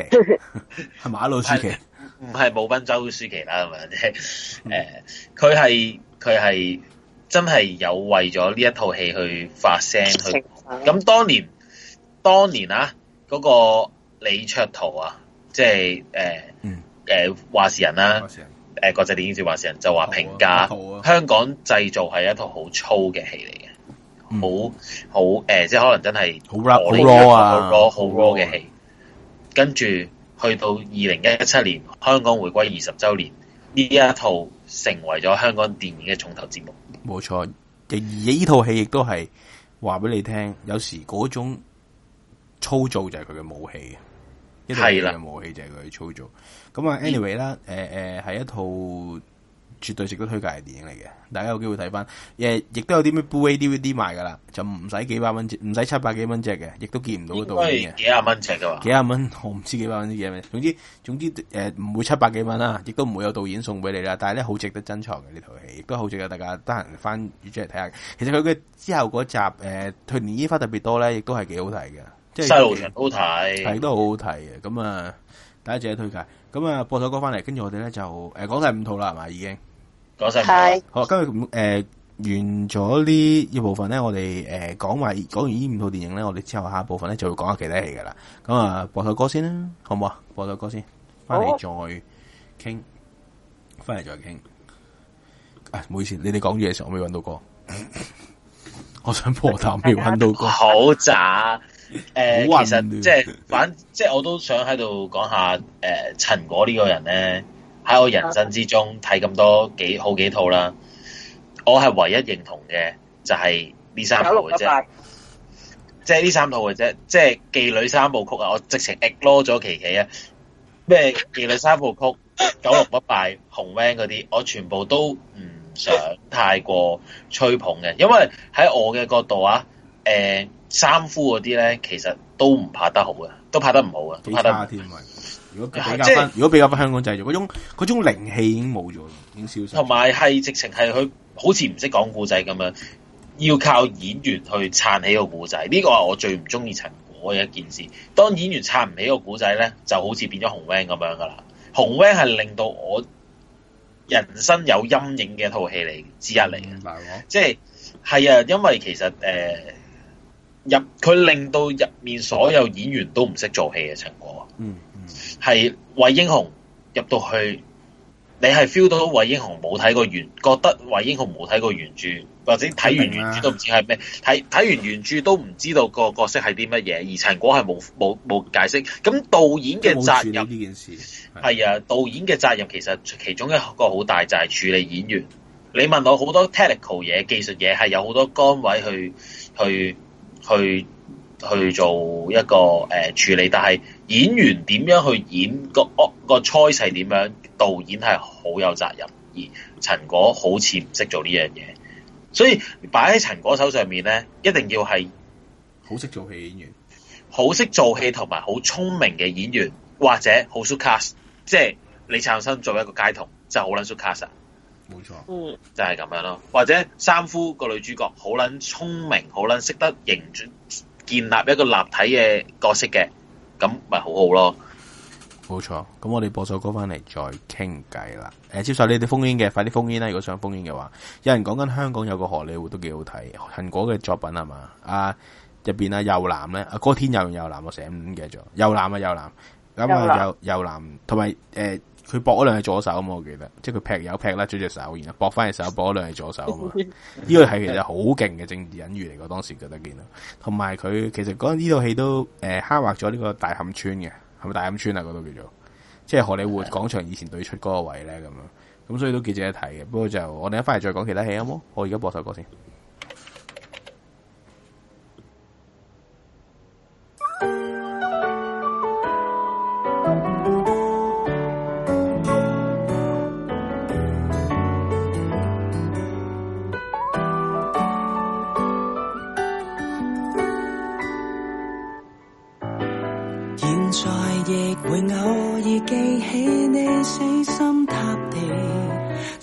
係馬路舒淇，唔係冇賓州舒淇啦，係咪？誒， <laughs> 佢係佢係真係有為咗呢一套戲去發聲 <laughs> 去，咁當年當年啊，嗰、那個李焯桃啊，即係誒誒話事人啦、啊。誒，國際電影節話事人就話評價香港製造係一套好粗嘅戲嚟嘅，好好誒，即係可能真係好，raw 嗰好 raw 嘅戲，跟住去到二零一七年香港回歸二十周年呢一套成為咗香港電影嘅重頭節目。冇錯，而呢套戲亦都係話俾你聽，有時嗰種粗糙就係佢嘅武器。一係啦，武器就係佢操作。咁啊，anyway 啦，誒誒、嗯，係、呃呃、一套絕對值得推介嘅電影嚟嘅。大家有機會睇翻，亦、呃、亦都有啲咩 buy DVD 賣噶啦，就唔使幾百蚊唔使七百幾蚊隻嘅，亦都見唔到嘅導演嘅。幾廿蚊隻噶嘛？幾廿蚊？我唔知幾百蚊啲嘢咩？總之總之，誒、呃、唔會七百幾蚊啦，亦都唔會有導演送俾你啦。但係咧，好值得珍藏嘅呢套戲，亦都好值得大家得閒翻 YouTube 睇下。其實佢嘅之後嗰集誒，去、呃、年煙花特別多咧，亦都係幾好睇嘅。即係西路傳都睇，係都好好睇嘅。咁啊，大家自己推介。咁啊，播首歌翻嚟，跟住我哋咧就誒講晒五套啦嘛，已經講晒。好，跟住誒完咗呢一部分咧，我哋誒講埋講完呢五套電影咧，我哋之後下一部分咧就會講下其他戲噶啦。咁啊，播首歌先啦，好唔好啊？播首歌先，翻嚟再傾，翻嚟再傾。唔好意思，你哋講嘢嘅時候，我未搵到歌，我想破頭未搵到歌，好渣。誒、呃，其實即係反正，即、就、係、是、我都想喺度講下，誒、呃，陳果呢個人咧，喺我人生之中睇咁、啊、多幾好幾套啦，我係唯一認同嘅就係、是、呢三套嘅啫，即係呢三套嘅啫，即、就、係、是、妓女三部曲啊，我直情 ignore 咗琪琪啊，咩妓女三部曲九龍不敗紅 van 嗰啲，我全部都唔想太過吹捧嘅，因為喺我嘅角度啊。誒、呃，三夫嗰啲咧，其實都唔拍得好㗎，都拍得唔好㗎。都拍得好。如果即係如果比較，、就是、果比較香港製造，嗰種嗰種靈氣已經冇咗啦，已經消失。同埋係直情係佢好似唔識講故仔咁樣，要靠演員去撐起故、這個故仔。呢個係我最唔中意陳果嘅一件事。當演員撐唔起個故仔咧，就好似變咗紅 VAN 咁樣噶啦。紅 VAN 係令到我人生有陰影嘅一套戲嚟，之一嚟嘅。即係係啊，因為其實誒。呃入佢令到入面所有演員都唔識做戲嘅陳果，嗯，係魏英雄入到去，你係 feel 到魏英雄冇睇過原，覺得魏英雄冇睇過原著，或者睇完原著都唔知係咩，睇睇、嗯、完原著都唔知道個角色係啲乜嘢，而陳果係冇冇冇解釋。咁導演嘅責任呢件事係啊，導演嘅責任其實其中一個好大就係、是、處理演員。你問我好多 technical 嘢、技術嘢，係有好多崗位去去。去去做一個誒、呃、處理，但係演員點樣去演個個個猜勢點樣，導演係好有責任。而陳果好似唔識做呢樣嘢，所以擺喺陳果手上面咧，一定要係好識做戲演員，好識做戲同埋好聰明嘅演員，或者好 suit cast，即係李燦森做一個街童就好捻 suit cast。冇錯，沒錯嗯，就係、是、咁樣咯。或者三夫個女主角好捻聰明，好捻識得營轉建立一個立體嘅角色嘅，咁咪好好咯沒錯。冇錯，咁我哋播首歌翻嚟再傾偈啦。誒、欸，接受你哋 phone in 嘅，快啲 phone in 啦！如果想 phone in 嘅話，有人講緊香港有個荷里活都幾好睇，陳果嘅作品係嘛？啊，入邊啊，又南咧，阿哥天又又南，我成日唔記得咗，又南啊又南，咁啊又又南，同埋誒。藍佢搏咗兩係左手啊嘛，我記得，即係佢劈有劈啦，追隻手，然後搏翻隻手，搏咗兩係左手啊嘛，呢 <laughs> 個係其實好勁嘅政治隱喻嚟噶，當時覺得見啦。同埋佢其實講呢套戲都誒，刻畫咗呢個大磡村嘅，係咪大磡村啊？嗰度叫做，即係荷里活廣場以前對出嗰個位咧咁樣，咁所以都幾值得睇嘅。不過就我哋一翻嚟再講其他戲好冇？我而家播首歌先。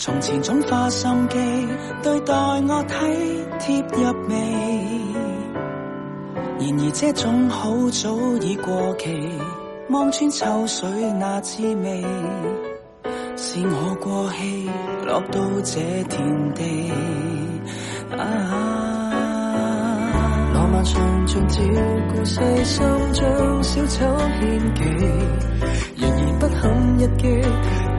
從前總花心機對待我體貼入微，然而這種好早已過期，望穿秋水那滋味，是我過氣落到這田地。啊，浪漫上進照顧世心像小丑獻技，然而不堪一擊。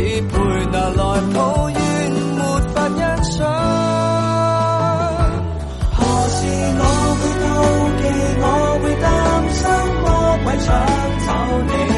只配拿來抱怨，沒法欣賞。何時我會妒忌，我會擔心，魔鬼想找你？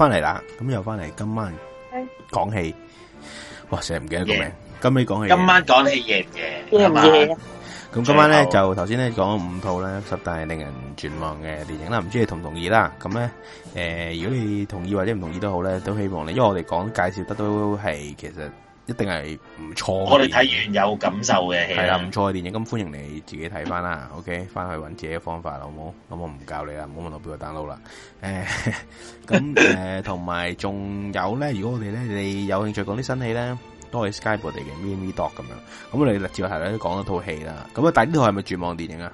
翻嚟啦，咁又翻嚟。今晚講戲，哇，成日唔記得個名。今尾講起，今晚講戲嘢嘅，今晚。咁今晚咧的就頭先咧講咗五套咧十大令人絕望嘅電影啦，唔知你同唔同意啦。咁咧，誒、呃，如果你同意或者唔同意都好咧，都希望咧，因為我哋講介紹得都係其實。一定係唔錯。我哋睇完有感受嘅戲，係啦，唔錯嘅電影。咁歡迎你自己睇翻啦。OK，翻去揾自己嘅方法啦，好冇？咁我唔教你啦，唔好問我邊個 download 啦。誒， <laughs> 咁、呃、誒，同埋仲有咧，如果我哋咧，你有興趣講啲新戲咧，都係 Skype 我哋嘅、mm hmm. 電，電，電影，咪咪多咁樣。咁我哋頭先講一套戲啦。咁啊，但呢套係咪絕望電影啊？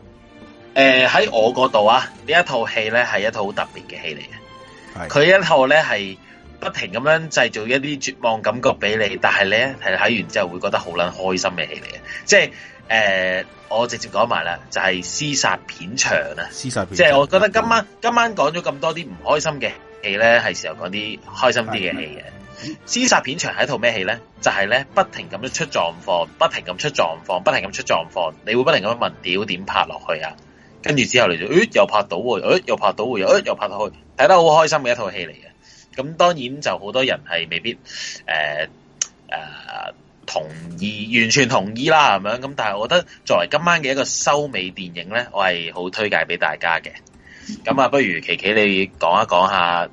誒的，喺我嗰度啊，呢一套戲咧係一套特別嘅戲嚟嘅。係，佢一套咧係。不停咁樣製造一啲絕望感覺俾你，但係咧係睇完之後會覺得好撚開心嘅戲嚟嘅，即係誒、呃，我直接講埋啦，就係《屍殺片場》啊，《屍殺片場》，即係我覺得今晚對今晚講咗咁多啲唔開心嘅戲咧，係時候講啲開心啲嘅戲嘅，《屍殺片場》係一套咩戲咧？就係咧不停咁樣出狀況，不停咁出狀況，不停咁出狀況，你會不停咁樣問：屌點拍落去啊？跟住之後你就誒、欸、又拍到，誒、欸、又拍到，又、欸、誒又拍到，睇、欸、得好開心嘅一套戲嚟嘅。咁當然就好多人係未必、呃呃、同意，完全同意啦咁樣。咁但係我覺得作為今晚嘅一個收尾電影咧，我係好推介俾大家嘅。咁啊，不如琪琪你講一講一下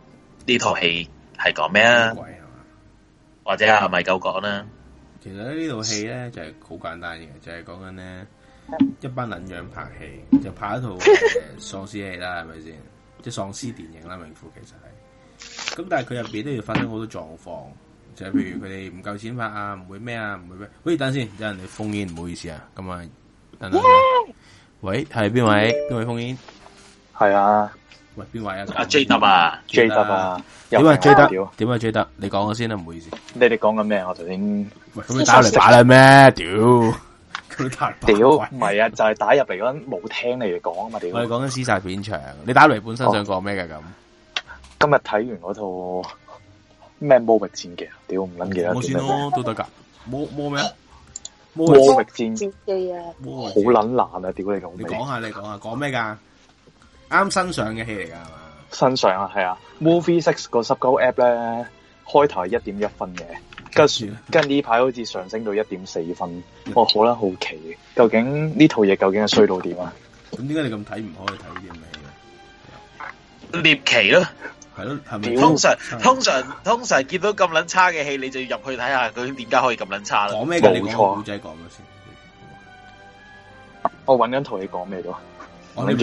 呢套戲係講咩啊？鬼係嘛或者係咪夠講咧？其實呢套戲咧就係、是、好簡單嘅，就係講緊咧一班撚樣拍戲，就拍一套 <laughs> 喪屍戲啦，係咪先？即喪屍電影啦，名副其實係。咁但係佢入邊咧，要發生好多狀況，就係譬如佢哋唔夠錢拍啊，唔會咩啊，唔會咩？喂，等先，有人嚟 phone in，唔好意思啊。咁啊，等等。喂，係邊位？邊位 phone in？係啊，喂，邊位啊？阿 JW 啊，JW 啊？點啊？JW？點啊？JW？你講咗先啦，唔好意思。你哋講緊咩？我頭先喂，咁你打嚟打嚟咩？屌，屌，唔係啊，就係打入嚟嗰陣冇聽你哋講啊嘛，屌！我哋講緊屍殺片場，你打嚟本身想講咩嘅咁？今日睇完嗰套咩《魔域戰記》啊！屌，唔撚記得，《魔仙》咯都得噶，《魔魔咩》《魔域戰記》啊！好撚難啊！屌你老味！你講下，你講下，講咩噶？啱新上嘅戲嚟噶係嘛？新上啊，係啊，1. 1《Movie Six》個十 Go App 咧，開頭係一點一分嘅，跟住跟呢排好似上升到一點四分。我好啦，好奇 <laughs> 究竟呢套嘢究竟係衰到點啊？咁點解你咁睇唔開睇呢部戲獵奇咯。係咯，係咪通常通常通常見到咁撚差嘅戲，你就要入去睇下究竟點解可以咁撚差啦？講咩嘅？你講古仔講先。我搵緊套戲你講咩咗？睇完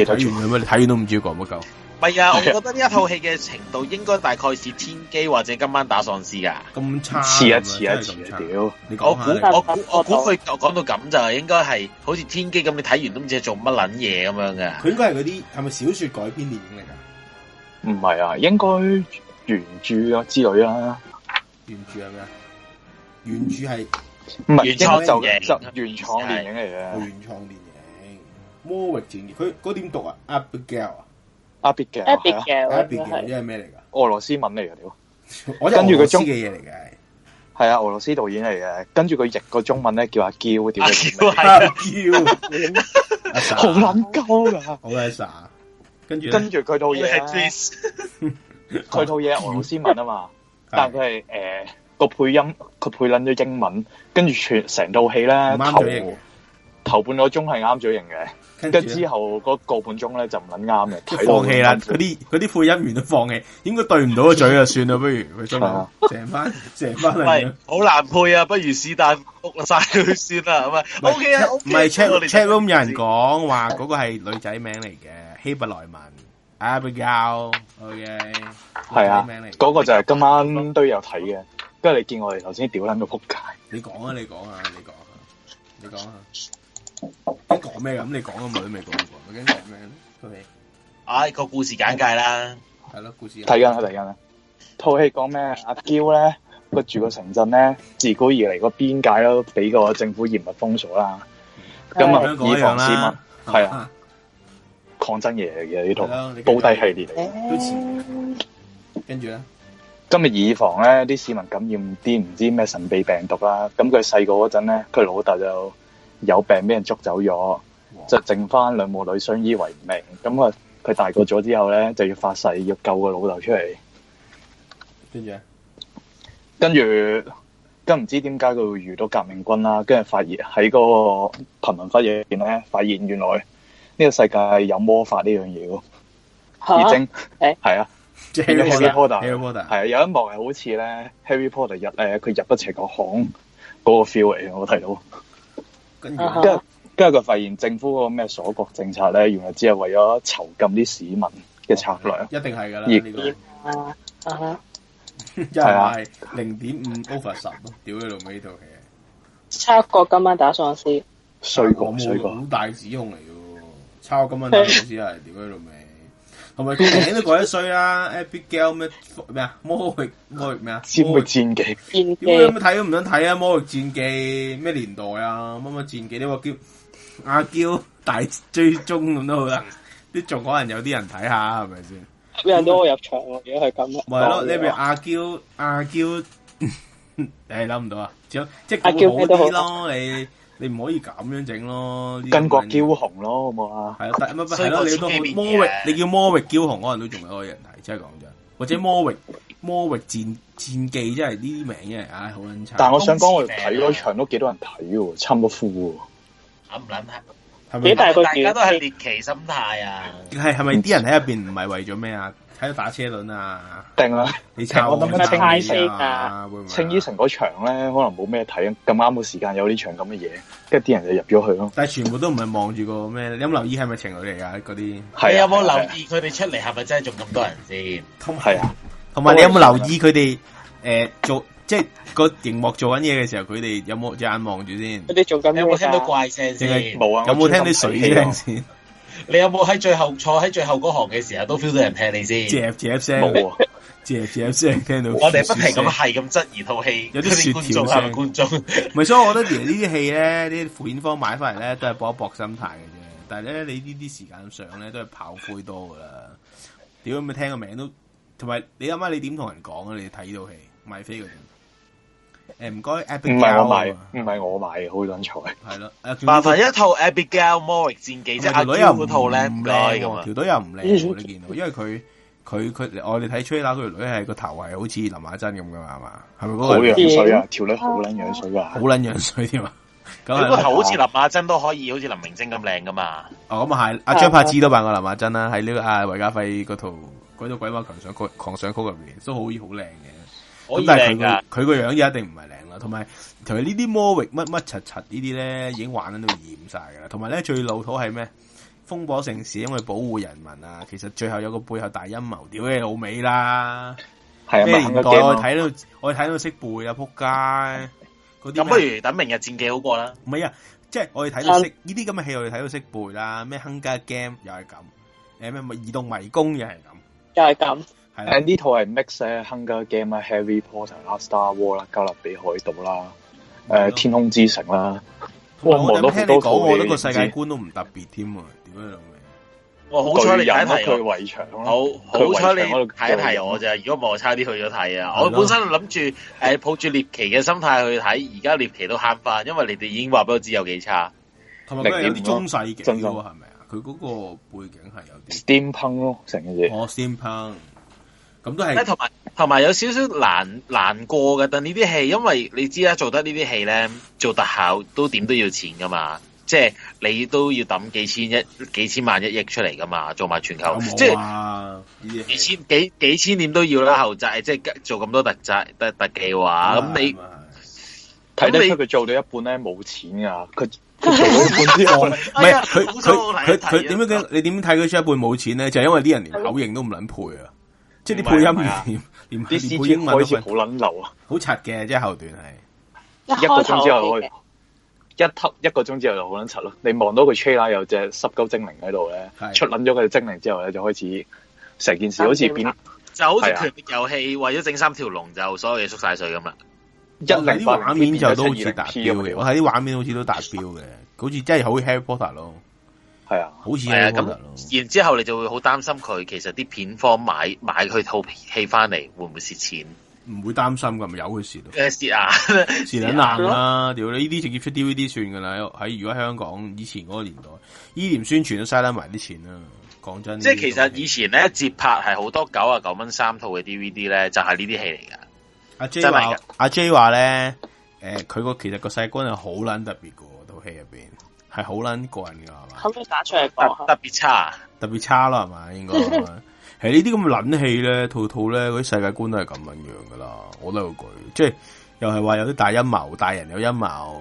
你睇完都唔知講乜狗。唔係啊，我覺得呢一套戲嘅程度應該大概似《天機》或者今晚打喪屍噶。咁差。似啊似啊似！屌，我估我估我估佢，我講到咁就係應該係好似《天機》咁，你睇完都唔知做乜撚嘢咁樣噶。佢應該係嗰啲係咪小說改編電影嚟噶？唔係啊，應該原著啊之類啦。原著係咩原著？係唔係原創，就原創電影嚟嘅，原創電影。魔域戰記佢嗰點讀啊？Abigail 啊 Abigail Abigail Abigail 係咩嚟噶？俄羅斯文嚟噶，我跟住佢中嘅嘢，嚟嘅係啊，俄羅斯導演嚟嘅，跟住佢譯個中文咧叫阿嬌，點叫？阿嬌好撚鳩噶，好阿 Sa 跟住，跟住佢套嘢，佢套嘢俄羅斯文啊嘛，但係佢係誒個配音佢配撚咗英文，跟住全成套戲咧頭頭半個鐘係啱嘴型嘅，跟之後嗰個半鐘咧就唔撚啱嘅，睇放棄啦，嗰啲嗰啲配音員都放棄，應該對唔到個嘴就算啦，不如佢收成翻成翻嚟，唔係好難配啊，不如是但屋晒佢算啦，唔係，O K 啊，唔係 chat，我哋 chatroom 有人講話嗰個係女仔名嚟嘅。希伯、hey, 來文 abigail OK 係啊，嗰、OK 啊那個就係今晚都有睇嘅，跟住你見我哋頭先屌捻個扑街，你講啊，你講啊，你講啊，你講啊，跟住講咩咁？你講啊，冇都未講過，跟住講咩咧？唉個故事簡介啦，係咯、啊，故事睇緊啦，睇緊啦，套戲講咩？阿嬌咧，佢、啊啊、住個城鎮咧，自古以嚟個邊界都俾個政府嚴密封鎖啦，咁啊，以防市民係啊。啊抗爭嘢嚟嘅呢套，布低系列嚟。跟住咧，今日以防咧，啲市民感染啲唔知咩神秘病毒啦。咁佢細個嗰陣咧，佢老豆就有病被，俾人捉走咗，就剩翻兩母女相依為命。咁啊，佢大個咗之後咧，就要發誓要救個老豆出嚟。乜嘢？跟住，跟唔知點解佢會遇到革命軍啦？跟住發現喺嗰個貧民窟入邊咧，發現原來。呢個世界有魔法呢樣嘢咯，已經係啊，即 Harry Potter，Harry Potter 係啊，有一幕係好似咧 Harry Potter 入，誒，佢入不齊個行嗰個 feel 嚟，我睇到。跟住，跟住佢發現政府嗰個咩鎖國政策咧，原來只係為咗囚禁啲市民嘅策略，一定係噶啦。而呢個啊，係零點五 over 十，屌佢老母呢度嘅嘢。差一個今晚打喪屍，衰過衰過，好大指控嚟。睇我今日大老師係點樣老味，同埋佢影都鬼得衰啦！《Big Girl》咩咩啊，《魔域魔域》咩啊，《魔域戰記》。咁有咩睇都唔想睇啊，《魔域戰記》咩年代啊，《乜乜戰記》呢個叫阿嬌大追蹤咁都好啦，啲仲可能有啲人睇下係咪先？啲人都入場喎，如果係咁，咪係咯？呢邊阿嬌阿嬌，你係諗唔到啊？即係阿嬌嗰啲咯，你。你唔可以咁樣整咯，巾幗梟雄咯，係啊，但係唔係，所以都係你叫魔域梟雄，可能都仲有個人即真係講真。或者魔域魔域戰戰記即係呢啲名，因為唉好撚差。但係我想講，我睇嗰場都幾多人睇喎，差唔多 full 唔諗係咪？大大家都係獵奇心態啊？係係咪啲人喺入邊唔係為咗咩啊？喺度打車輪啊！定啦，你抄我諗緊怪聲啊！青衣城嗰場咧，可能冇咩睇咁啱個時間有啲場咁嘅嘢，跟住啲人就入咗去咯。但係全部都唔係望住個咩？你有冇留意係咪情侶嚟噶嗰啲？係你有冇留意佢哋出嚟係咪真係仲咁多人先？係啊，同埋你有冇留意佢哋誒做即係個熒幕做緊嘢嘅時候，佢哋有冇隻眼望住先？佢哋做緊有冇聽到怪聲先？冇啊！有冇聽啲水聲先？你有冇喺最後坐喺最後嗰行嘅時候都 feel 到人踢你先？接接聲冇啊，接接聲聽到。我哋不停咁係咁質疑套戲，有啲雪條上觀眾。咪話所以我覺得而家呢啲戲咧，啲片方買翻嚟咧都係搏一搏心態嘅啫。但係咧，你這些間呢啲時間上咧都係跑灰多噶啦。屌，咁聽個名都，同埋你諗下，你點同人講啊？你睇呢套戲，買飛佢。誒，唔該，Abigail 唔係我買，唔係我買嘅，好撚彩。係、啊、咯，麻煩一套 Abigail Morris 戰記，即係條女又唔好睇，條女又唔靚，你見到，因為佢佢佢，我哋睇吹打嗰條女係個頭係好似林亞珍咁噶嘛，係咪？好樣衰啊，條女好撚樣衰啊，好撚樣衰添啊！個 <laughs> 頭好似林亞珍都可以，好似林明晶咁靚噶嘛。哦、啊，咁啊係，阿張柏芝都扮過林亞珍啦，喺呢、這個阿韋家輝嗰套《鬼、啊、都鬼馬狂想曲、狂想曲入面，都好以好靚嘅。咁但係佢佢個樣又一定唔係靚啦，同埋同埋呢啲魔域乜乜柒柒呢啲咧，已經玩得都厭晒噶啦。同埋咧最老土係咩？風火城市因為保護人民啊，其實最後有個背後大陰謀，屌你老味啦！係啊，咩年代睇到我哋睇到識背啊，撲街！咁不如等明日戰記好過啦。唔係啊，即係我哋睇到識呢啲咁嘅戲，我哋睇到識背啦。咩哼家 game 又係咁，誒咩移動迷宮又係咁，又係咁。誒，呢套係《Mix》咧，《Hunger Game》啦，《Harry Potter》啦，《Star War》啦，《加勒比海盜》啦，誒，《天空之城》啦，我冇都聽你講，我覺得個世界觀都唔特別添，點解咁嘅？我好彩你睇一排圍牆，好好彩你睇一排我啫，如果我差啲去咗睇啊！我本身諗住誒，抱住獵奇嘅心態去睇，而家獵奇都慳翻，因為你哋已經話俾我知有幾差，零點啲中世紀咯，係咪啊？佢嗰個背景係有啲 Steampunk 咯，成件事，我 Steampunk 咁都係，同埋同埋有少少難難過嘅，但呢啲戲，因為你知啦、啊，做得呢啲戲咧，做特效都點都要錢噶嘛，即、就、係、是、你都要抌幾千一、幾千萬、一億出嚟噶嘛，做埋全球，即係幾千幾幾千點都要啦，後製即係做咁多特製特特技話，咁、啊、你睇你得出佢做到一半咧冇錢啊，佢做, <laughs> 做一半之外，唔係佢佢佢佢點樣？你點睇佢出一半冇錢咧？就係、是、因為啲人連口型都唔捻配啊！即係啲配音，連啲 C G 好似好撚流啊！好柒嘅，即係後段係一個鐘之後開，一 t i c 一個鐘之後就好撚柒咯。你望到個 trailer 有隻濕鳩精靈喺度咧，出撚咗個精靈之後咧就開始成件事好似變，就好似權力遊戲為咗整三條龍就所有嘢縮晒水咁啦。一嚟畫面就都好似達標嘅，我睇啲畫面好似都達標嘅，好似真係好 Harry Potter 咯。係啊，好似啊咁，然之後你就會好擔心佢，其實啲片方買買佢套戲翻嚟，會唔會蝕錢？唔會擔心㗎，咪有佢蝕咯。蝕啊！蝕卵硬啦！屌你，呢啲直接出 D V D 算噶啦。喺如果香港以前嗰個年代，依連宣傳都嘥得埋啲錢啦。講真，即係其實以前咧接拍係好多九啊九蚊三套嘅 D V D 咧，就係呢啲戲嚟噶。阿 J 話，阿 J 話咧，誒，佢個其實個細君係好卵特別噶，套戲入邊。係好撚個人噶係嘛？後尾打出嚟，特特別差，特別差啦係嘛？應該係 <laughs> 呢啲咁嘅冷氣咧，套套咧嗰啲世界觀都係咁樣樣噶啦。我都有句，即係又係話有啲大陰謀，大人有陰謀，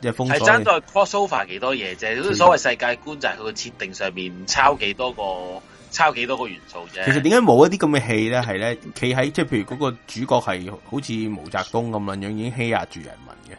一、就、封、是、係真係 cross over 幾多嘢啫。所謂世界觀就係佢嘅設定上面唔抄幾多個，的抄幾多個元素啫。其實點解冇一啲咁嘅戲咧？係咧，企喺即係譬如嗰個主角係好似毛澤東咁樣樣，已經欺壓住人民嘅。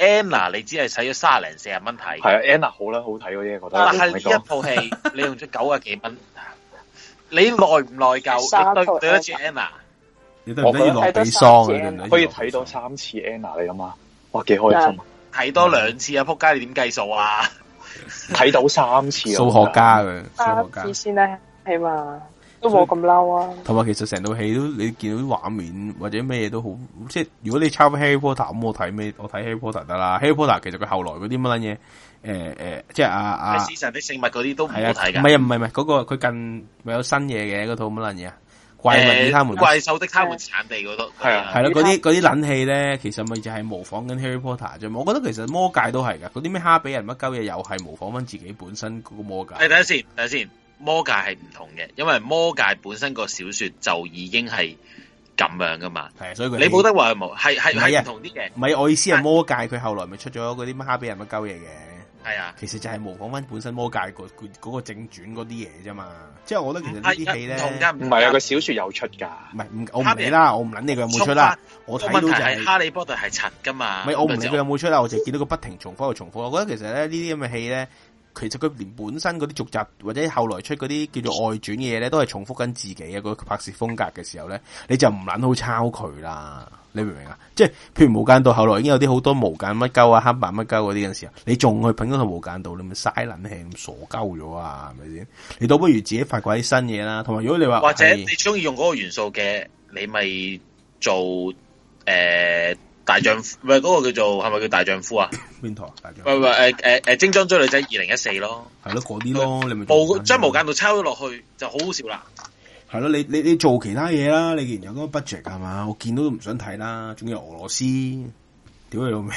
Anna，你只係使咗三十零四十蚊睇，係啊 Anna 好啦，好睇嘅啫。我覺得。但係一部戲你用咗九啊幾蚊，你內唔內疚？三套。對得住 Anna。你得唔得？睇得三套。可以睇到三次 Anna 你諗下。哇，幾開心啊！睇多兩次啊，扑街你點計數啊？睇到三次。數學家嘅。數學家。三次先啦！起碼。都冇咁嬲啊！同埋，其實成套戲都你見到啲畫面或者咩嘢都好，即係如果你抄《Harry Potter》，咁我睇咩？我睇《Harry Potter》得啦，《Harry Potter》其實佢後來嗰啲乜撚嘢？誒誒，即係阿阿。死神嘅聖物嗰啲都唔係唔係唔係，嗰個佢近咪有新嘢嘅嗰套乜撚嘢？怪物與他們怪獸的他們產地嗰度係啊，係啦，嗰啲嗰啲冷氣咧，其實咪就係模仿緊《Harry Potter》啫。我覺得其實魔戒都係噶，嗰啲咩哈比人乜鳩嘢又係模仿翻自己本身嗰個魔戒。誒，等下先，等下先。魔戒係唔同嘅，因為魔戒本身個小說就已經係咁樣噶嘛，係、啊、所以佢你冇得話冇，係係係唔同啲嘅。唔係、啊、我意思係魔戒佢後來咪出咗嗰啲乜哈比人乜鳩嘢嘅，係啊。其實就係模仿翻本身魔戒個嗰嗰正傳嗰啲嘢啫嘛。即、就、係、是、我覺得其實啲戲咧唔係啊，個小說出的不不不有，有出噶，唔係唔我唔理啦，我唔捻你佢有冇出啦。我睇到就係、是、哈利波特係陳噶嘛，咪了就我唔理佢有冇出啦，我就見到佢不停重複又重複、嗯。我覺得其實咧呢啲咁嘅戲咧。其實佢連本身嗰啲續集或者後來出嗰啲叫做外傳嘅嘢咧，都係重複緊自己嗰個拍攝風格嘅時候咧，你就唔捻好抄佢啦，你明唔明啊？即係譬如無間道，後來已經有啲好多無間乜鳩啊、黑白乜鳩嗰啲嘅時候，你仲去品嗰套無間道，你咪嘥捻氣咁傻鳩咗啊？係咪先？你倒不如自己發掘啲新嘢啦。同埋如果你話或者你中意用嗰個元素嘅，你咪做誒。呃大丈夫，唔係嗰個叫做係咪叫大丈夫啊？邊台、啊？大丈夫？唔係唔係，誒誒誒，精、呃、裝、呃、追女仔二零一四咯，係咯嗰啲咯，你咪無將無間道抄咗落去就好好笑啦。係咯，你你你做其他嘢啦，你然有嗰個 budget 係嘛，我見到都唔想睇啦。仲要俄羅斯，屌你老味，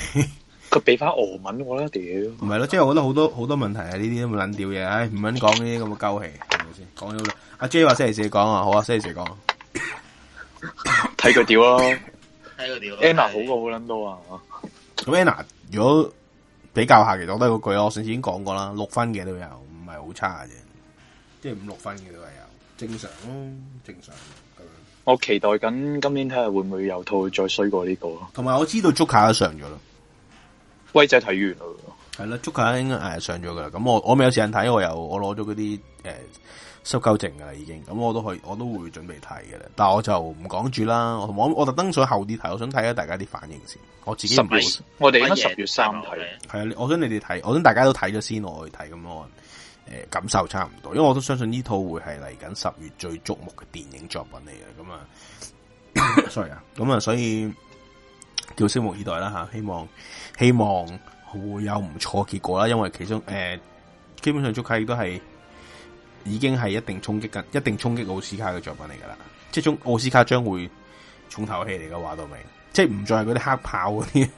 佢俾翻俄文我啦，屌！唔係咯，即係我覺得好多好多問題啊！呢啲咁嘅撚屌嘢，唉，唔撚講呢啲咁嘅鳩氣，係咪先？講咗啦，阿 J 話星期四講啊，好啊，星期四講，睇佢屌咯、啊。 <laughs> Anna 好過好撚多啊！咁吧 Anna 如果比較下，其實都係嗰句咯。我上次已經講過啦，六分嘅都有，唔係好差嘅，啫。即係五六分嘅都係有，正常咯，正常。咁我期待緊今年睇下會唔會有套再衰過呢、這個。同埋我知道 Joker 都上咗啦，威仔睇完啦，係啦，Joker 應該誒上咗噶啦。咁我我未有時間睇，我又我攞咗嗰啲誒。呃收鳩靜噶啦，已經，咁我都去，我都會準備睇嘅啦。但係我就唔講住啦。我我特登想後啲睇，我想睇下大家啲反應先。我自己唔，我哋揾咗十月三睇。係啊，我想你哋睇，我想大家都睇咗先，我去睇，咁我誒感受差唔多。因為我都相信呢套會係嚟緊十月最矚目嘅電影作品嚟嘅。咁啊 <laughs> ，sorry 啊，咁啊，所以叫拭目以待啦吓。希望希望會有唔錯結果啦。因為其中誒、呃，基本上 Joker 都係。已經係一定衝擊緊，一定衝擊奧斯卡嘅作品嚟噶啦，即係中奧斯卡將會重頭戲嚟嘅話到未，即係唔再係嗰啲黑豹嗰啲，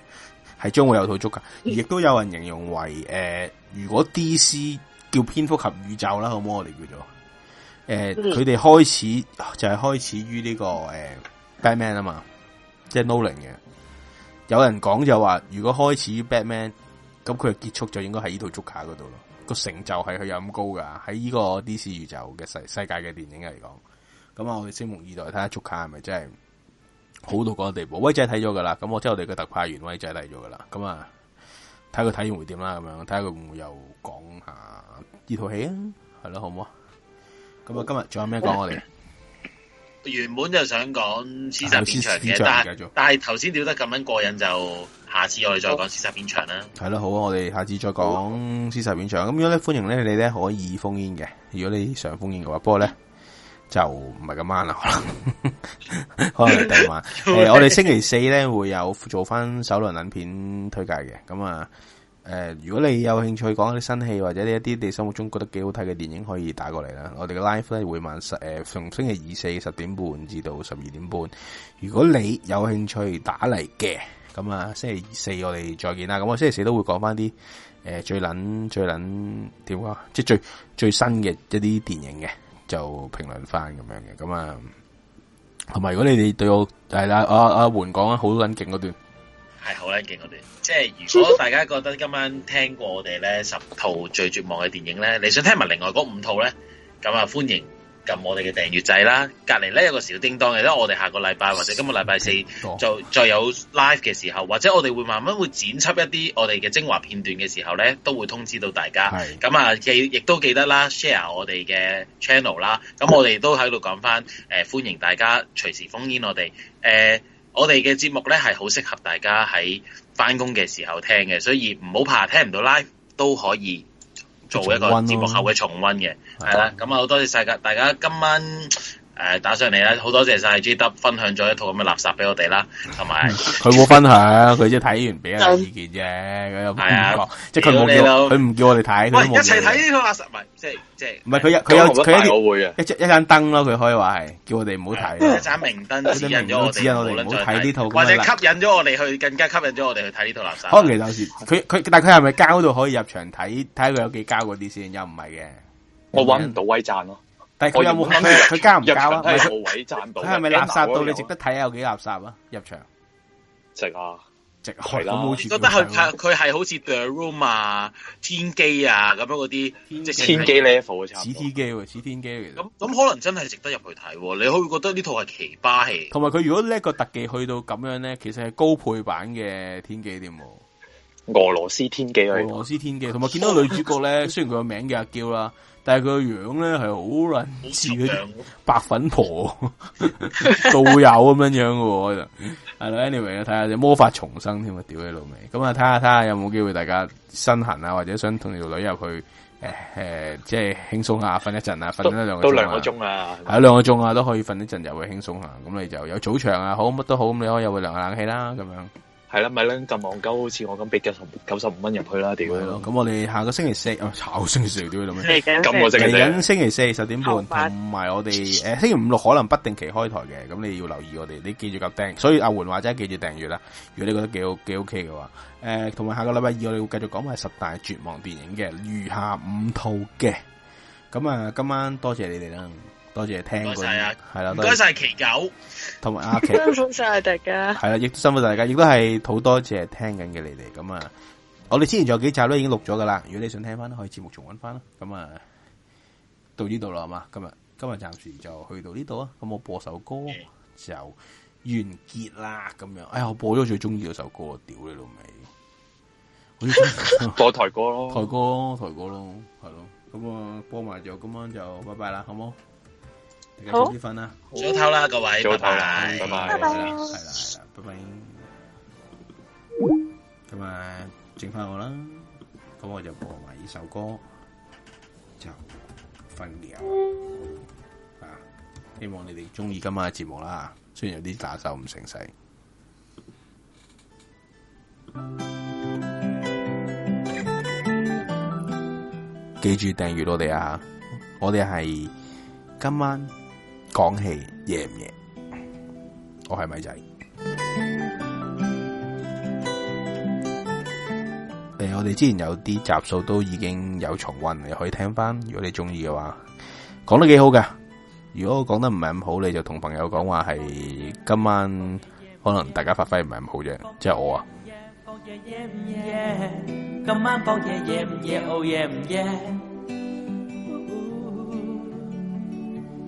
係 <laughs> 將會有套 Joker。亦都有人形容為誒、呃，如果 D.C. 叫蝙蝠俠宇宙啦，好唔好？我哋叫做誒，佢、呃、哋、嗯、開始就係、是、開始於呢、這個誒、呃、Batman 啊嘛，即係 Nolan 嘅，有人講就話如果開始於 Batman，咁佢嘅結束就應該喺呢套 Joker 嗰度咯。個成就係佢有咁高噶，喺呢個《D.C. 宇宙》嘅世世界嘅電影嚟講，咁啊，我哋拭目以待，睇下《捉卡》係咪真係好到嗰個地步。威仔睇咗噶啦，咁我即係我哋嘅特派員威仔嚟咗噶啦，咁啊，睇佢睇完會點啦，咁樣睇下佢會唔會又講下呢套戲啊，係咯，好唔好？咁啊， <laughs> 今日仲有咩講我哋？原本就想講屍殺片場嘅，啊、是 C, 是 C 但係的但頭先屌得咁樣過癮，就下次我哋再講屍殺片場啦。係咯，好啊，我哋下次再講屍殺片場。咁如果咧，歡迎咧你咧可以 phone in 嘅，如果你想 phone in 嘅話，不過咧就唔係咁掹啦，可能 <laughs> <laughs> 可能第晚。 <laughs> 我哋星期四咧會有做翻首輪影片推介嘅，咁啊。誒，如果你有興趣講啲新戲或者一啲你心目中覺得幾好睇嘅電影，可以打過嚟啦。我哋嘅 live 咧會晚十，誒、呃，從星期二四十點半至到十二點半。如果你有興趣打嚟嘅，咁啊，星期四我哋再見啦。咁我星期四都會講翻啲誒最撚最撚點啊，即係最最新嘅一啲電影嘅，就評論翻咁樣嘅。咁啊，同埋如果你哋對我係啦，阿阿煥講啊，好撚勁嗰段。係好啦，勁我哋。即係如果大家覺得今晚聽過我哋咧十套最絕望嘅電影咧，你想聽埋另外嗰五套咧，咁啊歡迎撳我哋嘅訂閱掣啦。隔籬咧有個小叮當嘅，得我哋下個禮拜或者今個禮拜四就再有 live 嘅時候，或者我哋會慢慢會剪輯一啲我哋嘅精華片段嘅時候咧，都會通知到大家。係咁啊，記亦都記得啦，share 我哋嘅 channel 啦。咁我哋都喺度講翻，誒、呃，歡迎大家隨時烽煙我哋誒。呃我哋嘅節目咧係好適合大家喺翻工嘅時候聽嘅，所以唔好怕聽唔到 live 都可以做一個節目後嘅重溫嘅，係啦。咁啊，好多謝曬嘅大家今晚。誒，打上嚟啦！好多謝晒 G 德，分享咗一套咁嘅垃圾俾我哋啦，同埋佢冇分享，佢只係睇完俾人意見啫。係啊，即係佢冇叫佢，唔叫我哋睇，唔一齊睇呢套垃圾，唔係即係即係唔係佢有佢有佢一盞燈咯，佢可以話係叫我哋唔好睇，一盞明燈指引咗我哋，睇呢套或者吸引咗我哋去，更加吸引咗我哋去睇呢套垃圾。可能其實佢佢但佢係咪交到可以入場睇睇佢有幾交嗰啲先？又唔係嘅，我搵唔到威贊咯。但佢有冇佢加唔加啊？佢係咪垃圾到你值得睇？有幾垃圾啊？入場值啊值係啦，我覺得佢佢佢係好似《The Room》啊《天機》啊咁樣嗰啲，即係《天機》level 差唔多，《天機》《天機》其實，咁咁可能真係值得入去睇，你可以覺得呢套係奇葩戲。同埋佢如果叻個特技去到咁樣咧，其實係高配版嘅《天機》添。俄羅斯天機，俄羅斯天機，同埋見到女主角咧，雖然佢個名叫阿嬌啦。但係佢個樣咧係好卵似個白粉婆 <laughs> 道友咁樣樣喎，係啦 <laughs> ，anyway，睇下隻魔法重生添啊，屌你老味！咁啊，睇下睇下有冇機會大家身痕啊，或者想同條女入去誒誒，即係輕鬆下，瞓一陣啊，瞓一兩個都兩個鐘啊，係兩個鐘啊，都可以瞓一陣又會輕鬆下，咁你就有早場啊，好乜都好，咁你可以又會涼下冷氣啦、啊，咁樣。係啦，咪呢、啊？咁望九，好似我咁俾九十九十五蚊入去啦，點樣咯、啊？咁我哋下個星期四啊，炒星期四點樣？咁我哋嚟緊星期四十點半，同埋飯我哋誒、呃、星期五六可能不定期開台嘅，咁你要留意我哋，你記住個訂。所以阿媛話齋記住訂閱啦，如果你覺得幾好幾 OK 嘅話，誒、呃，同埋下個禮拜二我哋會繼續講埋十大絕望電影嘅，餘下五套嘅。咁啊、呃，今晚多謝你哋啦。多謝聽過，唔該晒啊，係啦，唔該晒奇狗同埋阿奇，辛苦晒大家，係啦、啊，亦 <laughs> 辛苦大家，亦 <laughs> 都係好多謝聽緊嘅你哋。咁啊，我哋之前仲有幾集都已經錄咗噶啦，如果你想聽翻，可以節目重溫翻咯。咁啊，到呢度啦嘛，今日今日暫時就去到呢度啊。咁我播首歌、嗯、就完結啦。咁樣，哎呀，我播咗最中意嗰首歌，屌你老味， <laughs> <laughs> 播台歌咯，台歌咯，台歌咯，係咯。咁啊，播埋咗。今晚就拜拜啦，好冇？大家早啲瞓啦，好，好早唞啦，各位，早唞拜拜啦拜拜，拜拜啦，係啦，係拜拜。咁啊，整翻我啦，咁我就播埋呢首歌，就瞓覺啊！希望你哋中意今晚嘅節目啦，雖然有啲打手唔成勢。記住訂閱我哋啊，我哋係今晚。講戲夜唔夜，我係咪仔。誒，我哋之前有啲集數都已經有重温，你可以聽翻。如果你中意嘅話，講得幾好㗎。如果我講得唔係咁好，你就同朋友講話，係今晚可能大家發揮唔係咁好啫，即係我啊。今晚放夜，夜唔夜。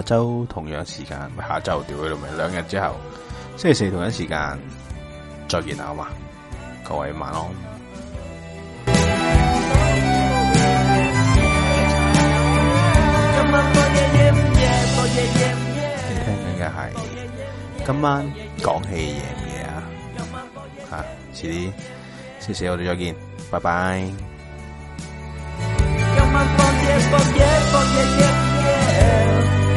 下周同樣時間，下周掉佢咯，咪兩日之後，星期四同樣時間再見啦，好嘛？各位晚安。今晚放夜，夜係今晚講戲夜唔夜啊！吓，遲啲，謝謝我哋再見，拜拜。